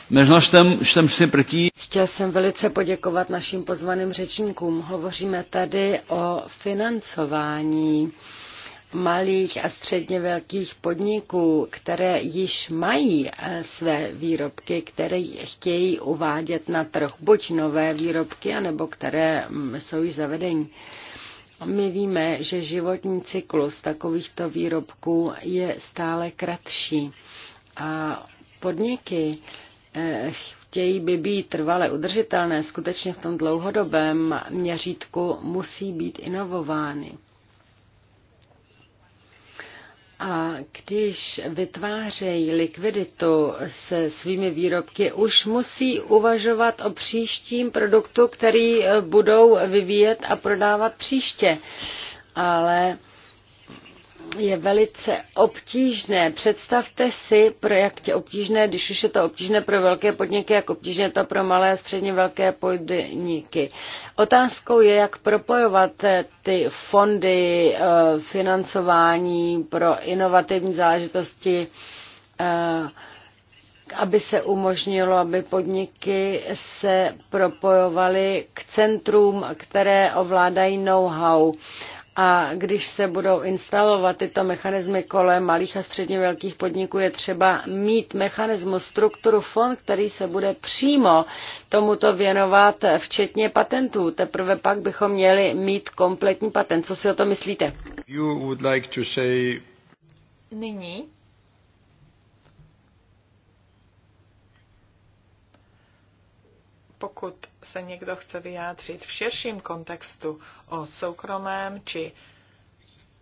Mas nós estamos, estamos sempre aqui. Chtěl jsem velice poděkovat našim pozvaným řečníkům. Hovoříme tady o financování eh, malých a středně velkých podniků, které již mají eh, své výrobky, které chtějí uvádět na trh, buď nové výrobky, anebo které mm, jsou již zavedení. My víme, že životní cyklus takovýchto výrobků je stále kratší a podniky eh, chtějí by být trvale udržitelné, skutečně v tom dlouhodobém měřítku musí být inovovány. A když vytvářejí likviditu se svými výrobky, už musí uvažovat o příštím produktu, který eh, budou vyvíjet a prodávat příště. Ale je velice obtížné. Představte si, pro jak je obtížné, když už je to obtížné pro velké podniky, jak obtížné to pro malé a středně velké podniky. Otázkou je, jak propojovat eh, ty fondy eh, financování pro inovativní záležitosti, eh, aby se umožnilo, aby podniky se propojovaly k centrům, které ovládají know-how a když se budou instalovat tyto mechanismy kolem malých a středně velkých podniků, je třeba mít mechanismus, strukturu, fond, který se bude přímo tomuto věnovat, včetně patentů. Teprve pak bychom měli mít kompletní patent. Co si o to myslíte? You would like to say... Nyní pokud se někdo chce vyjádřit v širším kontextu o soukromém či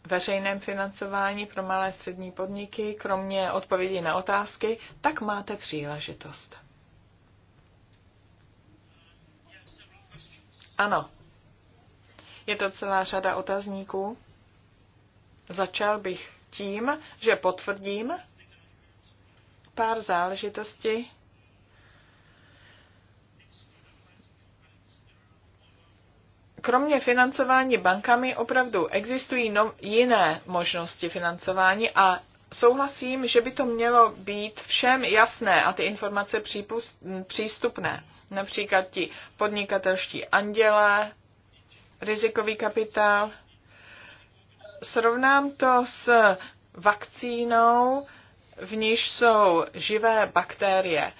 veřejném financování pro malé střední podniky, kromě odpovědi na otázky, tak máte příležitost. Ano, je to celá řada otazníků. Začal bych tím, že potvrdím pár záležitostí, kromě financování bankami opravdu existují no, jiné možnosti financování a souhlasím, že by to mělo být všem jasné a ty informace přípust, přístupné. Například ti podnikatelští andělé, rizikový kapitál. Srovnám to s vakcínou, v níž jsou živé bakterie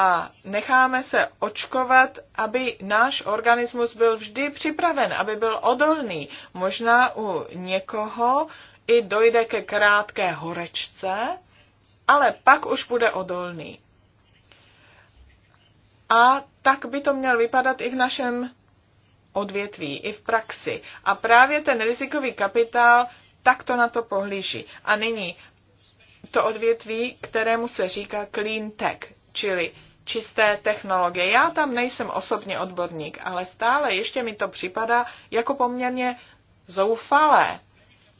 a necháme se očkovat, aby náš organismus byl vždy připraven, aby byl odolný. Možná u někoho i dojde ke krátké horečce, ale pak už bude odolný. A tak by to měl vypadat i v našem odvětví, i v praxi. A právě ten rizikový kapitál takto na to pohlíží. A nyní to odvětví, kterému se říká clean tech, čili čisté technologie. Já tam nejsem osobně odborník, ale stále ještě mi to připadá jako poměrně zoufalé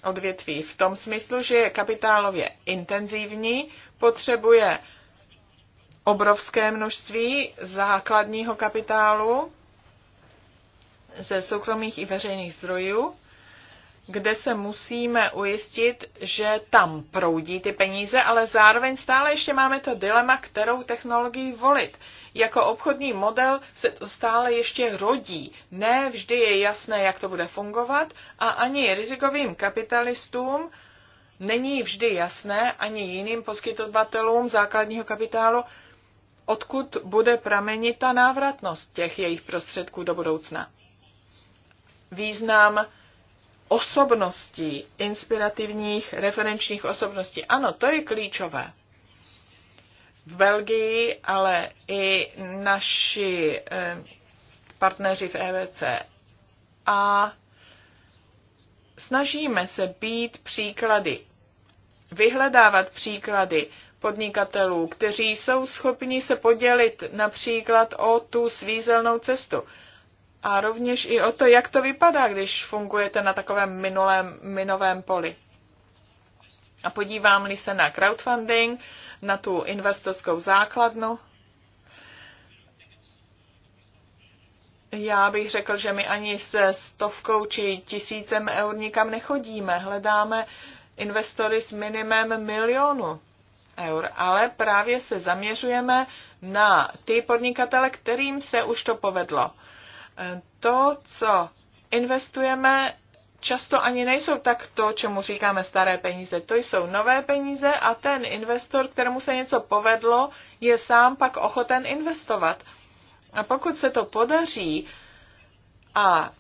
odvětví v tom smyslu, že je kapitálově intenzivní, potřebuje obrovské množství základního kapitálu ze soukromých i veřejných zdrojů kde se musíme ujistit, že tam proudí ty peníze, ale zároveň stále ještě máme to dilema, kterou technologii volit. Jako obchodní model se to stále ještě rodí. Ne vždy je jasné, jak to bude fungovat a ani rizikovým kapitalistům není vždy jasné, ani jiným poskytovatelům základního kapitálu, odkud bude pramenit ta návratnost těch jejich prostředků do budoucna. Význam osobností, inspirativních referenčních osobností. Ano, to je klíčové. V Belgii, ale i naši eh, partneři v EVC. A snažíme se být příklady, vyhledávat příklady podnikatelů, kteří jsou schopni se podělit například o tu svízelnou cestu a rovněž i o to, jak to vypadá, když fungujete na takovém minulém, minovém poli. A podívám-li se na crowdfunding, na tu investorskou základnu, já bych řekl, že my ani se stovkou či tisícem eur nikam nechodíme. Hledáme investory s minimem milionu eur, ale právě se zaměřujeme na ty podnikatele, kterým se už to povedlo to, co investujeme, často ani nejsou tak to, čemu říkáme staré peníze. To jsou nové peníze a ten investor, kterému se něco povedlo, je sám pak ochoten investovat. A pokud se to podaří a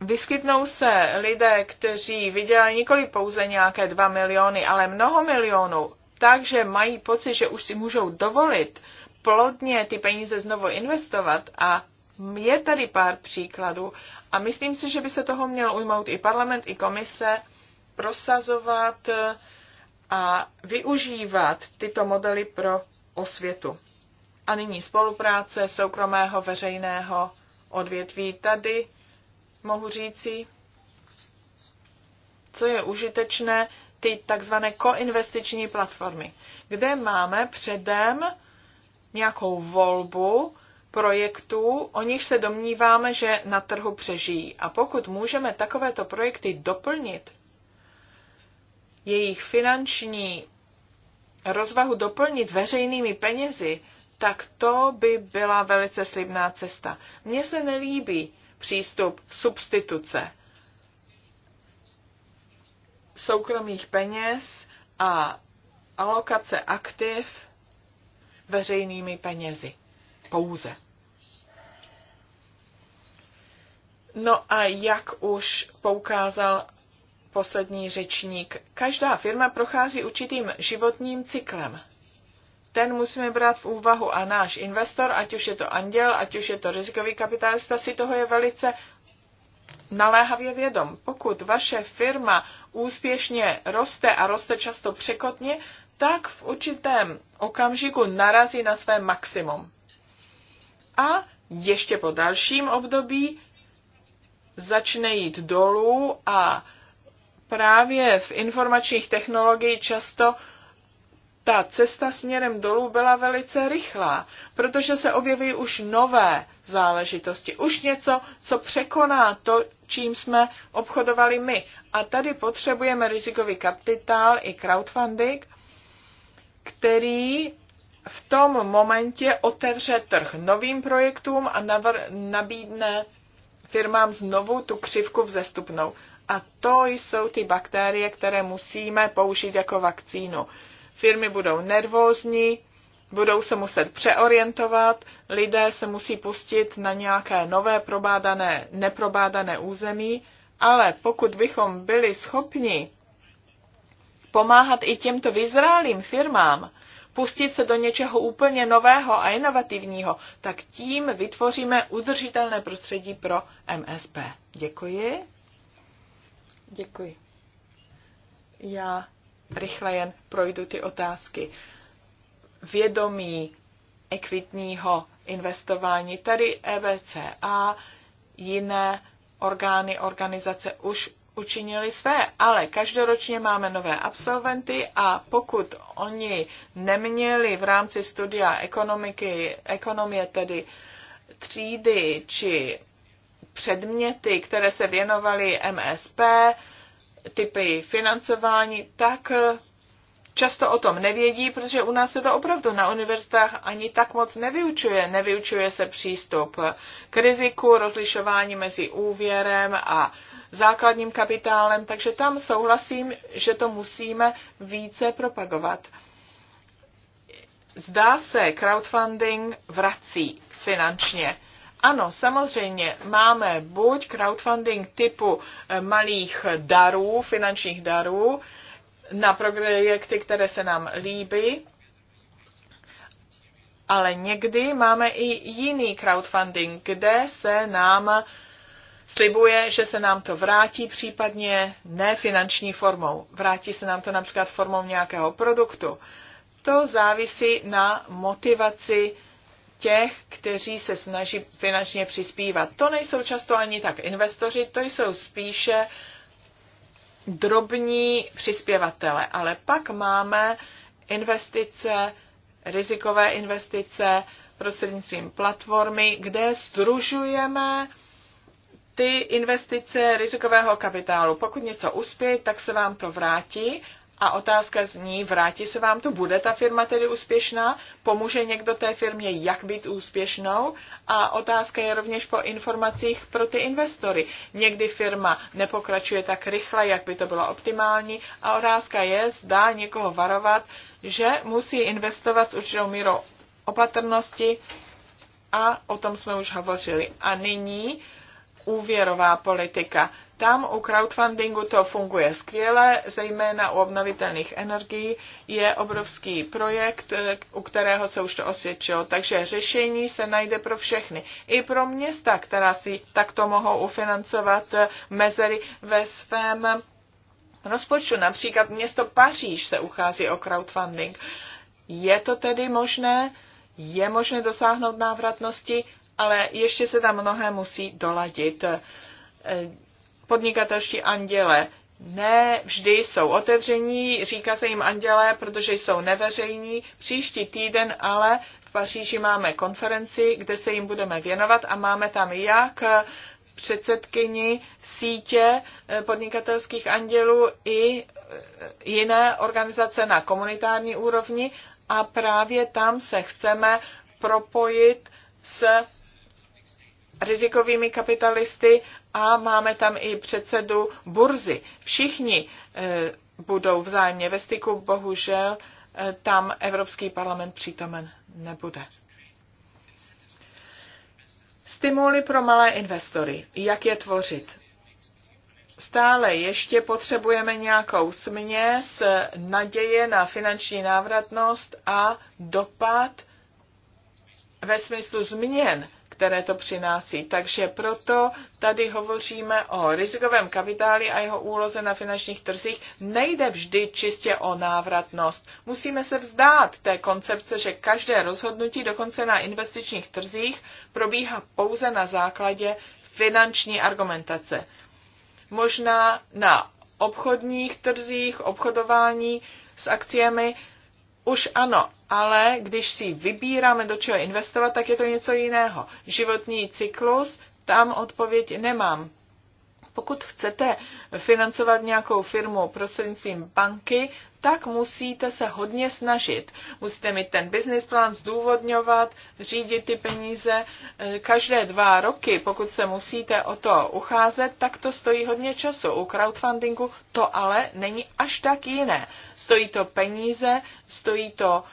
vyskytnou se lidé, kteří vydělali nikoli pouze nějaké 2 miliony, ale mnoho milionů, takže mají pocit, že už si můžou dovolit plodně ty peníze znovu investovat a je tady pár příkladů a myslím si, že by se toho měl ujmout i parlament, i komise, prosazovat eh, a využívat tyto modely pro osvětu. A nyní spolupráce soukromého veřejného odvětví. Tady mohu říci, co je užitečné, ty takzvané koinvestiční platformy, kde máme předem nějakou volbu, projektů, o nich se domníváme, že na trhu přežijí. A pokud můžeme takovéto projekty doplnit, jejich finanční rozvahu doplnit veřejnými penězi, tak to by byla velice slibná cesta. Mně se nelíbí přístup substituce soukromých peněz a alokace aktiv veřejnými penězi pouze. No a jak už poukázal poslední řečník, každá firma prochází určitým životním cyklem. Ten musíme brát v úvahu a náš investor, ať už je to anděl, ať už je to rizikový kapitalista, si toho je velice naléhavě vědom. Pokud vaše firma úspěšně roste a roste často překotně, tak v určitém okamžiku narazí na své maximum. A ještě po dalším období začne jít dolů a právě v informačních technologiích často ta cesta směrem dolů byla velice rychlá, protože se objeví už nové záležitosti, už něco, co překoná to, čím jsme obchodovali my. A tady potřebujeme rizikový kapitál i crowdfunding, který v tom momentě otevře trh novým projektům a nabídne firmám znovu tu křivku vzestupnou. A to jsou ty bakterie, které musíme použít jako vakcínu. Firmy budou nervózní, budou se muset přeorientovat, lidé se musí pustit na nějaké nové probádané, neprobádané území, ale pokud bychom byli schopni pomáhat i těmto vyzrálým firmám, pustit se do něčeho úplně nového a inovativního, tak tím vytvoříme udržitelné prostředí pro MSP. Děkuji. Děkuji. Já rychle jen projdu ty otázky. Vědomí ekvitního investování, tady EVCA, jiné orgány, organizace už učinili své, ale každoročně máme nové absolventy a pokud oni neměli v rámci studia ekonomiky, ekonomie tedy třídy či předměty, které se věnovaly MSP, typy financování, tak často o tom nevědí, protože u nás se to opravdu na univerzitách ani tak moc nevyučuje. Nevyučuje se přístup k riziku, rozlišování mezi úvěrem a základním kapitálem, takže tam souhlasím, že to musíme více propagovat. Zdá se, crowdfunding vrací finančně. Ano, samozřejmě máme buď crowdfunding typu eh, malých darů, finančních darů, na projekty, které se nám líbí, ale někdy máme i jiný crowdfunding, kde se nám slibuje, že se nám to vrátí, případně ne finanční formou. Vrátí se nám to například formou nějakého produktu. To závisí na motivaci těch, kteří se snaží finančně přispívat. To nejsou často ani tak investoři, to jsou spíše uh, drobní přispěvatele, ale pak máme investice, rizikové investice prostřednictvím platformy, kde združujeme ty investice rizikového kapitálu. Pokud něco uspěje, tak se vám to vrátí a otázka zní, vrátí se vám to, bude ta firma tedy úspěšná, pomůže někdo té firmě, jak být úspěšnou. A otázka je rovněž po informacích pro ty investory. Někdy firma nepokračuje tak rychle, jak by to bylo optimální. A otázka je, zdá někoho varovat, že musí investovat s určitou mírou opatrnosti. A o tom jsme už hovořili. A nyní úvěrová politika. Tam u crowdfundingu to funguje skvěle, zejména u obnovitelných energií. Je obrovský projekt, eh, u kterého se už to osvědčilo, takže řešení se najde pro všechny. I pro města, která si takto mohou ufinancovat eh, mezery ve svém rozpočtu. Například město Paříž se uchází o crowdfunding. Je to tedy možné? Je možné dosáhnout návratnosti, ale ještě se tam mnohé musí doladit eh, podnikatelští anděle ne vždy jsou otevření, říká se jim andělé, protože jsou neveřejní. Příští týden ale v Paříži máme konferenci, kde se jim budeme věnovat a máme tam jak předsedkyni sítě eh, podnikatelských andělů i eh, jiné organizace na komunitární úrovni a právě tam se chceme propojit s rizikovými kapitalisty a máme tam i předsedu burzy. Všichni e, budou vzájemně ve styku, bohužel e, tam Evropský parlament přítomen nebude. Stimuly pro malé investory. Jak je tvořit? Stále ještě potřebujeme nějakou směs naděje na finanční návratnost a dopad ve smyslu změn které to přináší. Takže proto tady hovoříme o rizikovém kapitáli a jeho úloze na finančních trzích. Nejde vždy čistě o návratnost. Musíme se vzdát té koncepce, že každé rozhodnutí, dokonce na investičních trzích, probíhá pouze na základě finanční argumentace. Možná na obchodních trzích, obchodování s akciemi už ano, ale když si vybíráme, do čeho investovat, tak je to něco jiného. Životní cyklus, tam odpověď nemám. Pokud chcete financovat nějakou firmu prostřednictvím banky, tak musíte se hodně snažit. Musíte mít ten business plan zdůvodňovat, řídit ty peníze. Eh, každé dva roky, pokud se musíte o to ucházet, tak to stojí hodně času. U crowdfundingu to ale není až tak jiné. Stojí to peníze, stojí to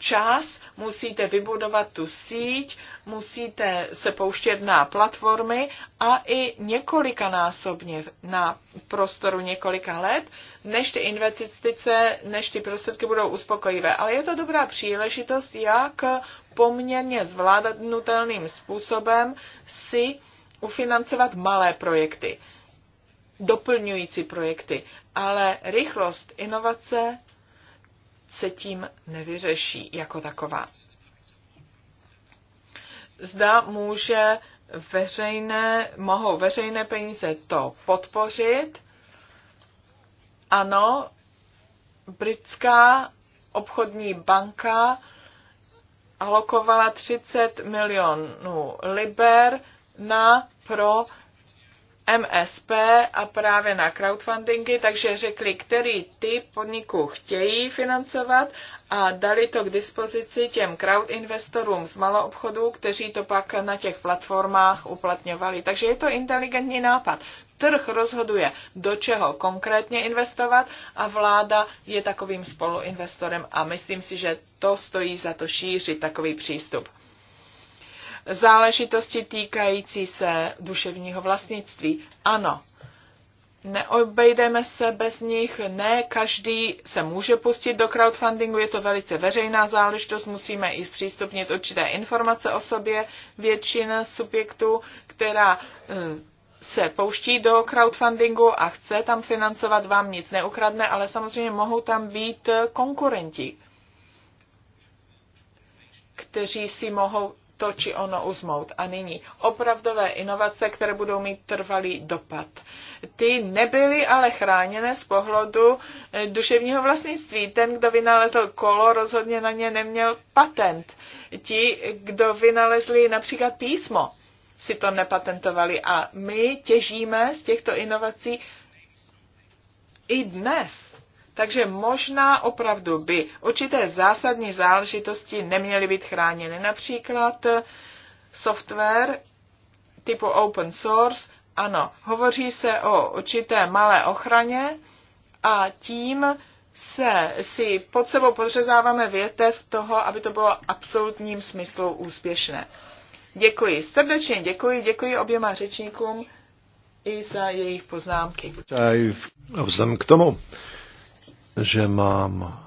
čas, musíte vybudovat tu síť, musíte se pouštět na platformy a i několikanásobně na prostoru několika let, než ty investice, než ty prostředky budou uspokojivé. Ale je to dobrá příležitost, jak poměrně zvládnutelným způsobem si ufinancovat malé projekty, doplňující projekty. Ale rychlost inovace se tím nevyřeší jako taková. Zda může veřejné, mohou veřejné peníze to podpořit. Ano, britská obchodní banka alokovala 30 milionů liber na pro MSP a právě na crowdfundingy, takže řekli, který typ podniků chtějí financovat a dali to k dispozici těm crowd investorům z maloobchodů, kteří to pak na těch platformách uplatňovali. Takže je to inteligentní nápad. Trh rozhoduje, do čeho konkrétně investovat a vláda je takovým spoluinvestorem a myslím si, že to stojí za to šířit takový přístup záležitosti týkající se duševního vlastnictví. Ano, neobejdeme se bez nich, ne každý se může pustit do crowdfundingu, je to velice veřejná záležitost, musíme i zpřístupnit určité informace o sobě. Většina subjektů, která eh, se pouští do crowdfundingu a chce tam financovat, vám nic neukradne, ale samozřejmě mohou tam být konkurenti, kteří si mohou to či ono uzmout. A nyní opravdové inovace, které budou mít trvalý dopad. Ty nebyly ale chráněné z pohledu eh, duševního vlastnictví. Ten, kdo vynalezl kolo, rozhodně na ně neměl patent. Ti, kdo vynalezli například písmo, si to nepatentovali. A my těžíme z těchto inovací i dnes takže možná opravdu by určité zásadní záležitosti neměly být chráněny. Například eh, software typu open source, ano, hovoří se o určité malé ochraně a tím se si pod sebou podřezáváme větev toho, aby to bylo absolutním smyslu úspěšné. Děkuji, srdečně děkuji, děkuji oběma řečníkům i za jejich poznámky. Vzhledem k tomu, že mám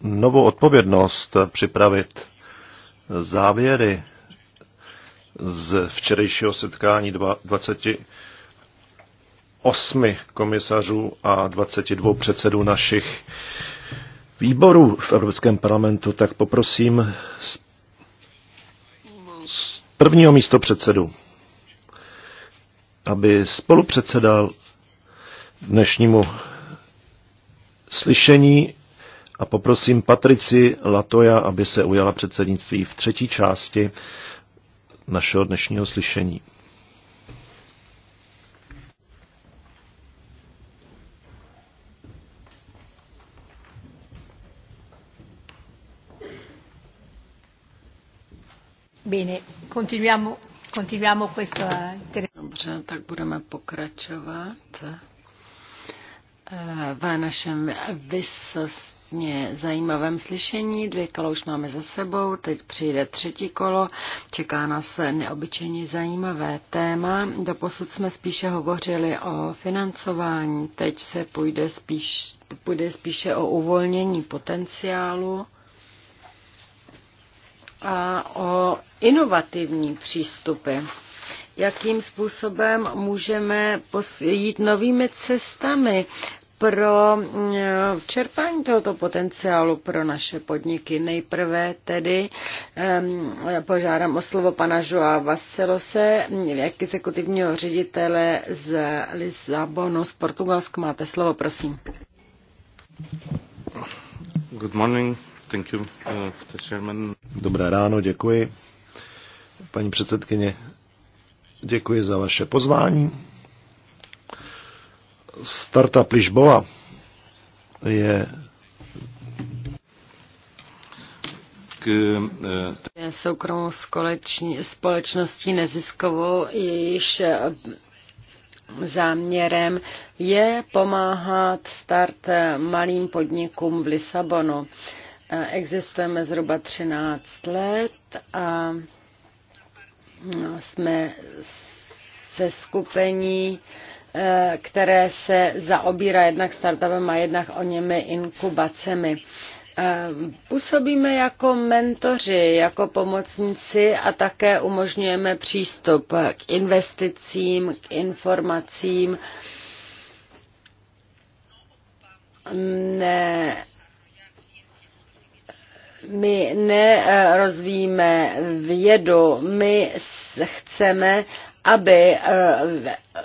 novou odpovědnost připravit závěry z včerejšího setkání 28 komisařů a 22 předsedů našich výborů v Evropském parlamentu, tak poprosím z prvního místo předsedu, aby spolupředsedal dnešnímu slyšení a poprosím Patrici Latoja, aby se ujala předsednictví v třetí části našeho dnešního slyšení. Bene, continuiamo, continuiamo questo... Eh, Dobře, tak budeme pokračovat v našem vysostně zajímavém slyšení. Dvě kola už máme za sebou, teď přijde třetí kolo. Čeká nás neobyčejně zajímavé téma. Doposud jsme spíše hovořili o financování, teď se půjde, spíš, půjde spíše o uvolnění potenciálu a o inovativní přístupy jakým způsobem můžeme jít novými cestami pro eh, čerpání tohoto potenciálu pro naše podniky. Nejprve tedy um, požádám o slovo pana Joa Vasilose, exekutivního ředitele z Lisabonu z Portugalska. Máte slovo, prosím. Good morning. Thank you, uh, Dobré ráno, děkuji. Paní předsedkyně, Děkuji za vaše pozvání. Startup Ližbova eh, je soukromou společností neziskovou, jejíž eh, záměrem je pomáhat start eh, malým podnikům v Lisabonu. Existujeme zhruba 13 let a jsme se skupení, eh, které se zaobírá jednak startupem a jednak o němi inkubacemi. Eh, působíme jako mentoři, jako pomocníci a také umožňujeme přístup k investicím, k informacím. Ne, my nerozvíjíme vědu, my chceme, aby eh,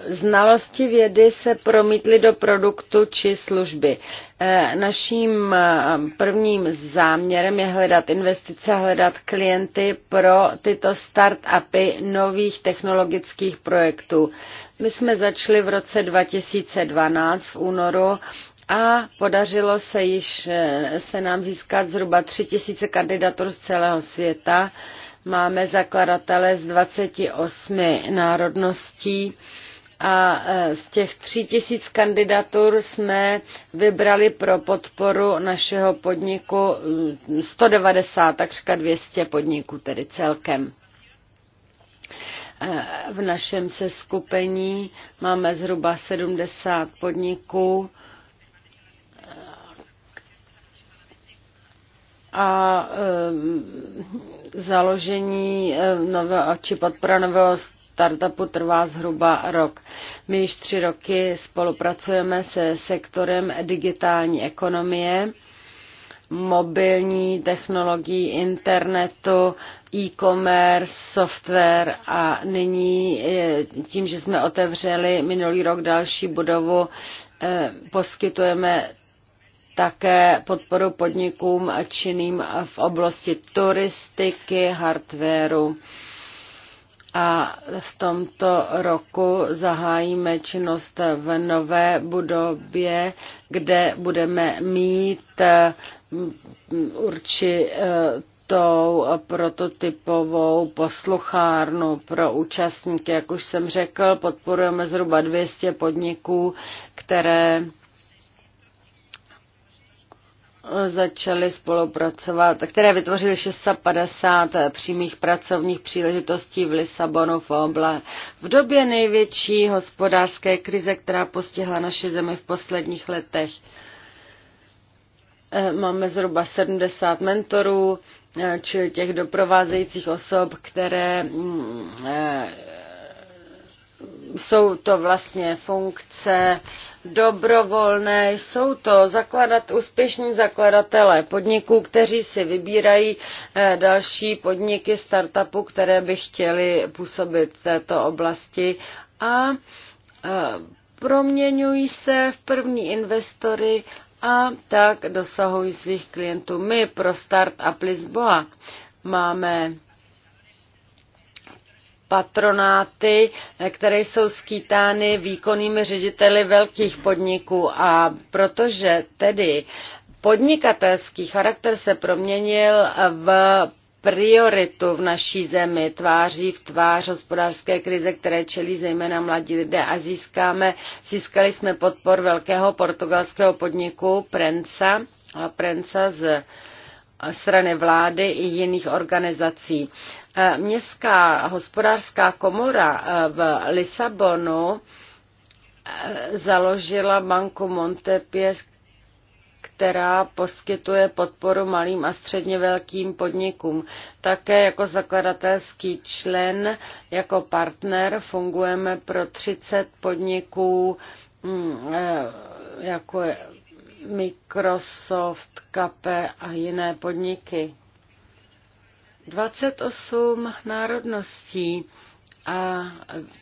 znalosti vědy se promítly do produktu či služby. Eh, naším eh, prvním záměrem je hledat investice, hledat klienty pro tyto start-upy nových technologických projektů. My jsme začali v roce 2012 v únoru a podařilo se již eh, se nám získat zhruba 3000 kandidatur z celého světa. Máme zakladatele z 28 národností a eh, z těch 3000 kandidatur jsme vybrali pro podporu našeho podniku 190, eh, takřka 200 podniků tedy celkem v našem seskupení máme zhruba 70 podniků a eh, založení eh, nového, či podpora nového startupu trvá zhruba rok. My již tři roky spolupracujeme se sektorem digitální ekonomie, mobilní technologií, internetu, e-commerce, software a nyní eh, tím, že jsme otevřeli minulý rok další budovu, poskytujeme také podporu podnikům činným v oblasti turistiky, hardwareu. A v tomto roku zahájíme činnost v nové budově, kde budeme mít mm, určitou prototypovou posluchárnu pro účastníky. Jak už jsem řekl, podporujeme zhruba 200 podniků, které začaly spolupracovat, které vytvořily 650 přímých pracovních příležitostí v Lisabonu v Oble. V době největší hospodářské krize, která postihla naši zemi v posledních letech, eh, máme zhruba 70 mentorů, eh, či těch doprovázejících osob, které mm, eh, jsou to vlastně funkce dobrovolné, jsou to zakladat, úspěšní zakladatelé podniků, kteří si vybírají eh, další podniky startupu, které by chtěli působit v této oblasti a eh, proměňují se v první investory a tak dosahují svých klientů. My pro Startup Lisboa máme patronáty, které jsou skýtány výkonnými řediteli velkých podniků. A protože tedy podnikatelský charakter se proměnil v prioritu v naší zemi tváří v tvář hospodářské krize, které čelí zejména mladí lidé a získáme, získali jsme podpor velkého portugalského podniku Prensa, Prensa z strany vlády i jiných organizací. Eh, městská hospodářská komora eh, v Lisabonu eh, založila banku Montepies, která poskytuje podporu malým a středně velkým podnikům. Také jako zakladatelský člen, jako partner fungujeme pro 30 podniků, mm, jako Microsoft, KP a jiné podniky. 28 národností a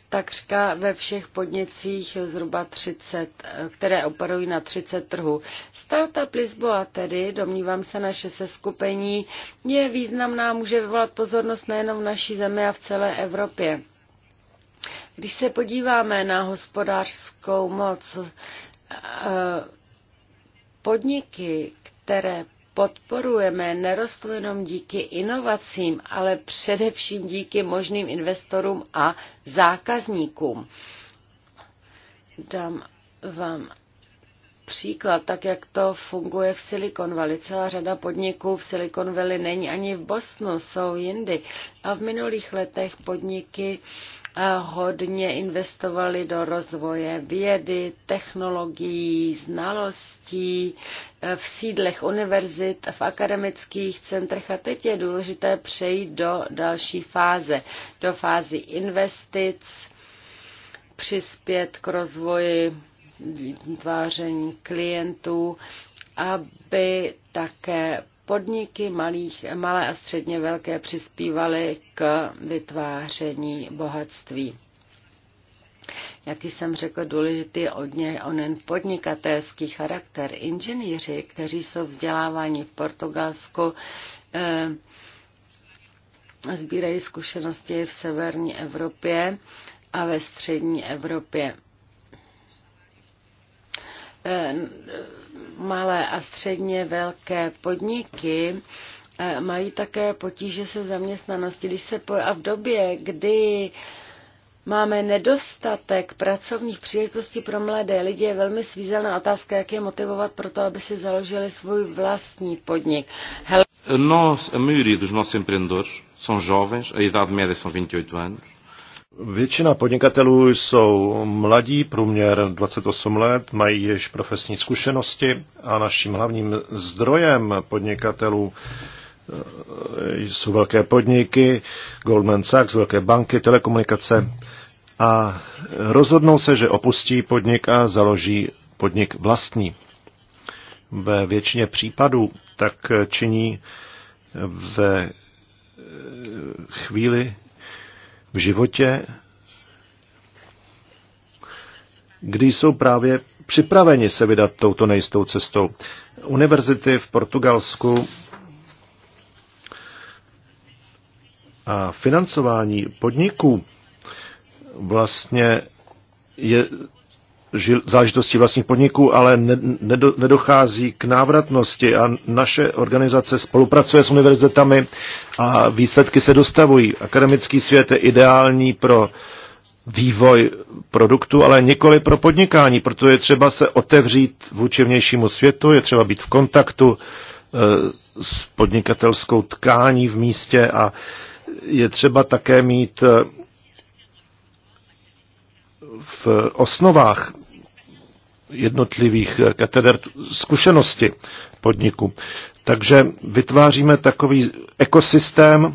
takřka ve všech podnicích zhruba 30, které operují na 30 trhů. Startup Lisboa tedy, domnívám se, naše seskupení je významná, může vyvolat pozornost nejenom v naší zemi a v celé Evropě. Když se podíváme na hospodářskou moc, eh, podniky, které podporujeme nerostl jenom díky inovacím, ale především díky možným investorům a zákazníkům. Dám vám příklad, tak jak to funguje v Silicon Valley. Celá řada podniků v Silicon Valley není ani v Bosnu, jsou jindy. A v minulých letech podniky uh, hodně investovali do rozvoje vědy, technologií, znalostí e, v sídlech univerzit, v akademických centrech a teď je důležité přejít do další fáze, do fázy investic, přispět k rozvoji tváření klientů, aby také Podniky malých, malé a středně velké přispívaly k vytváření bohatství. Jak jsem řekl, důležitý je od něj onen podnikatelský charakter. Inženýři, kteří jsou vzděláváni v Portugalsku, eh, sbírají zkušenosti v severní Evropě a ve střední Evropě. Eh, malé a středně velké podniky eh, mají také potíže se zaměstnaností. Když se po, a v době, kdy máme nedostatek pracovních příležitostí pro mladé lidi, je velmi svízelná otázka, jak je motivovat pro to, aby si založili svůj vlastní podnik. Hele... Eh, nós, a maioria dos nossos empreendedores são jovens, a idade média são 28 e anos Většina podnikatelů jsou mladí, průměr 28 let, mají již profesní zkušenosti a naším hlavním zdrojem podnikatelů eh, jsou velké podniky, Goldman Sachs, velké banky, telekomunikace a rozhodnou se, že opustí podnik a založí podnik vlastní. Ve většině případů tak činí ve chvíli, v životě, kdy jsou právě připraveni se vydat touto nejistou cestou. Univerzity v Portugalsku a financování podniků vlastně je záležitosti vlastních podniků, ale nedochází k návratnosti a naše organizace spolupracuje s univerzitami a výsledky se dostavují. Akademický svět je ideální pro vývoj produktu, ale nikoli pro podnikání, proto je třeba se otevřít vůči vnějšímu světu, je třeba být v kontaktu e, s podnikatelskou tkání v místě a je třeba také mít e, v osnovách jednotlivých eh, kateder zkušenosti podniku. Takže vytváříme takový ekosystém,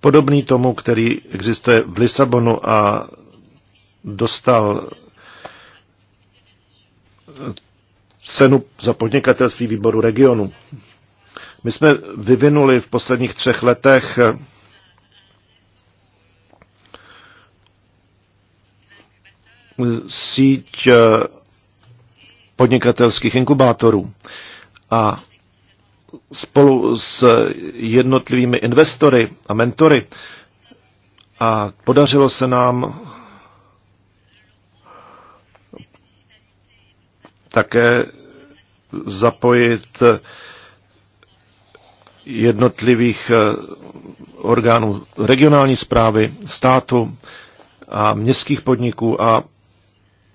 podobný tomu, který existuje v Lisabonu a dostal eh, cenu za podnikatelství výboru regionu. My jsme vyvinuli v posledních třech letech eh, síť eh, podnikatelských inkubátorů a spolu s jednotlivými investory a mentory a podařilo se nám také zapojit jednotlivých eh, orgánů regionální zprávy, státu a městských podniků a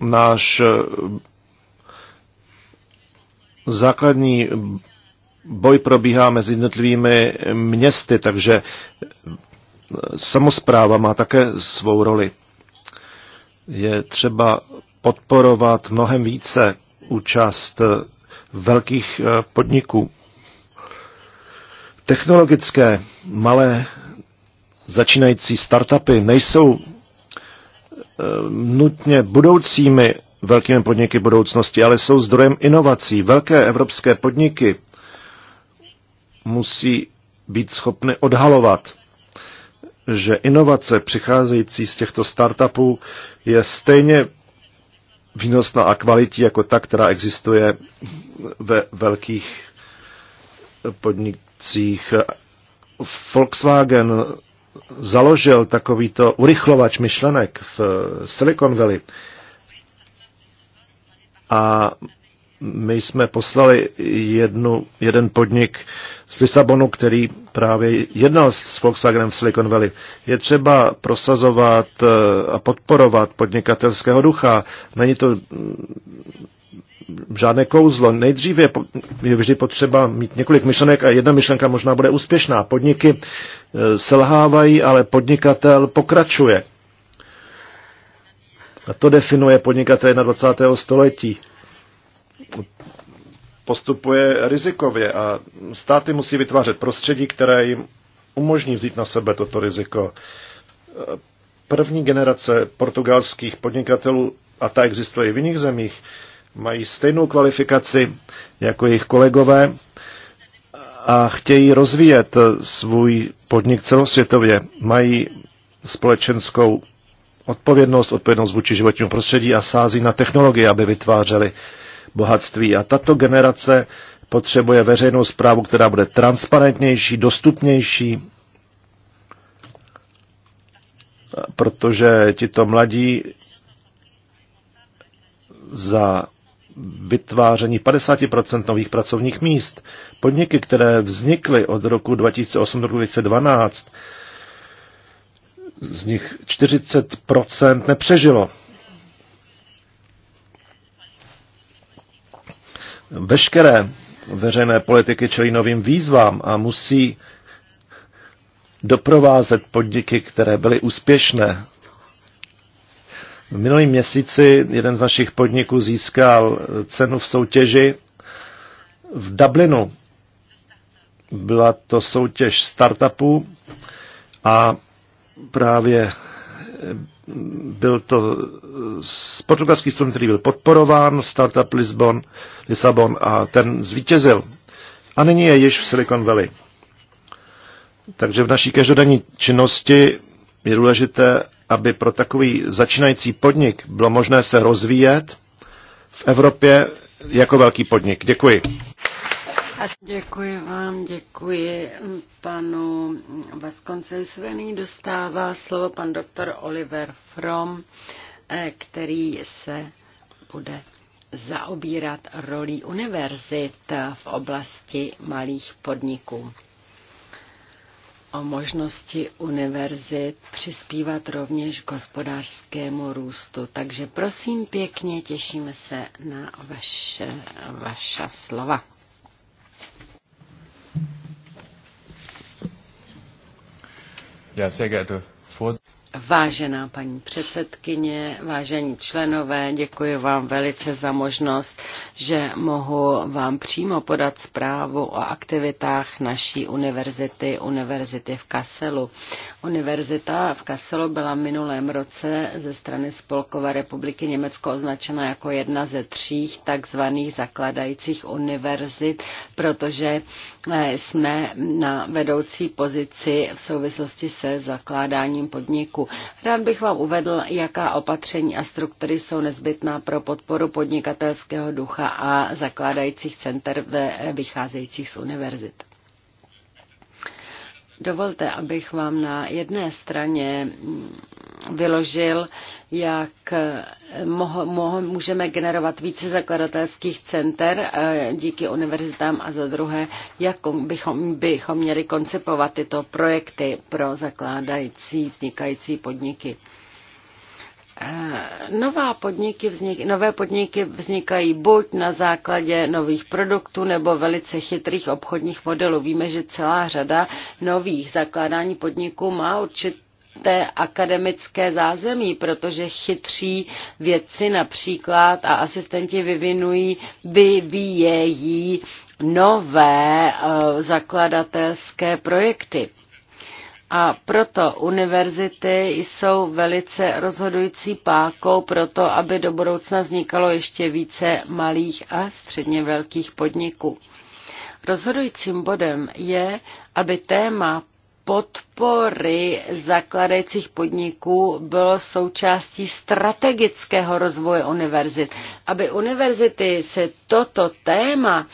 náš eh, základní boj probíhá mezi jednotlivými městy, takže eh, samozpráva má také svou roli. Je třeba podporovat mnohem více účast eh, velkých podniků. Technologické malé začínající startupy nejsou Eh, nutně budoucími velkými podniky budoucnosti, ale jsou zdrojem inovací. Velké evropské podniky musí být schopny odhalovat, že inovace přicházející z těchto startupů je stejně výnosná a kvalitní jako ta, která existuje ve velkých podnicích. Volkswagen založil takovýto urychlovač myšlenek v eh, Silicon Valley. A my jsme poslali jednu, jeden podnik z Lisabonu, který právě jednal s Volkswagenem v Silicon Valley. Je třeba prosazovat eh, a podporovat podnikatelského ducha. Není to žádné kouzlo. Nejdříve je vždy potřeba mít několik myšlenek a jedna myšlenka možná bude úspěšná. Podniky eh, selhávají, ale podnikatel pokračuje. A to definuje podnikatel 21. století. Postupuje rizikově a státy musí vytvářet prostředí, které jim umožní vzít na sebe toto riziko. První generace portugalských podnikatelů, a ta existuje i v jiných zemích, mají stejnou kvalifikaci jako jejich kolegové a chtějí rozvíjet svůj podnik celosvětově. Mají společenskou odpovědnost, odpovědnost vůči životnímu prostředí a sází na technologie, aby vytvářeli bohatství. A tato generace potřebuje veřejnou zprávu, která bude transparentnější, dostupnější, protože tito mladí za vytváření 50% nových pracovních míst. Podniky, které vznikly od roku 2008 do 2012, z nich 40% nepřežilo. Veškeré veřejné politiky čelí novým výzvám a musí doprovázet podniky, které byly úspěšné v minulém měsíci jeden z našich podniků získal cenu v soutěži v Dublinu. Byla to soutěž startupů a právě eh, byl to eh, portugalský student, který byl podporován, startup Lisbon, Lisabon a ten zvítězil. A nyní je již v Silicon Valley. Takže v naší každodenní činnosti je důležité, aby pro takový začínající podnik bylo možné se rozvíjet v Evropě jako velký podnik. Děkuji. Děkuji vám, děkuji panu Vaskoncesovi. Nyní dostává slovo pan doktor Oliver From, eh, který se bude zaobírat rolí univerzit v oblasti malých podniků o možnosti univerzit přispívat rovněž k hospodářskému růstu. Takže prosím pěkně, těšíme se na vaše, vaša slova. Já se geehrte Vážená paní předsedkyně, vážení členové, děkuji vám velice za možnost, že mohu vám přímo podat zprávu o aktivitách naší univerzity, univerzity v Kaselu. Univerzita v Kaselu byla v minulém roce ze strany Spolkové republiky Německo označena jako jedna ze tří takzvaných zakladajících univerzit, protože eh, jsme na vedoucí pozici v souvislosti se zakládáním podniku. Rád bych vám uvedl, jaká opatření a struktury jsou nezbytná pro podporu podnikatelského ducha a zakládajících center ve vycházejících z univerzit. Dovolte, abych vám na jedné straně vyložil, jak moho, moho, můžeme generovat více zakladatelských center eh, díky univerzitám a za druhé, jak bychom, bychom měli koncipovat tyto projekty pro zakládající, vznikající podniky. Nová podniky vznik, nové podniky vznikají buď na základě nových produktů nebo velice chytrých obchodních modelů. Víme, že celá řada nových zakládání podniků má určitě té akademické zázemí, protože chytří vědci například a asistenti vyvinují, vyvíjejí nové uh, zakladatelské projekty. A proto univerzity jsou velice rozhodující pákou pro to, aby do budoucna vznikalo ještě více malých a středně velkých podniků. Rozhodujícím bodem je, aby téma podpory zakladajících podniků bylo součástí strategického rozvoje univerzit. Aby univerzity se toto téma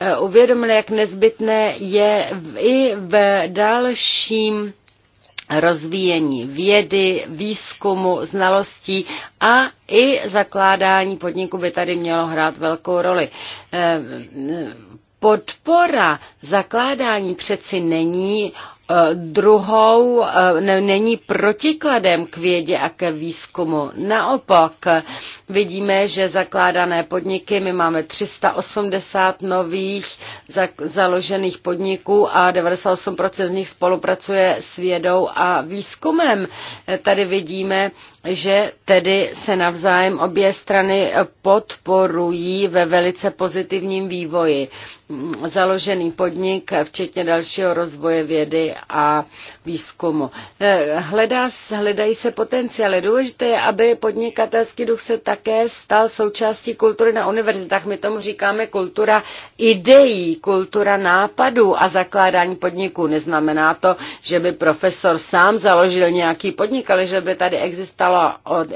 eh, uvědomily, jak nezbytné je i v dalším rozvíjení vědy, výzkumu, znalostí a i zakládání podniku by tady mělo hrát velkou roli. Eh, podpora zakládání přeci není Eh, druhou eh, není protikladem k vědě a ke výzkumu. Naopak vidíme, že zakládané podniky, my máme 380 nových založených podniků a 98% z nich spolupracuje s vědou a výzkumem. Tady vidíme, že tedy se navzájem obě strany podporují ve velice pozitivním vývoji založený podnik, včetně dalšího rozvoje vědy a výzkumu. Eh, hledá, hledají se potenciály. Důležité je, aby podnikatelský duch se také stal součástí kultury na univerzitách. My tomu říkáme kultura ideí, kultura nápadů a zakládání podniků. Neznamená to, že by profesor sám založil nějaký podnik, ale že by tady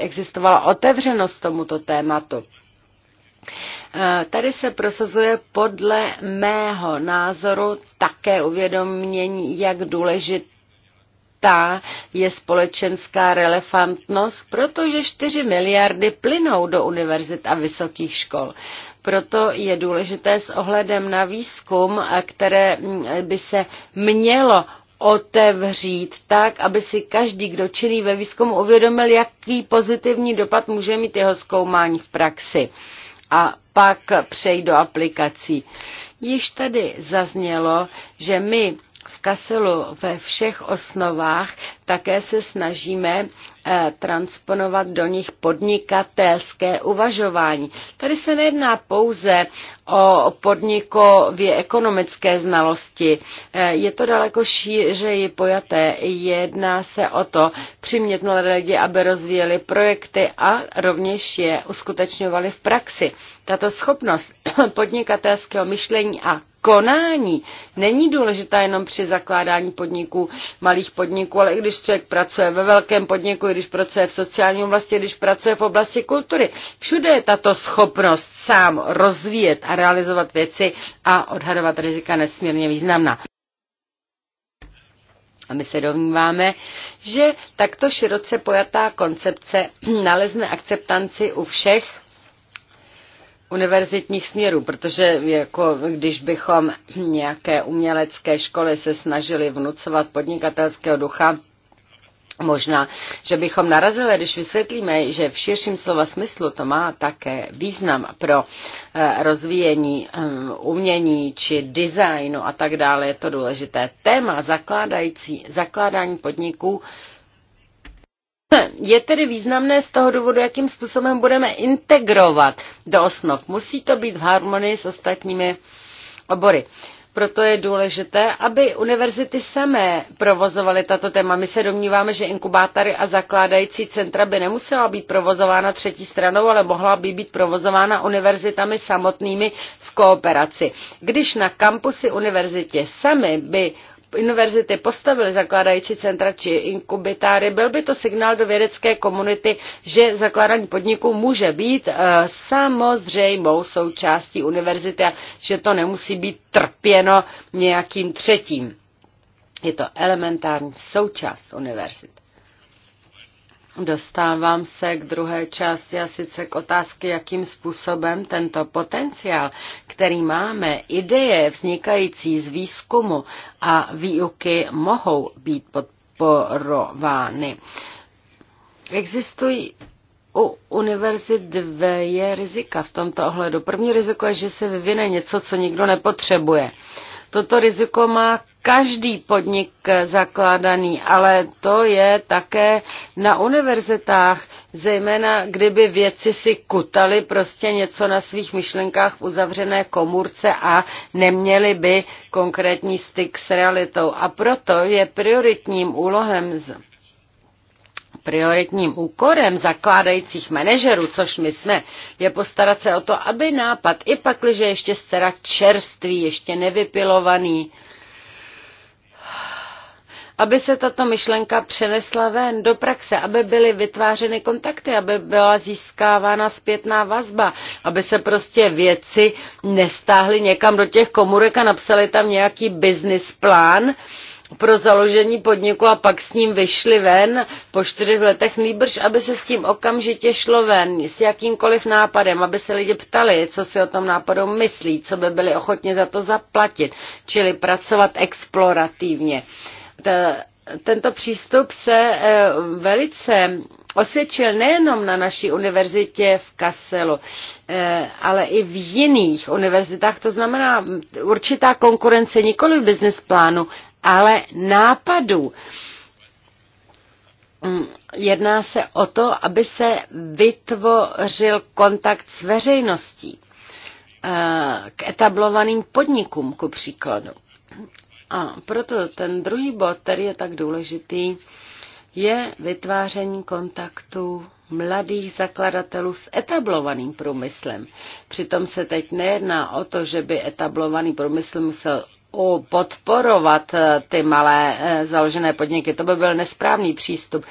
existovala otevřenost tomuto tématu. Eh, tady se prosazuje podle mého názoru také uvědomění, jak důležité ta je společenská relevantnost, protože 4 miliardy plynou do univerzit a vysokých škol. Proto je důležité s ohledem na výzkum, eh, které mm, by se mělo otevřít tak, aby si každý, kdo činí ve výzkumu, uvědomil, jaký pozitivní dopad může mít jeho zkoumání v praxi. A pak přejít do aplikací. Již tady zaznělo, že my Kaselu ve všech osnovách také se snažíme eh, transponovat do nich podnikatelské uvažování. Tady se nejedná pouze o podnikově ekonomické znalosti. Eh, je to daleko šířeji pojaté. Jedná se o to přimět mladé lidi, aby rozvíjeli projekty a rovněž je uskutečňovali v praxi. Tato schopnost [CLEARS THROAT] podnikatelského myšlení a konání. Není důležitá jenom při zakládání podniků, malých podniků, ale i když člověk pracuje ve velkém podniku, i když pracuje v sociální oblasti, když pracuje v oblasti kultury. Všude je tato schopnost sám rozvíjet a realizovat věci a odhadovat rizika nesmírně významná. A my se domníváme, že takto široce pojatá koncepce [CLEARS THROAT] nalezne akceptanci u všech univerzitních směrů, protože jako když bychom nějaké umělecké školy se snažili vnucovat podnikatelského ducha, Možná, že bychom narazili, když vysvětlíme, že v širším slova smyslu to má také význam pro eh, rozvíjení eh, umění či designu a tak dále. Je to důležité téma zakládající, zakládání podniků je tedy významné z toho důvodu, jakým způsobem budeme integrovat do osnov. Musí to být v harmonii s ostatními obory. Proto je důležité, aby univerzity samé provozovaly tato téma. My se domníváme, že inkubátory a zakládající centra by nemusela být provozována třetí stranou, ale mohla by být provozována univerzitami samotnými v kooperaci. Když na kampusy univerzitě sami by univerzity postavily zakládající centra či inkubitáry, byl by to signál do vědecké komunity, že zakládání podniků může být eh, samozřejmou součástí univerzity a že to nemusí být trpěno nějakým třetím. Je to elementární součást univerzity. Dostávám se k druhé části a sice k otázky, jakým způsobem tento potenciál, který máme, ideje vznikající z výzkumu a výuky mohou být podporovány. Existují u univerzit dvě rizika v tomto ohledu. První riziko je, že se vyvine něco, co nikdo nepotřebuje. Toto riziko má každý podnik zakládaný, ale to je také na univerzitách, zejména kdyby věci si kutali prostě něco na svých myšlenkách v uzavřené komůrce a neměli by konkrétní styk s realitou. A proto je prioritním úlohem z prioritním úkorem zakládajících manažerů, což my jsme, je postarat se o to, aby nápad, i pakliže ještě zcela čerstvý, ještě nevypilovaný, aby se tato myšlenka přenesla ven do praxe, aby byly vytvářeny kontakty, aby byla získávána zpětná vazba, aby se prostě věci nestáhly někam do těch komůrek a napsali tam nějaký business plán, pro založení podniku a pak s ním vyšli ven po čtyřech letech, nýbrž, aby se s tím okamžitě šlo ven, s jakýmkoliv nápadem, aby se lidi ptali, co si o tom nápadu myslí, co by byli ochotni za to zaplatit, čili pracovat explorativně tento přístup se e, velice osvědčil nejenom na naší univerzitě v Kasselu, e, ale i v jiných univerzitách. To znamená určitá konkurence nikoli v business plánu, ale nápadů. Mm, jedná se o to, aby se vytvořil kontakt s veřejností e, k etablovaným podnikům, ku příkladu. A proto ten druhý bod, který je tak důležitý, je vytváření kontaktů mladých zakladatelů s etablovaným průmyslem. Přitom se teď nejedná o to, že by etablovaný průmysl musel podporovat eh, ty malé eh, založené podniky. To by byl nesprávný přístup.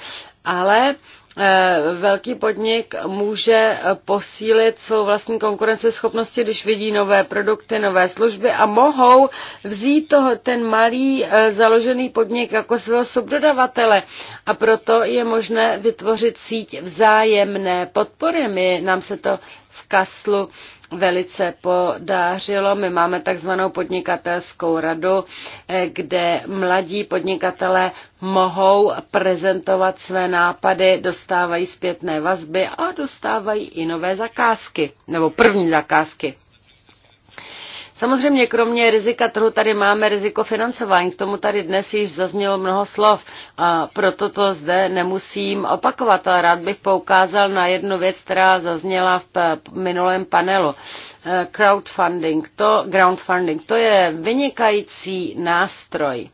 Ale Eh, velký podnik může posílit svou vlastní konkurenceschopnosti, když vidí nové produkty, nové služby a mohou vzít toho, ten malý eh, založený podnik jako svého subdodavatele. A proto je možné vytvořit síť vzájemné podpory. My, nám se to Kaslu velice podařilo. My máme takzvanou podnikatelskou radu, eh, kde mladí podnikatelé mohou prezentovat své nápady, dostávají zpětné vazby a dostávají i nové zakázky, nebo první zakázky. Samozřejmě kromě rizika trhu tady máme riziko financování. K tomu tady dnes již zaznělo mnoho slov a proto to zde nemusím opakovat, ale rád bych poukázal na jednu věc, která zazněla v minulém panelu. Eh, crowdfunding, to, groundfunding, to je vynikající nástroj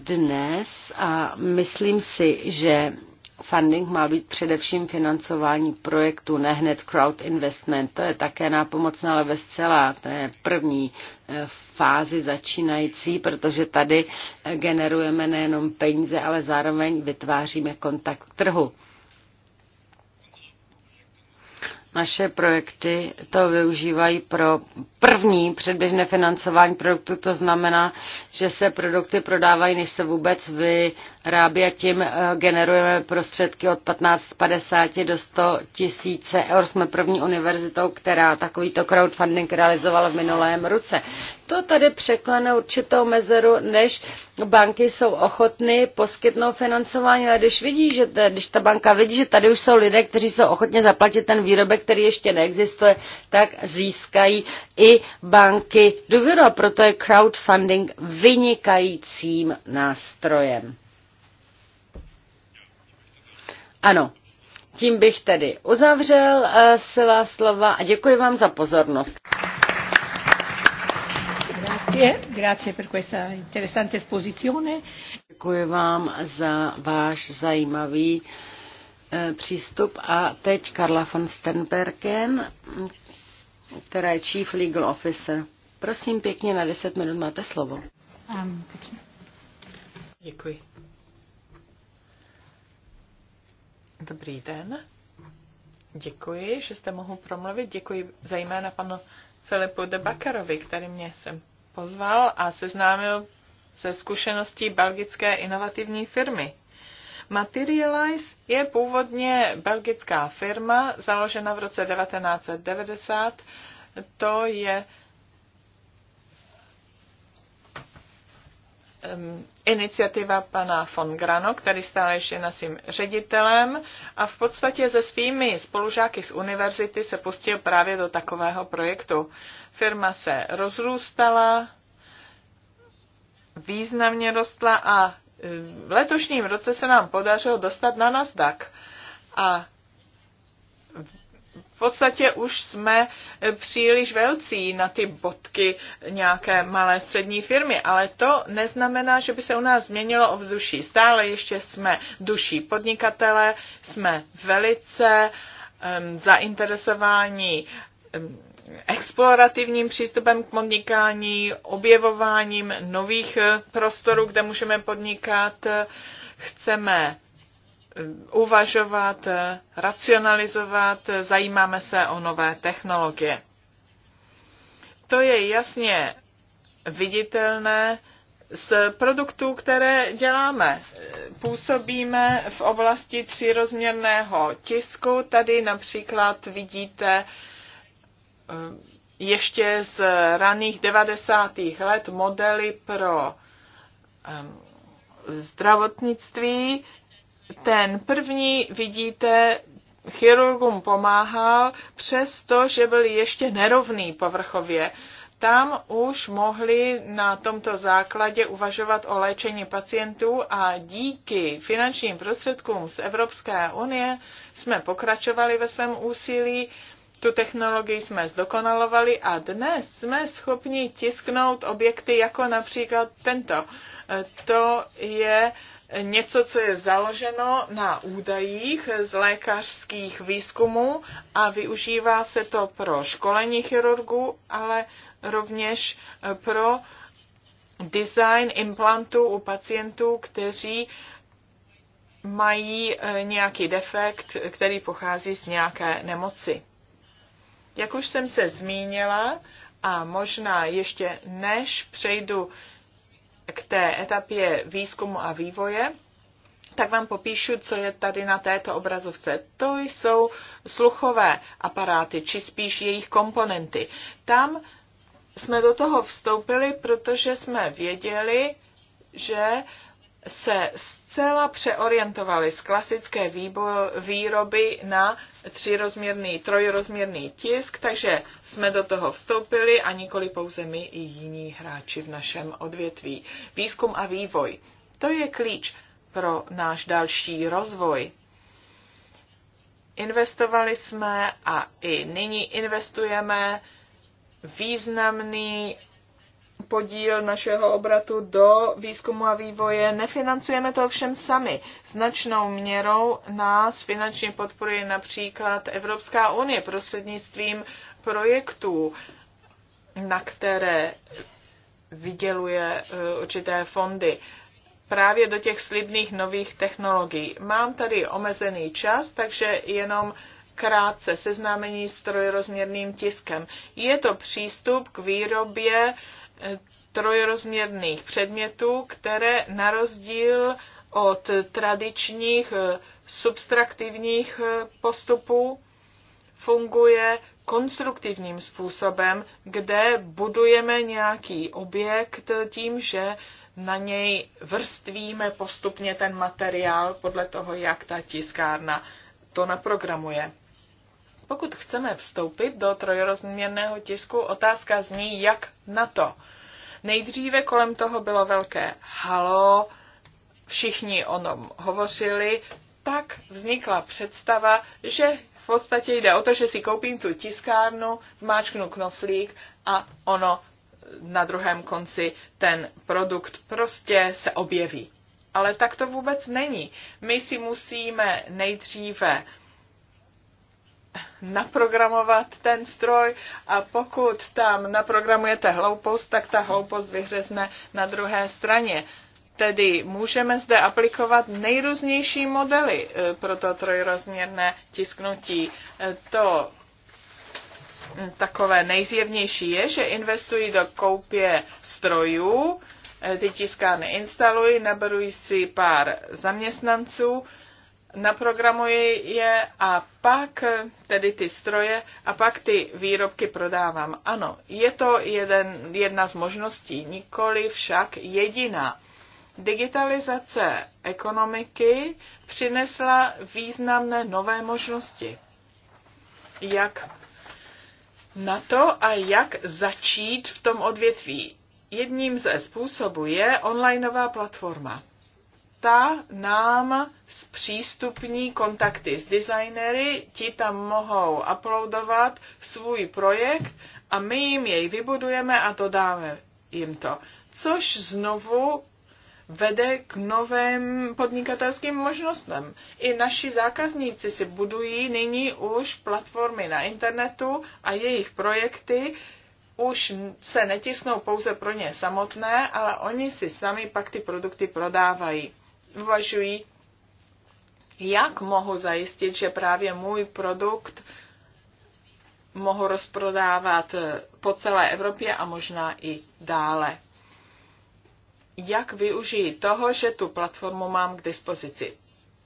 dnes a myslím si, že Funding má být především financování projektu, ne hned crowd investment. To je také nápomocné, ale ve zcela té první eh, fázi začínající, protože tady eh, generujeme nejenom peníze, ale zároveň vytváříme kontakt trhu. Naše projekty to využívají pro první předběžné financování produktu, to znamená, že se produkty prodávají, než se vůbec vyrábí a tím eh, generujeme prostředky od 1550 do 100 tisíce eur. Jsme první univerzitou, která takovýto crowdfunding realizovala v minulém roce. To tady překlene určitou mezeru, než banky jsou ochotny poskytnout financování, ale když vidí, že t- když ta banka vidí, že tady už jsou lidé, kteří jsou ochotně zaplatit ten výrobek, který ještě neexistuje, tak získají i banky důvěru a proto je crowdfunding vynikajícím nástrojem. Ano, tím bych tedy uzavřel eh, svá slova a děkuji vám za pozornost. Děkuji vám za váš zajímavý eh, přístup. A teď Karla von Sternbergen, která je Chief Legal Officer. Prosím pěkně, na 10 minut máte slovo. Um, Děkuji. Dobrý den. Děkuji, že jste mohu promluvit. Děkuji zejména panu Filipu de Bakarovi, který mě sem pozval a seznámil se zkušeností belgické inovativní firmy. Materialize je původně belgická firma, založena v roce 1990. To je iniciativa pana von Grano, který stále ještě svým ředitelem a v podstatě se svými spolužáky z univerzity se pustil právě do takového projektu. Firma se rozrůstala, významně rostla a e, v letošním roce se nám podařilo dostat na Nasdaq. A v podstatě už jsme e, příliš velcí na ty bodky nějaké malé střední firmy, ale to neznamená, že by se u nás změnilo ovzduší. Stále ještě jsme duší podnikatele, jsme velice um, zainteresováni um, explorativním přístupem k podnikání, objevováním nových eh, prostorů, kde můžeme podnikat. Chceme eh, uvažovat, eh, racionalizovat, zajímáme se o nové technologie. To je jasně viditelné z produktů, které děláme. Působíme v oblasti třírozměrného tisku. Tady například vidíte Eh, ještě z raných 90. let modely pro eh, zdravotnictví. Ten první, vidíte, chirurgům pomáhal, přestože byl ještě nerovný povrchově. Tam už mohli na tomto základě uvažovat o léčení pacientů a díky finančním prostředkům z Evropské unie jsme pokračovali ve svém úsilí tu technologii jsme zdokonalovali a dnes jsme schopni tisknout objekty jako například tento. E, to je něco, co je založeno na údajích z lékařských výzkumů a využívá se to pro školení chirurgů, ale rovněž e, pro design implantů u pacientů, kteří mají e, nějaký defekt, který pochází z nějaké nemoci. Jak už jsem se zmínila, a možná ještě než přejdu k té etapě výzkumu a vývoje, tak vám popíšu, co je tady na této obrazovce. To jsou sluchové aparáty, či spíš jejich komponenty. Tam jsme do toho vstoupili, protože jsme věděli, že se zcela přeorientovali z klasické výroby na třirozměrný, trojrozměrný tisk, takže jsme do toho vstoupili a nikoli pouze my i jiní hráči v našem odvětví. Výzkum a vývoj. To je klíč pro náš další rozvoj. Investovali jsme a i nyní investujeme významný podíl našeho obratu do výzkumu a vývoje. Nefinancujeme to ovšem sami. Značnou měrou nás finančně podporuje například Evropská unie prostřednictvím projektů, na které vyděluje eh, určité fondy právě do těch slibných nových technologií. Mám tady omezený čas, takže jenom krátce seznámení s trojrozměrným tiskem. Je to přístup k výrobě trojrozměrných předmětů, které na rozdíl od tradičních eh, substraktivních eh, postupů funguje konstruktivním způsobem, kde budujeme nějaký objekt tím, že na něj vrstvíme postupně ten materiál podle toho, jak ta tiskárna to naprogramuje. Pokud chceme vstoupit do trojrozměrného tisku, otázka zní, jak na to. Nejdříve kolem toho bylo velké halo, všichni o tom hovořili, tak vznikla představa, že v podstatě jde o to, že si koupím tu tiskárnu, zmáčknu knoflík a ono na druhém konci ten produkt prostě se objeví. Ale tak to vůbec není. My si musíme nejdříve naprogramovat ten stroj a pokud tam naprogramujete hloupost, tak ta hloupost vyhřezne na druhé straně. Tedy můžeme zde aplikovat nejrůznější modely e, pro to trojrozměrné tisknutí. E, to takové nejzjevnější je, že investují do koupě strojů, e, ty tiskárny instalují, naberují si pár zaměstnanců, naprogramuji je a pak tedy ty stroje a pak ty výrobky prodávám. Ano, je to jeden, jedna z možností, nikoli však jediná. Digitalizace ekonomiky přinesla významné nové možnosti. Jak na to a jak začít v tom odvětví? Jedním ze způsobů je onlineová platforma ta nám zpřístupní kontakty s designery, ti tam mohou uploadovat svůj projekt a my jim jej vybudujeme a dodáme jim to. Což znovu vede k novým podnikatelským možnostem. I naši zákazníci si budují nyní už platformy na internetu a jejich projekty už se netisknou pouze pro ně samotné, ale oni si sami pak ty produkty prodávají uvažují, jak mohu zajistit, že právě můj produkt mohu rozprodávat po celé Evropě a možná i dále. Jak využiji toho, že tu platformu mám k dispozici?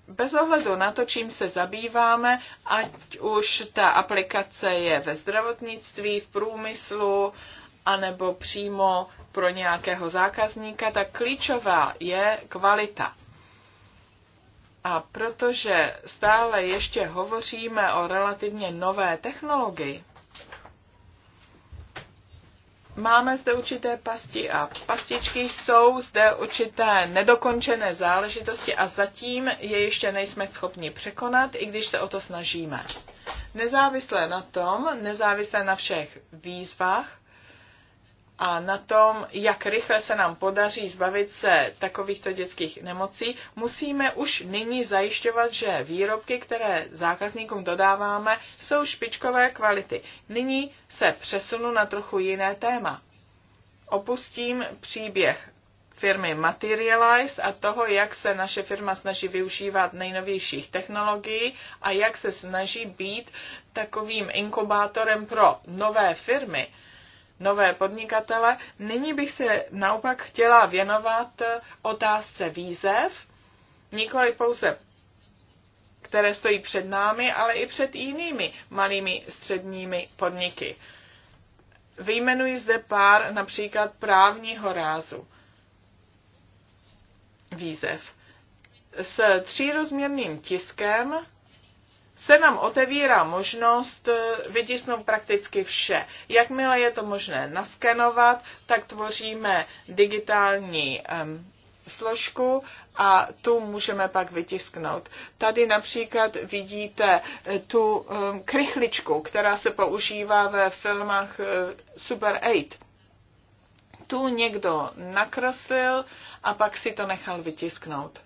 Bez ohledu na to, čím se zabýváme, ať už ta aplikace je ve zdravotnictví, v průmyslu, anebo přímo pro nějakého zákazníka, tak klíčová je kvalita a protože stále ještě hovoříme o relativně nové technologii, máme zde určité pasti a pastičky jsou zde určité nedokončené záležitosti a zatím je ještě nejsme schopni překonat, i když se o to snažíme. Nezávisle na tom, nezávisle na všech výzvách, a na tom, jak rychle se nám podaří zbavit se takovýchto dětských nemocí, musíme už nyní zajišťovat, že výrobky, které zákazníkům dodáváme, jsou špičkové kvality. Nyní se přesunu na trochu jiné téma. Opustím příběh firmy Materialize a toho, jak se naše firma snaží využívat nejnovějších technologií a jak se snaží být takovým inkubátorem pro nové firmy nové podnikatele. Nyní bych se naopak chtěla věnovat otázce výzev, nikoli pouze které stojí před námi, ale i před jinými malými středními podniky. Vyjmenuji zde pár například právního rázu výzev. S třírozměrným tiskem se nám otevírá možnost eh, vytisknout prakticky vše. Jakmile je to možné naskenovat, tak tvoříme digitální um, složku a tu můžeme pak vytisknout. Tady například vidíte eh, tu um, krychličku, která se používá ve filmách uh, Super 8. Tu někdo nakreslil a pak si to nechal vytisknout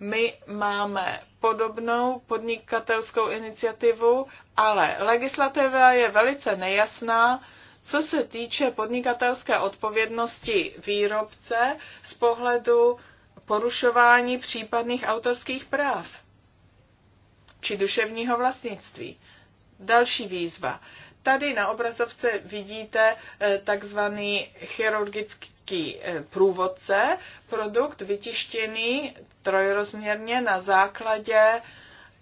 my máme podobnou podnikatelskou iniciativu, ale legislativa je velice nejasná. Co se týče podnikatelské odpovědnosti výrobce z pohledu porušování případných autorských práv či duševního vlastnictví. Další výzva. Tady na obrazovce vidíte eh, takzvaný chirurgický eh, průvodce, produkt vytištěný trojrozměrně na základě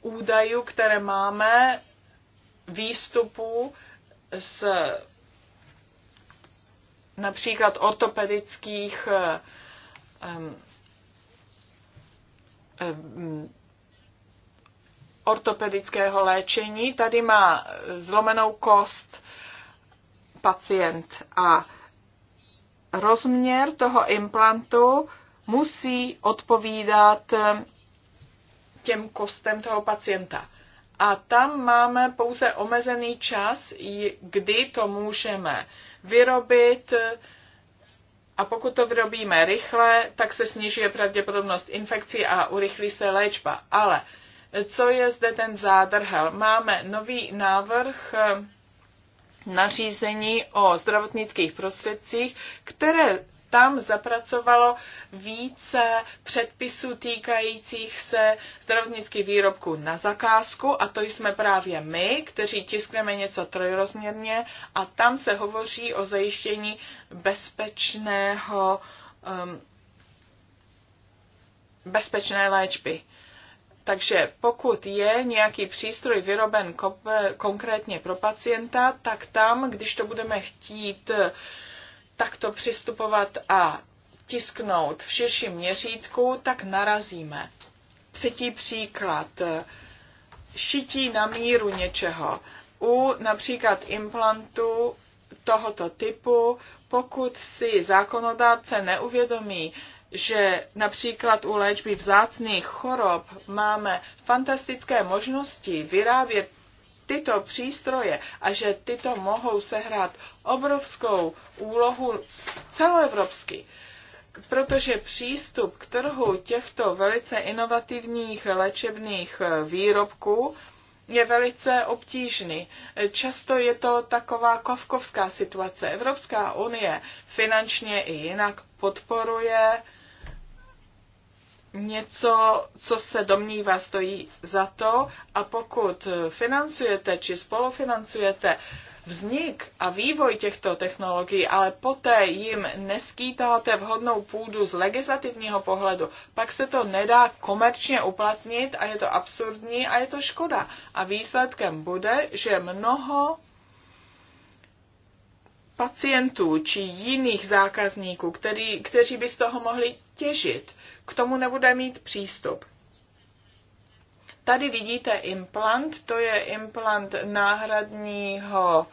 údajů, které máme, výstupu z například ortopedických um, ortopedického léčení. Tady má zlomenou kost pacient a rozměr toho implantu musí odpovídat eh, těm kostem toho pacienta. A tam máme pouze omezený čas, kdy to můžeme vyrobit. A pokud to vyrobíme rychle, tak se snižuje pravděpodobnost infekcí a urychlí se léčba. Ale co je zde ten zádrhel? Máme nový návrh eh, nařízení o zdravotnických prostředcích, které tam zapracovalo více předpisů týkajících se zdravotnických výrobků na zakázku a to jsme právě my, kteří tiskneme něco trojrozměrně a tam se hovoří o zajištění bezpečného um, bezpečné léčby. Takže pokud je nějaký přístroj vyroben konkrétně pro pacienta, tak tam, když to budeme chtít eh, takto přistupovat a tisknout v širším měřítku, tak narazíme. Třetí příklad. Šití na míru něčeho. U například implantu tohoto typu, pokud si zákonodárce neuvědomí, že například u léčby vzácných chorob máme fantastické možnosti vyrábět tyto přístroje a že tyto mohou sehrát obrovskou úlohu celoevropsky, protože přístup k trhu těchto velice inovativních léčebných výrobků je velice obtížný. Často je to taková kovkovská situace. Evropská unie finančně i jinak podporuje něco, co se domnívá stojí za to a pokud financujete či spolufinancujete vznik a vývoj těchto technologií, ale poté jim neskýtáte vhodnou půdu z legislativního pohledu, pak se to nedá komerčně uplatnit a je to absurdní a je to škoda. A výsledkem bude, že mnoho pacientů či jiných zákazníků, který, kteří by z toho mohli těžit. K tomu nebude mít přístup. Tady vidíte implant, to je implant náhradního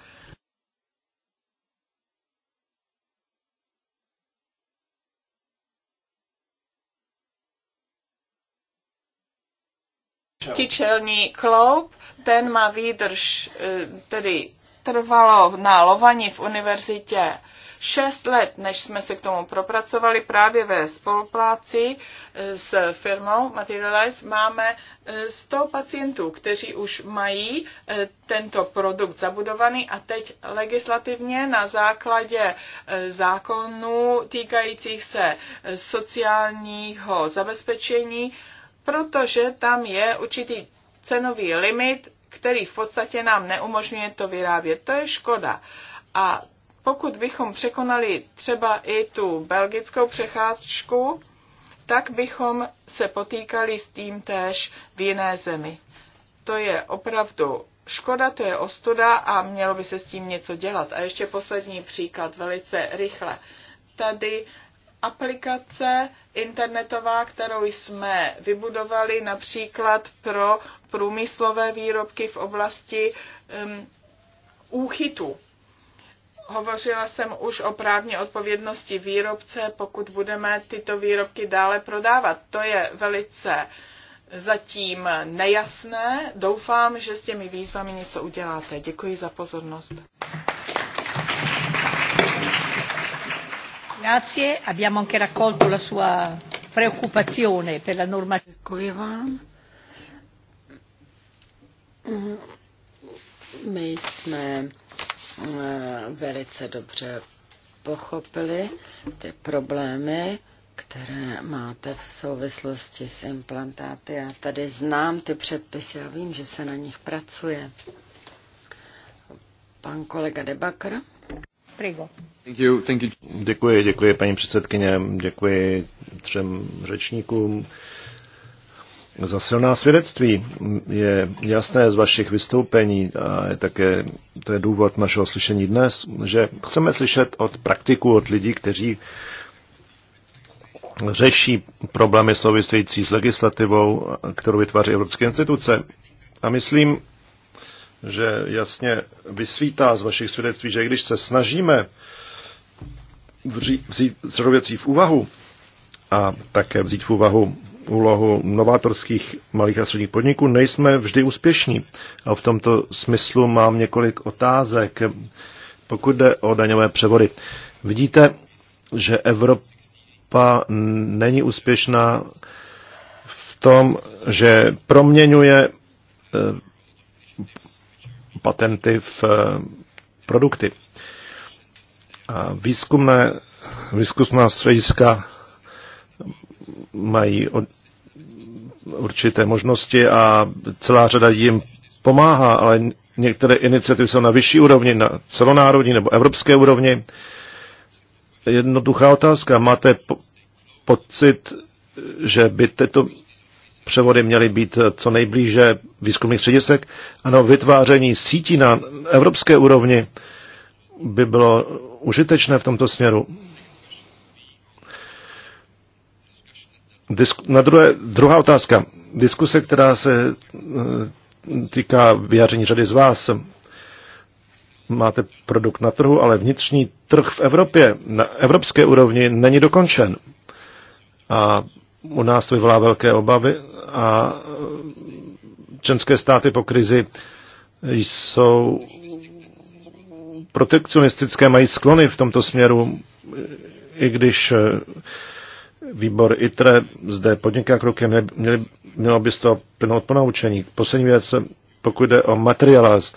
kyčelní kloub, ten má výdrž, eh, tedy trvalo na lovaní v univerzitě Šest let, než jsme se k tomu propracovali právě ve spolupráci e, s firmou Materialize, máme 100 e, pacientů, kteří už mají e, tento produkt zabudovaný a teď legislativně na základě zákonů týkajících se sociálního zabezpečení, protože tam je určitý cenový limit, který v podstatě nám neumožňuje to vyrábět. To je škoda. A pokud bychom překonali třeba i tu belgickou přecházku, tak bychom se potýkali s tím též v jiné zemi. To je opravdu škoda, to je ostuda a mělo by se s tím něco dělat. A ještě poslední příklad, velice rychle. Tady aplikace internetová, kterou jsme vybudovali například pro průmyslové výrobky v oblasti um, úchytu Hovořila jsem už o právní odpovědnosti výrobce, pokud budeme tyto výrobky dále prodávat. To je velice zatím nejasné. Doufám, že s těmi výzvami něco uděláte. Děkuji za pozornost. Grazie, abbiamo anche raccolto la sua preoccupazione per la normativa. Děkuji vám. Mm, my jsme Eh, velice dobře pochopili ty problémy, které máte v souvislosti s implantáty. Já tady znám ty předpisy a vím, že se na nich pracuje. Pan kolega Debakr. Thank you, thank you. Děkuji, děkuji paní předsedkyně, děkuji třem řečníkům za silná svědectví. Je jasné z vašich vystoupení a je také to je důvod našeho slyšení dnes, že chceme slyšet od praktiků, od lidí, kteří řeší problémy související s legislativou, kterou vytváří evropské instituce. A myslím, že jasně vysvítá z vašich svědectví, že když se snažíme vzít řadu věcí v úvahu a také vzít v úvahu úlohu novátorských malých a středních podniků, nejsme vždy úspěšní. A v tomto smyslu mám několik otázek, pokud jde o daňové převody. Vidíte, že Evropa není úspěšná v tom, že proměňuje eh, patenty v eh, produkty. A výzkumné, výzkumná střediska mají určité možnosti a celá řada jim pomáhá, ale některé iniciativy jsou na vyšší úrovni, na celonárodní nebo evropské úrovni. Jednoduchá otázka. Máte pocit, že by tyto převody měly být co nejblíže výzkumných středisek? Ano, vytváření sítí na evropské úrovni by bylo užitečné v tomto směru. na druhé, druhá otázka. Diskuse, která se eh, týká vyjaření řady z vás. Máte produkt na trhu, ale vnitřní trh v Evropě, na evropské úrovni, není dokončen. A u nás to vyvolá velké obavy a eh, členské státy po krizi jsou protekcionistické, mají sklony v tomto směru, i když eh, výbor ITRE zde podniká kroky, měli, mělo by z toho plnout ponaučení. Poslední věc, pokud jde o materiálas,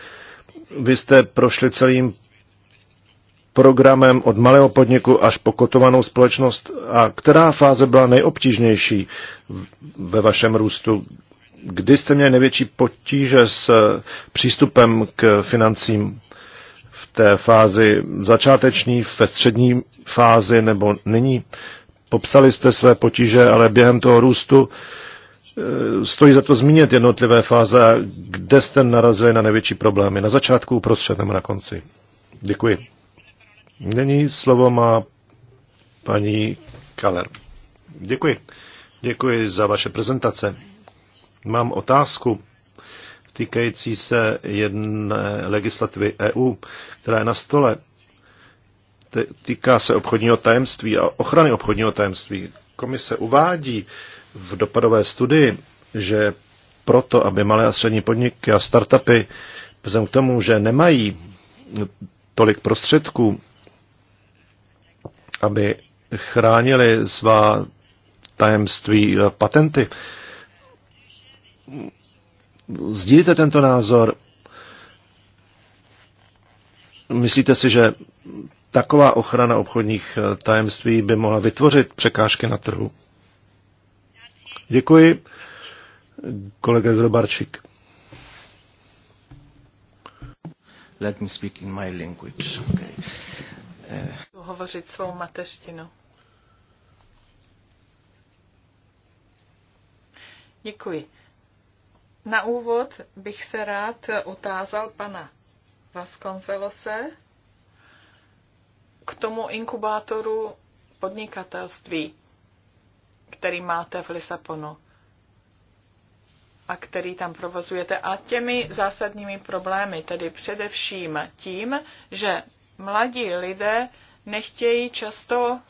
vy jste prošli celým programem od malého podniku až po kotovanou společnost. A která fáze byla nejobtížnější ve vašem růstu? Kdy jste měli největší potíže s přístupem k financím v té fázi začáteční, ve střední fázi nebo nyní? Popsali jste své potíže, ale během toho růstu eh, stojí za to zmínit jednotlivé fáze, kde jste narazili na největší problémy. Na začátku, uprostřed nebo na konci. Děkuji. Není slovo má paní Kaler. Děkuji. Děkuji za vaše prezentace. Mám otázku týkající se jedné legislativy EU, která je na stole týká se obchodního tajemství a ochrany obchodního tajemství. Komise uvádí v dopadové studii, že proto, aby malé a střední podniky a startupy vzhledem k tomu, že nemají tolik prostředků, aby chránili svá tajemství patenty. Sdílíte tento názor? Myslíte si, že taková ochrana obchodních eh, tajemství by mohla vytvořit překážky na trhu. Děkuji. Kolega Grobarčík. Let me speak in my language. Okay. Uh... Hovořit svou mateřštinu. Děkuji. Na úvod bych se rád utázal pana Vasconcelose, k tomu inkubátoru podnikatelství, který máte v Lisabonu a který tam provozujete. A těmi zásadními problémy, tedy především tím, že mladí lidé nechtějí často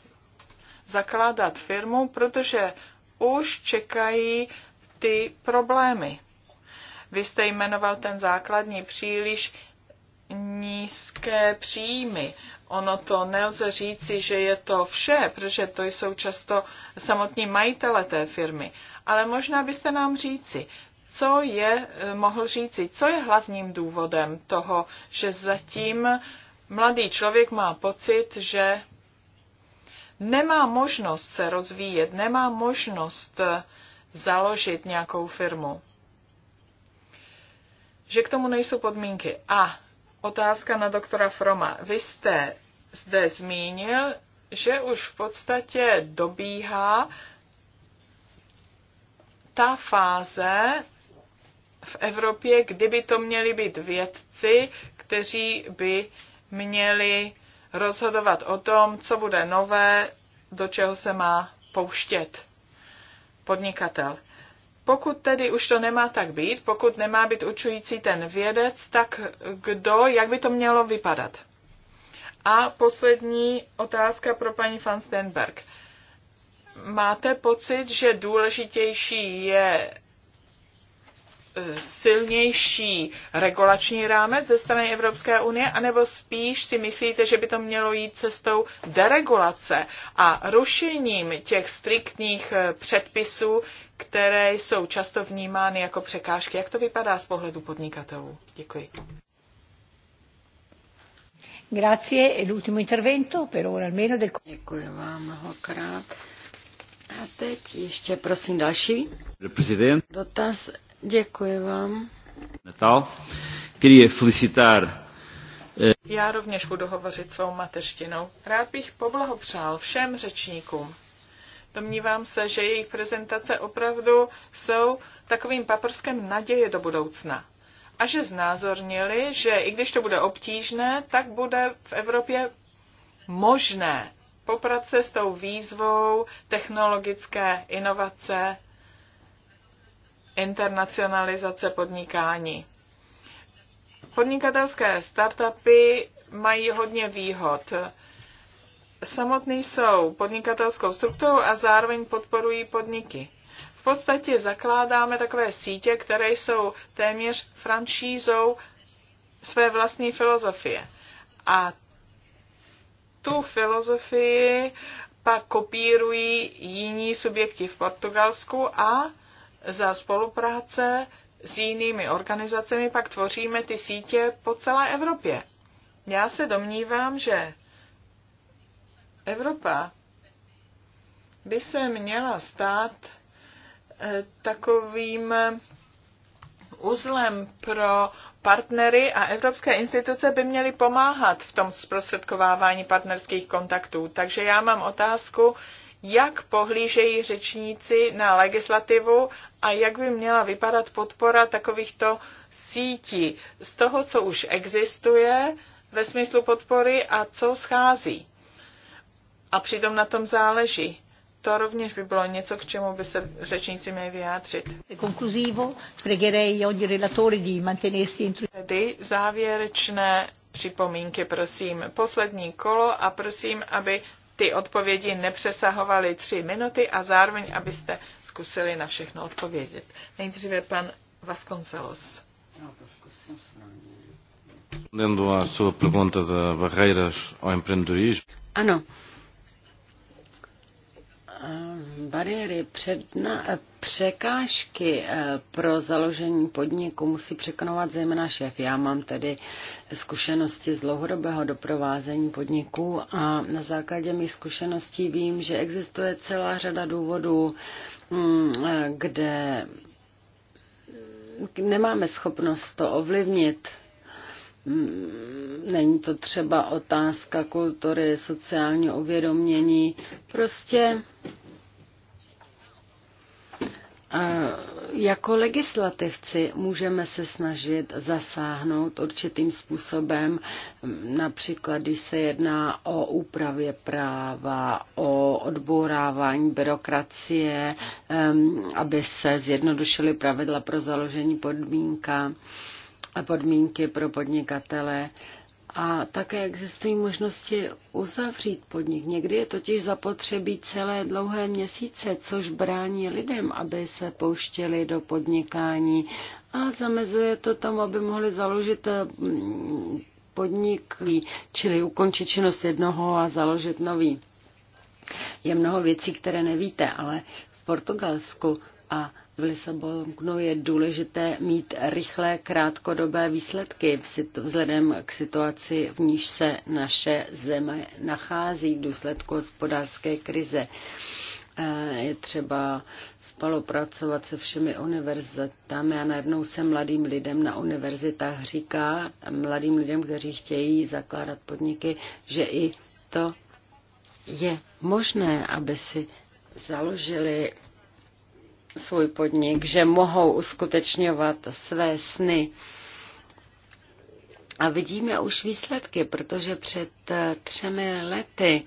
zakládat firmu, protože už čekají ty problémy. Vy jste jmenoval ten základní příliš nízké příjmy, ono to nelze říci, že je to vše, protože to jsou často samotní majitele té firmy. Ale možná byste nám říci, co je, eh, mohl říci, co je hlavním důvodem toho, že zatím mladý člověk má pocit, že nemá možnost se rozvíjet, nemá možnost eh, založit nějakou firmu. Že k tomu nejsou podmínky. A Otázka na doktora Froma. Vy jste zde zmínil, že už v podstatě dobíhá ta fáze v Evropě, kdyby to měli být vědci, kteří by měli rozhodovat o tom, co bude nové, do čeho se má pouštět podnikatel. Pokud tedy už to nemá tak být, pokud nemá být učující ten vědec, tak kdo, jak by to mělo vypadat? A poslední otázka pro paní van Stenberg. Máte pocit, že důležitější je e, silnější regulační rámec ze strany Evropské unie, anebo spíš si myslíte, že by to mělo jít cestou deregulace a rušením těch striktních e, předpisů, které jsou často vnímány jako překážky. Jak to vypadá z pohledu podnikatelů? Děkuji. Grazie è l'ultimo intervento per ora almeno del Děkuji vám mnohokrát. A teď ještě prosím další. Prezident. Dotaz. Děkuji vám. Natal. Queria felicitar eh, já rovněž budu hovořit svou mateřštinou. Rád bych poblahopřál všem řečníkům. Domnívám se, že jejich prezentace opravdu jsou takovým paprskem naděje do budoucna. A že znázornili, že i když to bude obtížné, tak bude v Evropě možné poprat se s tou výzvou technologické inovace, internacionalizace podnikání. Podnikatelské startupy mají hodně výhod samotný jsou podnikatelskou strukturou a zároveň podporují podniky. V podstatě zakládáme takové sítě, které jsou téměř franšízou své vlastní filozofie. A tu filozofii pak kopírují jiní subjekti v Portugalsku a za spolupráce s jinými organizacemi pak tvoříme ty sítě po celé Evropě. Já se domnívám, že Evropa by se měla stát eh, takovým eh, uzlem pro partnery a evropské instituce by měly pomáhat v tom zprostředkovávání partnerských kontaktů. Takže já mám otázku, jak pohlížejí řečníci na legislativu a jak by měla vypadat podpora takovýchto sítí z toho, co už existuje ve smyslu podpory a co schází. A přitom na tom záleží. To rovněž by bylo něco, k čemu by se řečníci měli vyjádřit. Tedy závěrečné připomínky, prosím. Poslední kolo a prosím, aby ty odpovědi nepřesahovaly tři minuty a zároveň, abyste zkusili na všechno odpovědět. Nejdříve pan Vasconcelos. No, to zkusím Ano, Bariéry, předna, eh, překážky eh, pro založení podniku musí překonovat zejména šéf. Já mám tedy zkušenosti z dlouhodobého doprovázení podniků a na základě mých zkušeností vím, že existuje celá řada důvodů, mm, eh, kde nemáme schopnost to ovlivnit. Mm, není to třeba otázka kultury, sociálního uvědomění. Prostě jako legislativci můžeme se snažit zasáhnout určitým způsobem, například když se jedná o úpravě práva, o odbourávání byrokracie, aby se zjednodušily pravidla pro založení podmínka a podmínky pro podnikatele a také existují možnosti uzavřít podnik. Někdy je totiž zapotřebí celé dlouhé měsíce, což brání lidem, aby se pouštěli do podnikání. A zamezuje to tomu, aby mohli založit eh, podnik, čili ukončit činnost jednoho a založit nový. Je mnoho věcí, které nevíte, ale v Portugalsku a v Lisabonu je důležité mít rychlé krátkodobé výsledky vzhledem k situaci, v níž se naše země nachází v důsledku hospodářské krize. Eh, je třeba spolupracovat se všemi univerzitami a najednou se mladým lidem na univerzitách říká, mladým lidem, kteří chtějí zakládat podniky, že i to je možné, aby si založili svůj podnik, že mohou uskutečňovat své sny. A vidíme už výsledky, protože před eh, třemi lety,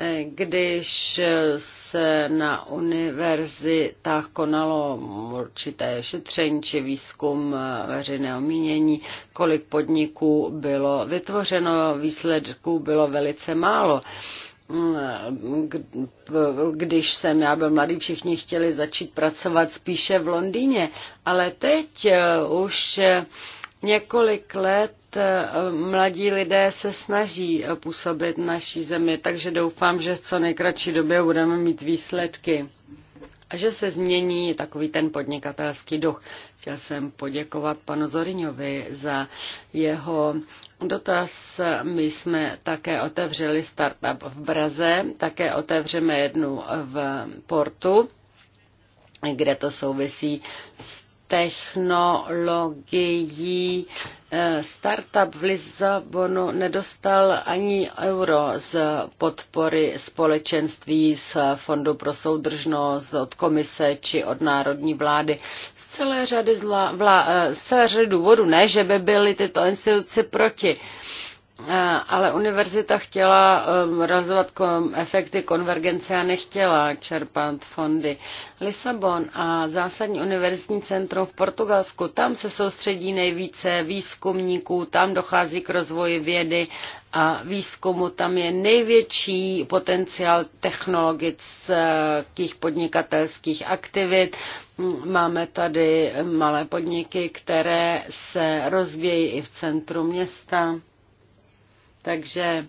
eh, když se na univerzitách konalo určité šetření či výzkum eh, veřejného mínění, kolik podniků bylo vytvořeno, výsledků bylo velice málo když jsem já byl mladý, všichni chtěli začít pracovat spíše v Londýně, ale teď eh, už eh, několik let eh, mladí lidé se snaží působit v naší zemi, takže doufám, že v co nejkratší době budeme mít výsledky a že se změní takový ten podnikatelský duch. Chtěl jsem poděkovat panu Zoriňovi za jeho dotaz. My jsme také otevřeli startup v Braze, také otevřeme jednu v Portu, kde to souvisí s technologií eh, startup v Lisabonu nedostal ani euro z podpory společenství z Fondu pro soudržnost, od komise či od národní vlády. Z celé řady, zla, vla, eh, z celé řady důvodu ne, že by byly tyto instituce proti Eh, ale univerzita chtěla ehm, rozovat efekty konvergence a nechtěla čerpat fondy. Lisabon a zásadní univerzitní centrum v Portugalsku, tam se soustředí nejvíce výzkumníků, tam dochází k rozvoji vědy a výzkumu, tam je největší potenciál technologických podnikatelských aktivit. Máme tady malé podniky, které se rozvějí i v centru města takže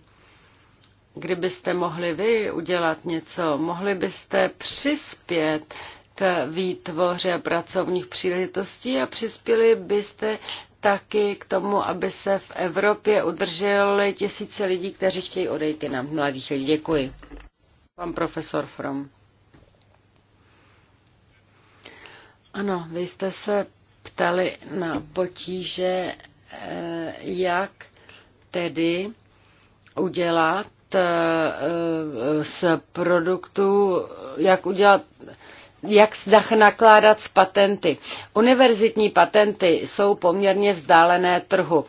kdybyste mohli vy udělat něco, mohli byste přispět k výtvoře pracovních příležitostí a přispěli byste taky k tomu, aby se v Evropě udržely tisíce lidí, kteří chtějí odejít na mladých lidí. Děkuji. Pan profesor From. Ano, vy jste se ptali na potíže, eh, jak tedy udělat eh, eh, z produktů, jak udělat jak nakládat s patenty. Univerzitní patenty jsou poměrně vzdálené trhu.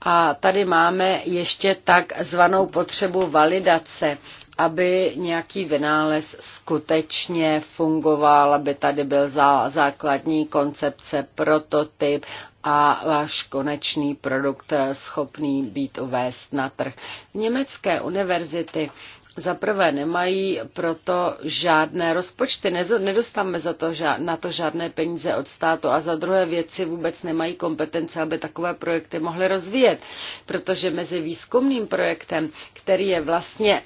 A tady máme ještě tak zvanou potřebu validace, aby nějaký vynález skutečně fungoval, aby tady byl základní koncepce, prototyp, a váš konečný produkt schopný být uvést na trh. Německé univerzity za prvé nemají proto žádné rozpočty, nedostáme za to, na to žádné peníze od státu a za druhé věci vůbec nemají kompetence, aby takové projekty mohly rozvíjet, protože mezi výzkumným projektem, který je vlastně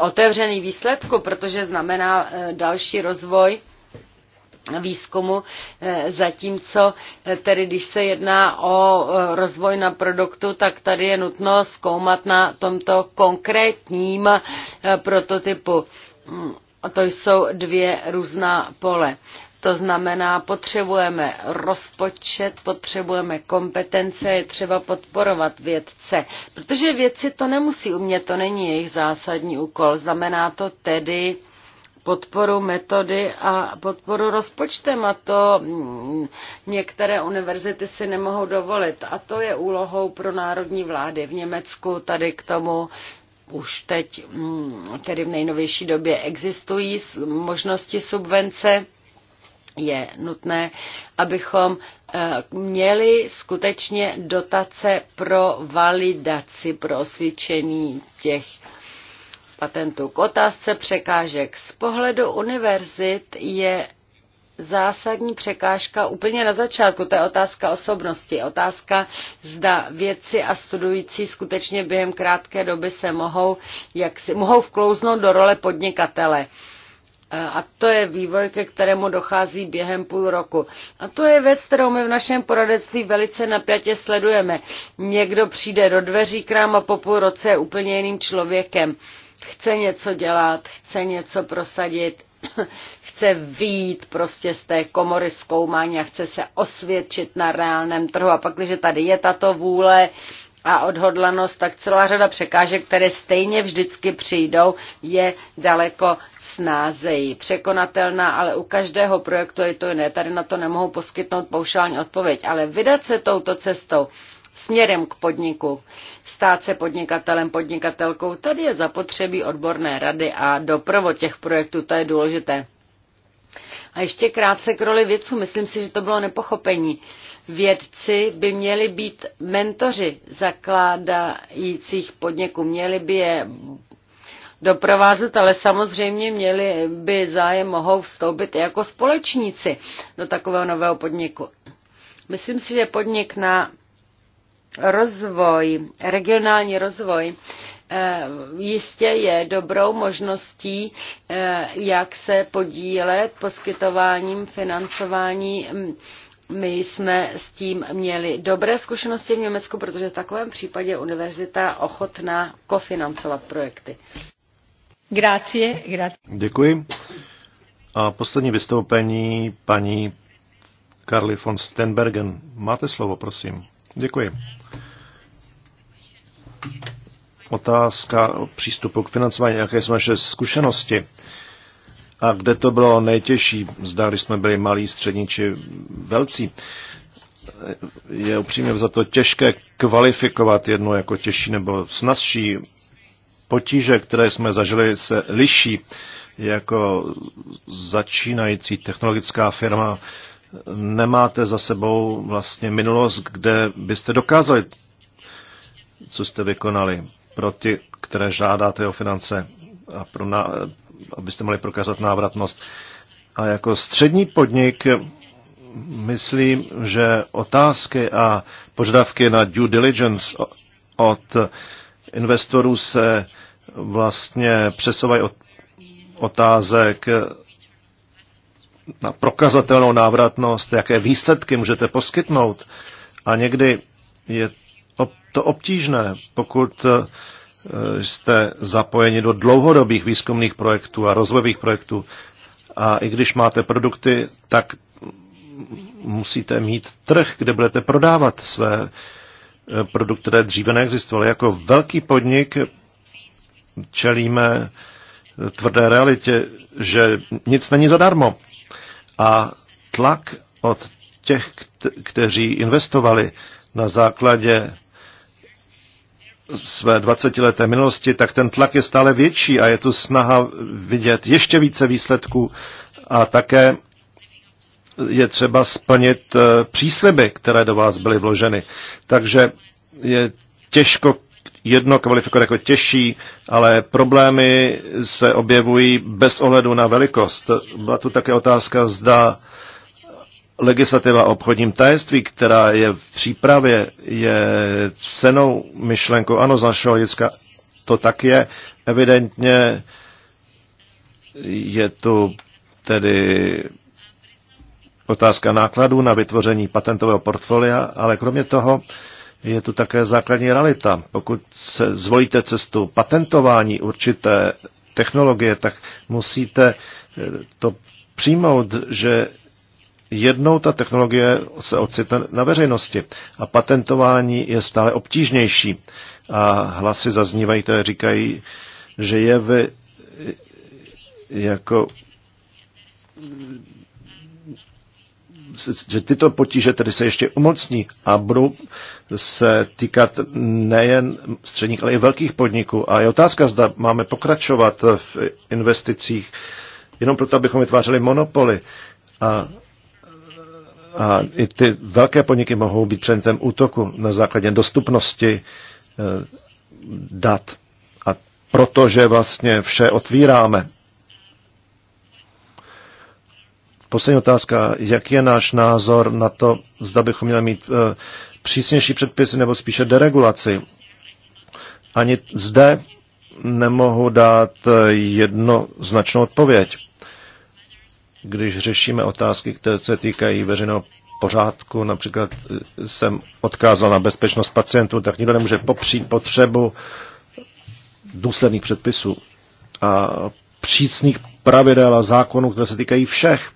otevřený výsledku, protože znamená eh, další rozvoj výzkumu, eh, zatímco eh, tedy když se jedná o eh, rozvoj na produktu, tak tady je nutno zkoumat na tomto konkrétním prototypu. Mm, to jsou dvě různá pole. To znamená, potřebujeme rozpočet, potřebujeme kompetence, je třeba podporovat vědce, protože vědci to nemusí umět, to není jejich zásadní úkol. Znamená to tedy, podporu metody a podporu rozpočtem a to mm, některé univerzity si nemohou dovolit. A to je úlohou pro národní vlády. V Německu tady k tomu už teď, mm, tedy v nejnovější době, existují možnosti subvence. Je nutné, abychom e, měli skutečně dotace pro validaci, pro osvědčení těch Patentu. K otázce překážek. Z pohledu univerzit je zásadní překážka úplně na začátku, to je otázka osobnosti, otázka, zda věci a studující skutečně během krátké doby se mohou, jak si, mohou vklouznout do role podnikatele. A to je vývoj, ke kterému dochází během půl roku. A to je věc, kterou my v našem poradectví velice napjatě sledujeme. Někdo přijde do dveří k nám a po půl roce je úplně jiným člověkem chce něco dělat, chce něco prosadit, [CLEARS THROAT] chce výjít prostě z té komory zkoumání a chce se osvědčit na reálném trhu. A pak, když tady je tato vůle a odhodlanost, tak celá řada překážek, které stejně vždycky přijdou, je daleko snázejí. Překonatelná, ale u každého projektu je to jiné. Tady na to nemohu poskytnout paušální odpověď, ale vydat se touto cestou, směrem k podniku, stát se podnikatelem, podnikatelkou. Tady je zapotřebí odborné rady a doprovod těch projektů, to je důležité. A ještě krátce k roli vědců. Myslím si, že to bylo nepochopení. Vědci by měli být mentoři zakládajících podniků, měli by je doprovázet, ale samozřejmě měli by zájem mohou vstoupit i jako společníci do takového nového podniku. Myslím si, že podnik na rozvoj, regionální rozvoj eh, jistě je dobrou možností, eh, jak se podílet poskytováním financování. My jsme s tím měli dobré zkušenosti v Německu, protože v takovém případě je univerzita ochotná kofinancovat projekty. Grácie, grácie. Děkuji. A poslední vystoupení paní Karli von Stenbergen. Máte slovo, prosím. Děkuji. Otázka o přístupu k financování, jaké jsou naše zkušenosti a kde to bylo nejtěžší, zda když jsme byli malí, střední či velcí. Je upřímně za to těžké kvalifikovat jedno jako těžší nebo snazší. Potíže, které jsme zažili, se liší jako začínající technologická firma nemáte za sebou vlastně minulost, kde byste dokázali, co jste vykonali pro ty, které žádáte o finance a pro na, abyste mohli prokázat návratnost. A jako střední podnik myslím, že otázky a požadavky na due diligence od investorů se vlastně přesouvají od otázek na prokazatelnou návratnost, jaké výsledky můžete poskytnout. A někdy je to obtížné, pokud eh, jste zapojeni do dlouhodobých výzkumných projektů a rozvojových projektů. A i když máte produkty, tak musíte mít trh, kde budete prodávat své eh, produkty, které dříve neexistovaly. Jako velký podnik čelíme eh, tvrdé realitě, že nic není zadarmo a tlak od těch, kteří investovali na základě své 20-leté minulosti, tak ten tlak je stále větší a je tu snaha vidět ještě více výsledků a také je třeba splnit eh, přísliby, které do vás byly vloženy. Takže je těžko jedno kvalifikovat jako těžší, ale problémy se objevují bez ohledu na velikost. Byla tu také otázka, zda legislativa o obchodním tajemství, která je v přípravě, je cenou myšlenkou. Ano, z našeho hlediska to tak je. Evidentně je tu tedy otázka nákladů na vytvoření patentového portfolia, ale kromě toho je tu také základní realita. Pokud se zvolíte cestu patentování určité technologie, tak musíte eh, to přijmout, že jednou ta technologie se ocitne na veřejnosti a patentování je stále obtížnější. A hlasy zaznívají, které říkají, že je v jako že tyto potíže tedy se ještě umocní a budou se týkat nejen středních, ale i velkých podniků. A je otázka, zda máme pokračovat v investicích jenom proto, abychom vytvářeli monopoly. A, a i ty velké podniky mohou být předmětem útoku na základě dostupnosti eh, dat. A protože vlastně vše otvíráme Poslední otázka. Jak je náš názor na to, zda bychom měli mít eh, přísnější předpisy nebo spíše deregulaci? Ani zde nemohu dát eh, jednoznačnou odpověď. Když řešíme otázky, které se týkají veřejného pořádku, například eh, jsem odkázal na bezpečnost pacientů, tak nikdo nemůže popřít potřebu důsledných předpisů a přísných pravidel a zákonů, které se týkají všech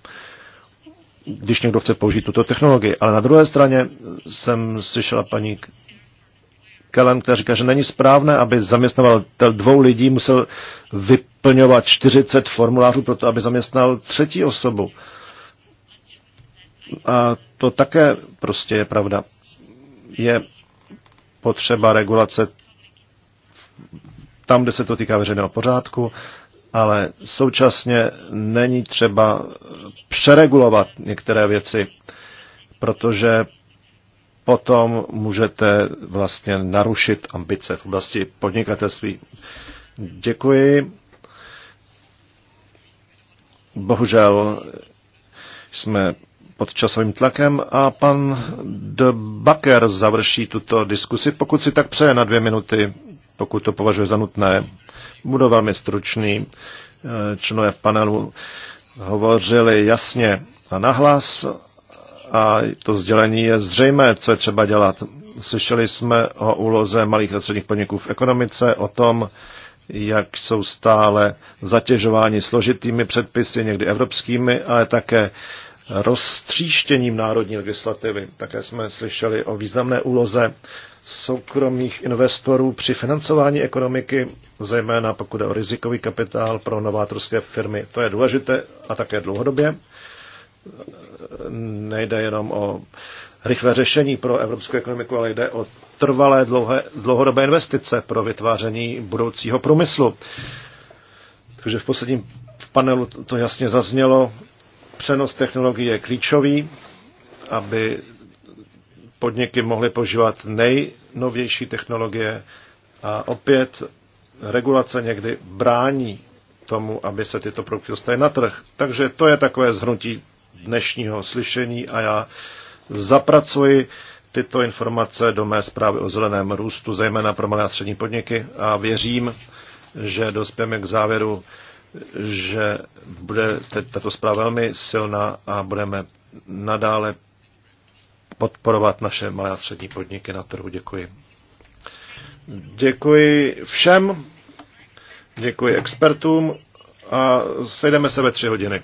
když někdo chce použít tuto technologii. Ale na druhé straně jsem slyšela paní Kellen, která říká, že není správné, aby zaměstnavatel dvou lidí musel vyplňovat 40 formulářů pro to, aby zaměstnal třetí osobu. A to také prostě je pravda. Je potřeba regulace tam, kde se to týká veřejného pořádku ale současně není třeba přeregulovat některé věci, protože potom můžete vlastně narušit ambice v oblasti podnikatelství. Děkuji. Bohužel jsme pod časovým tlakem a pan De Baker završí tuto diskusi, pokud si tak přeje na dvě minuty, pokud to považuje za nutné. Budu velmi stručný. Eh, členové panelu hovořili jasně a nahlas a to sdělení je zřejmé, co je třeba dělat. Slyšeli jsme o úloze malých a středních podniků v ekonomice, o tom, jak jsou stále zatěžováni složitými předpisy, někdy evropskými, ale také roztříštěním národní legislativy. Také jsme slyšeli o významné úloze soukromých investorů při financování ekonomiky, zejména pokud je o rizikový kapitál pro novátorské firmy. To je důležité a také dlouhodobě. Nejde jenom o rychlé řešení pro evropskou ekonomiku, ale jde o trvalé dlouhé, dlouhodobé investice pro vytváření budoucího průmyslu. Takže v posledním panelu to jasně zaznělo. Přenos technologií je klíčový, aby podniky mohly požívat nejnovější technologie a opět regulace někdy brání tomu, aby se tyto produkty dostaly na trh. Takže to je takové zhrnutí dnešního slyšení a já zapracuji tyto informace do mé zprávy o zeleném růstu, zejména pro malé a střední podniky a věřím, že dospěme k závěru, že bude tato zpráva velmi silná a budeme nadále podporovat naše malé a střední podniky na trhu. Děkuji. Děkuji všem, děkuji expertům a sejdeme se ve tři hodiny.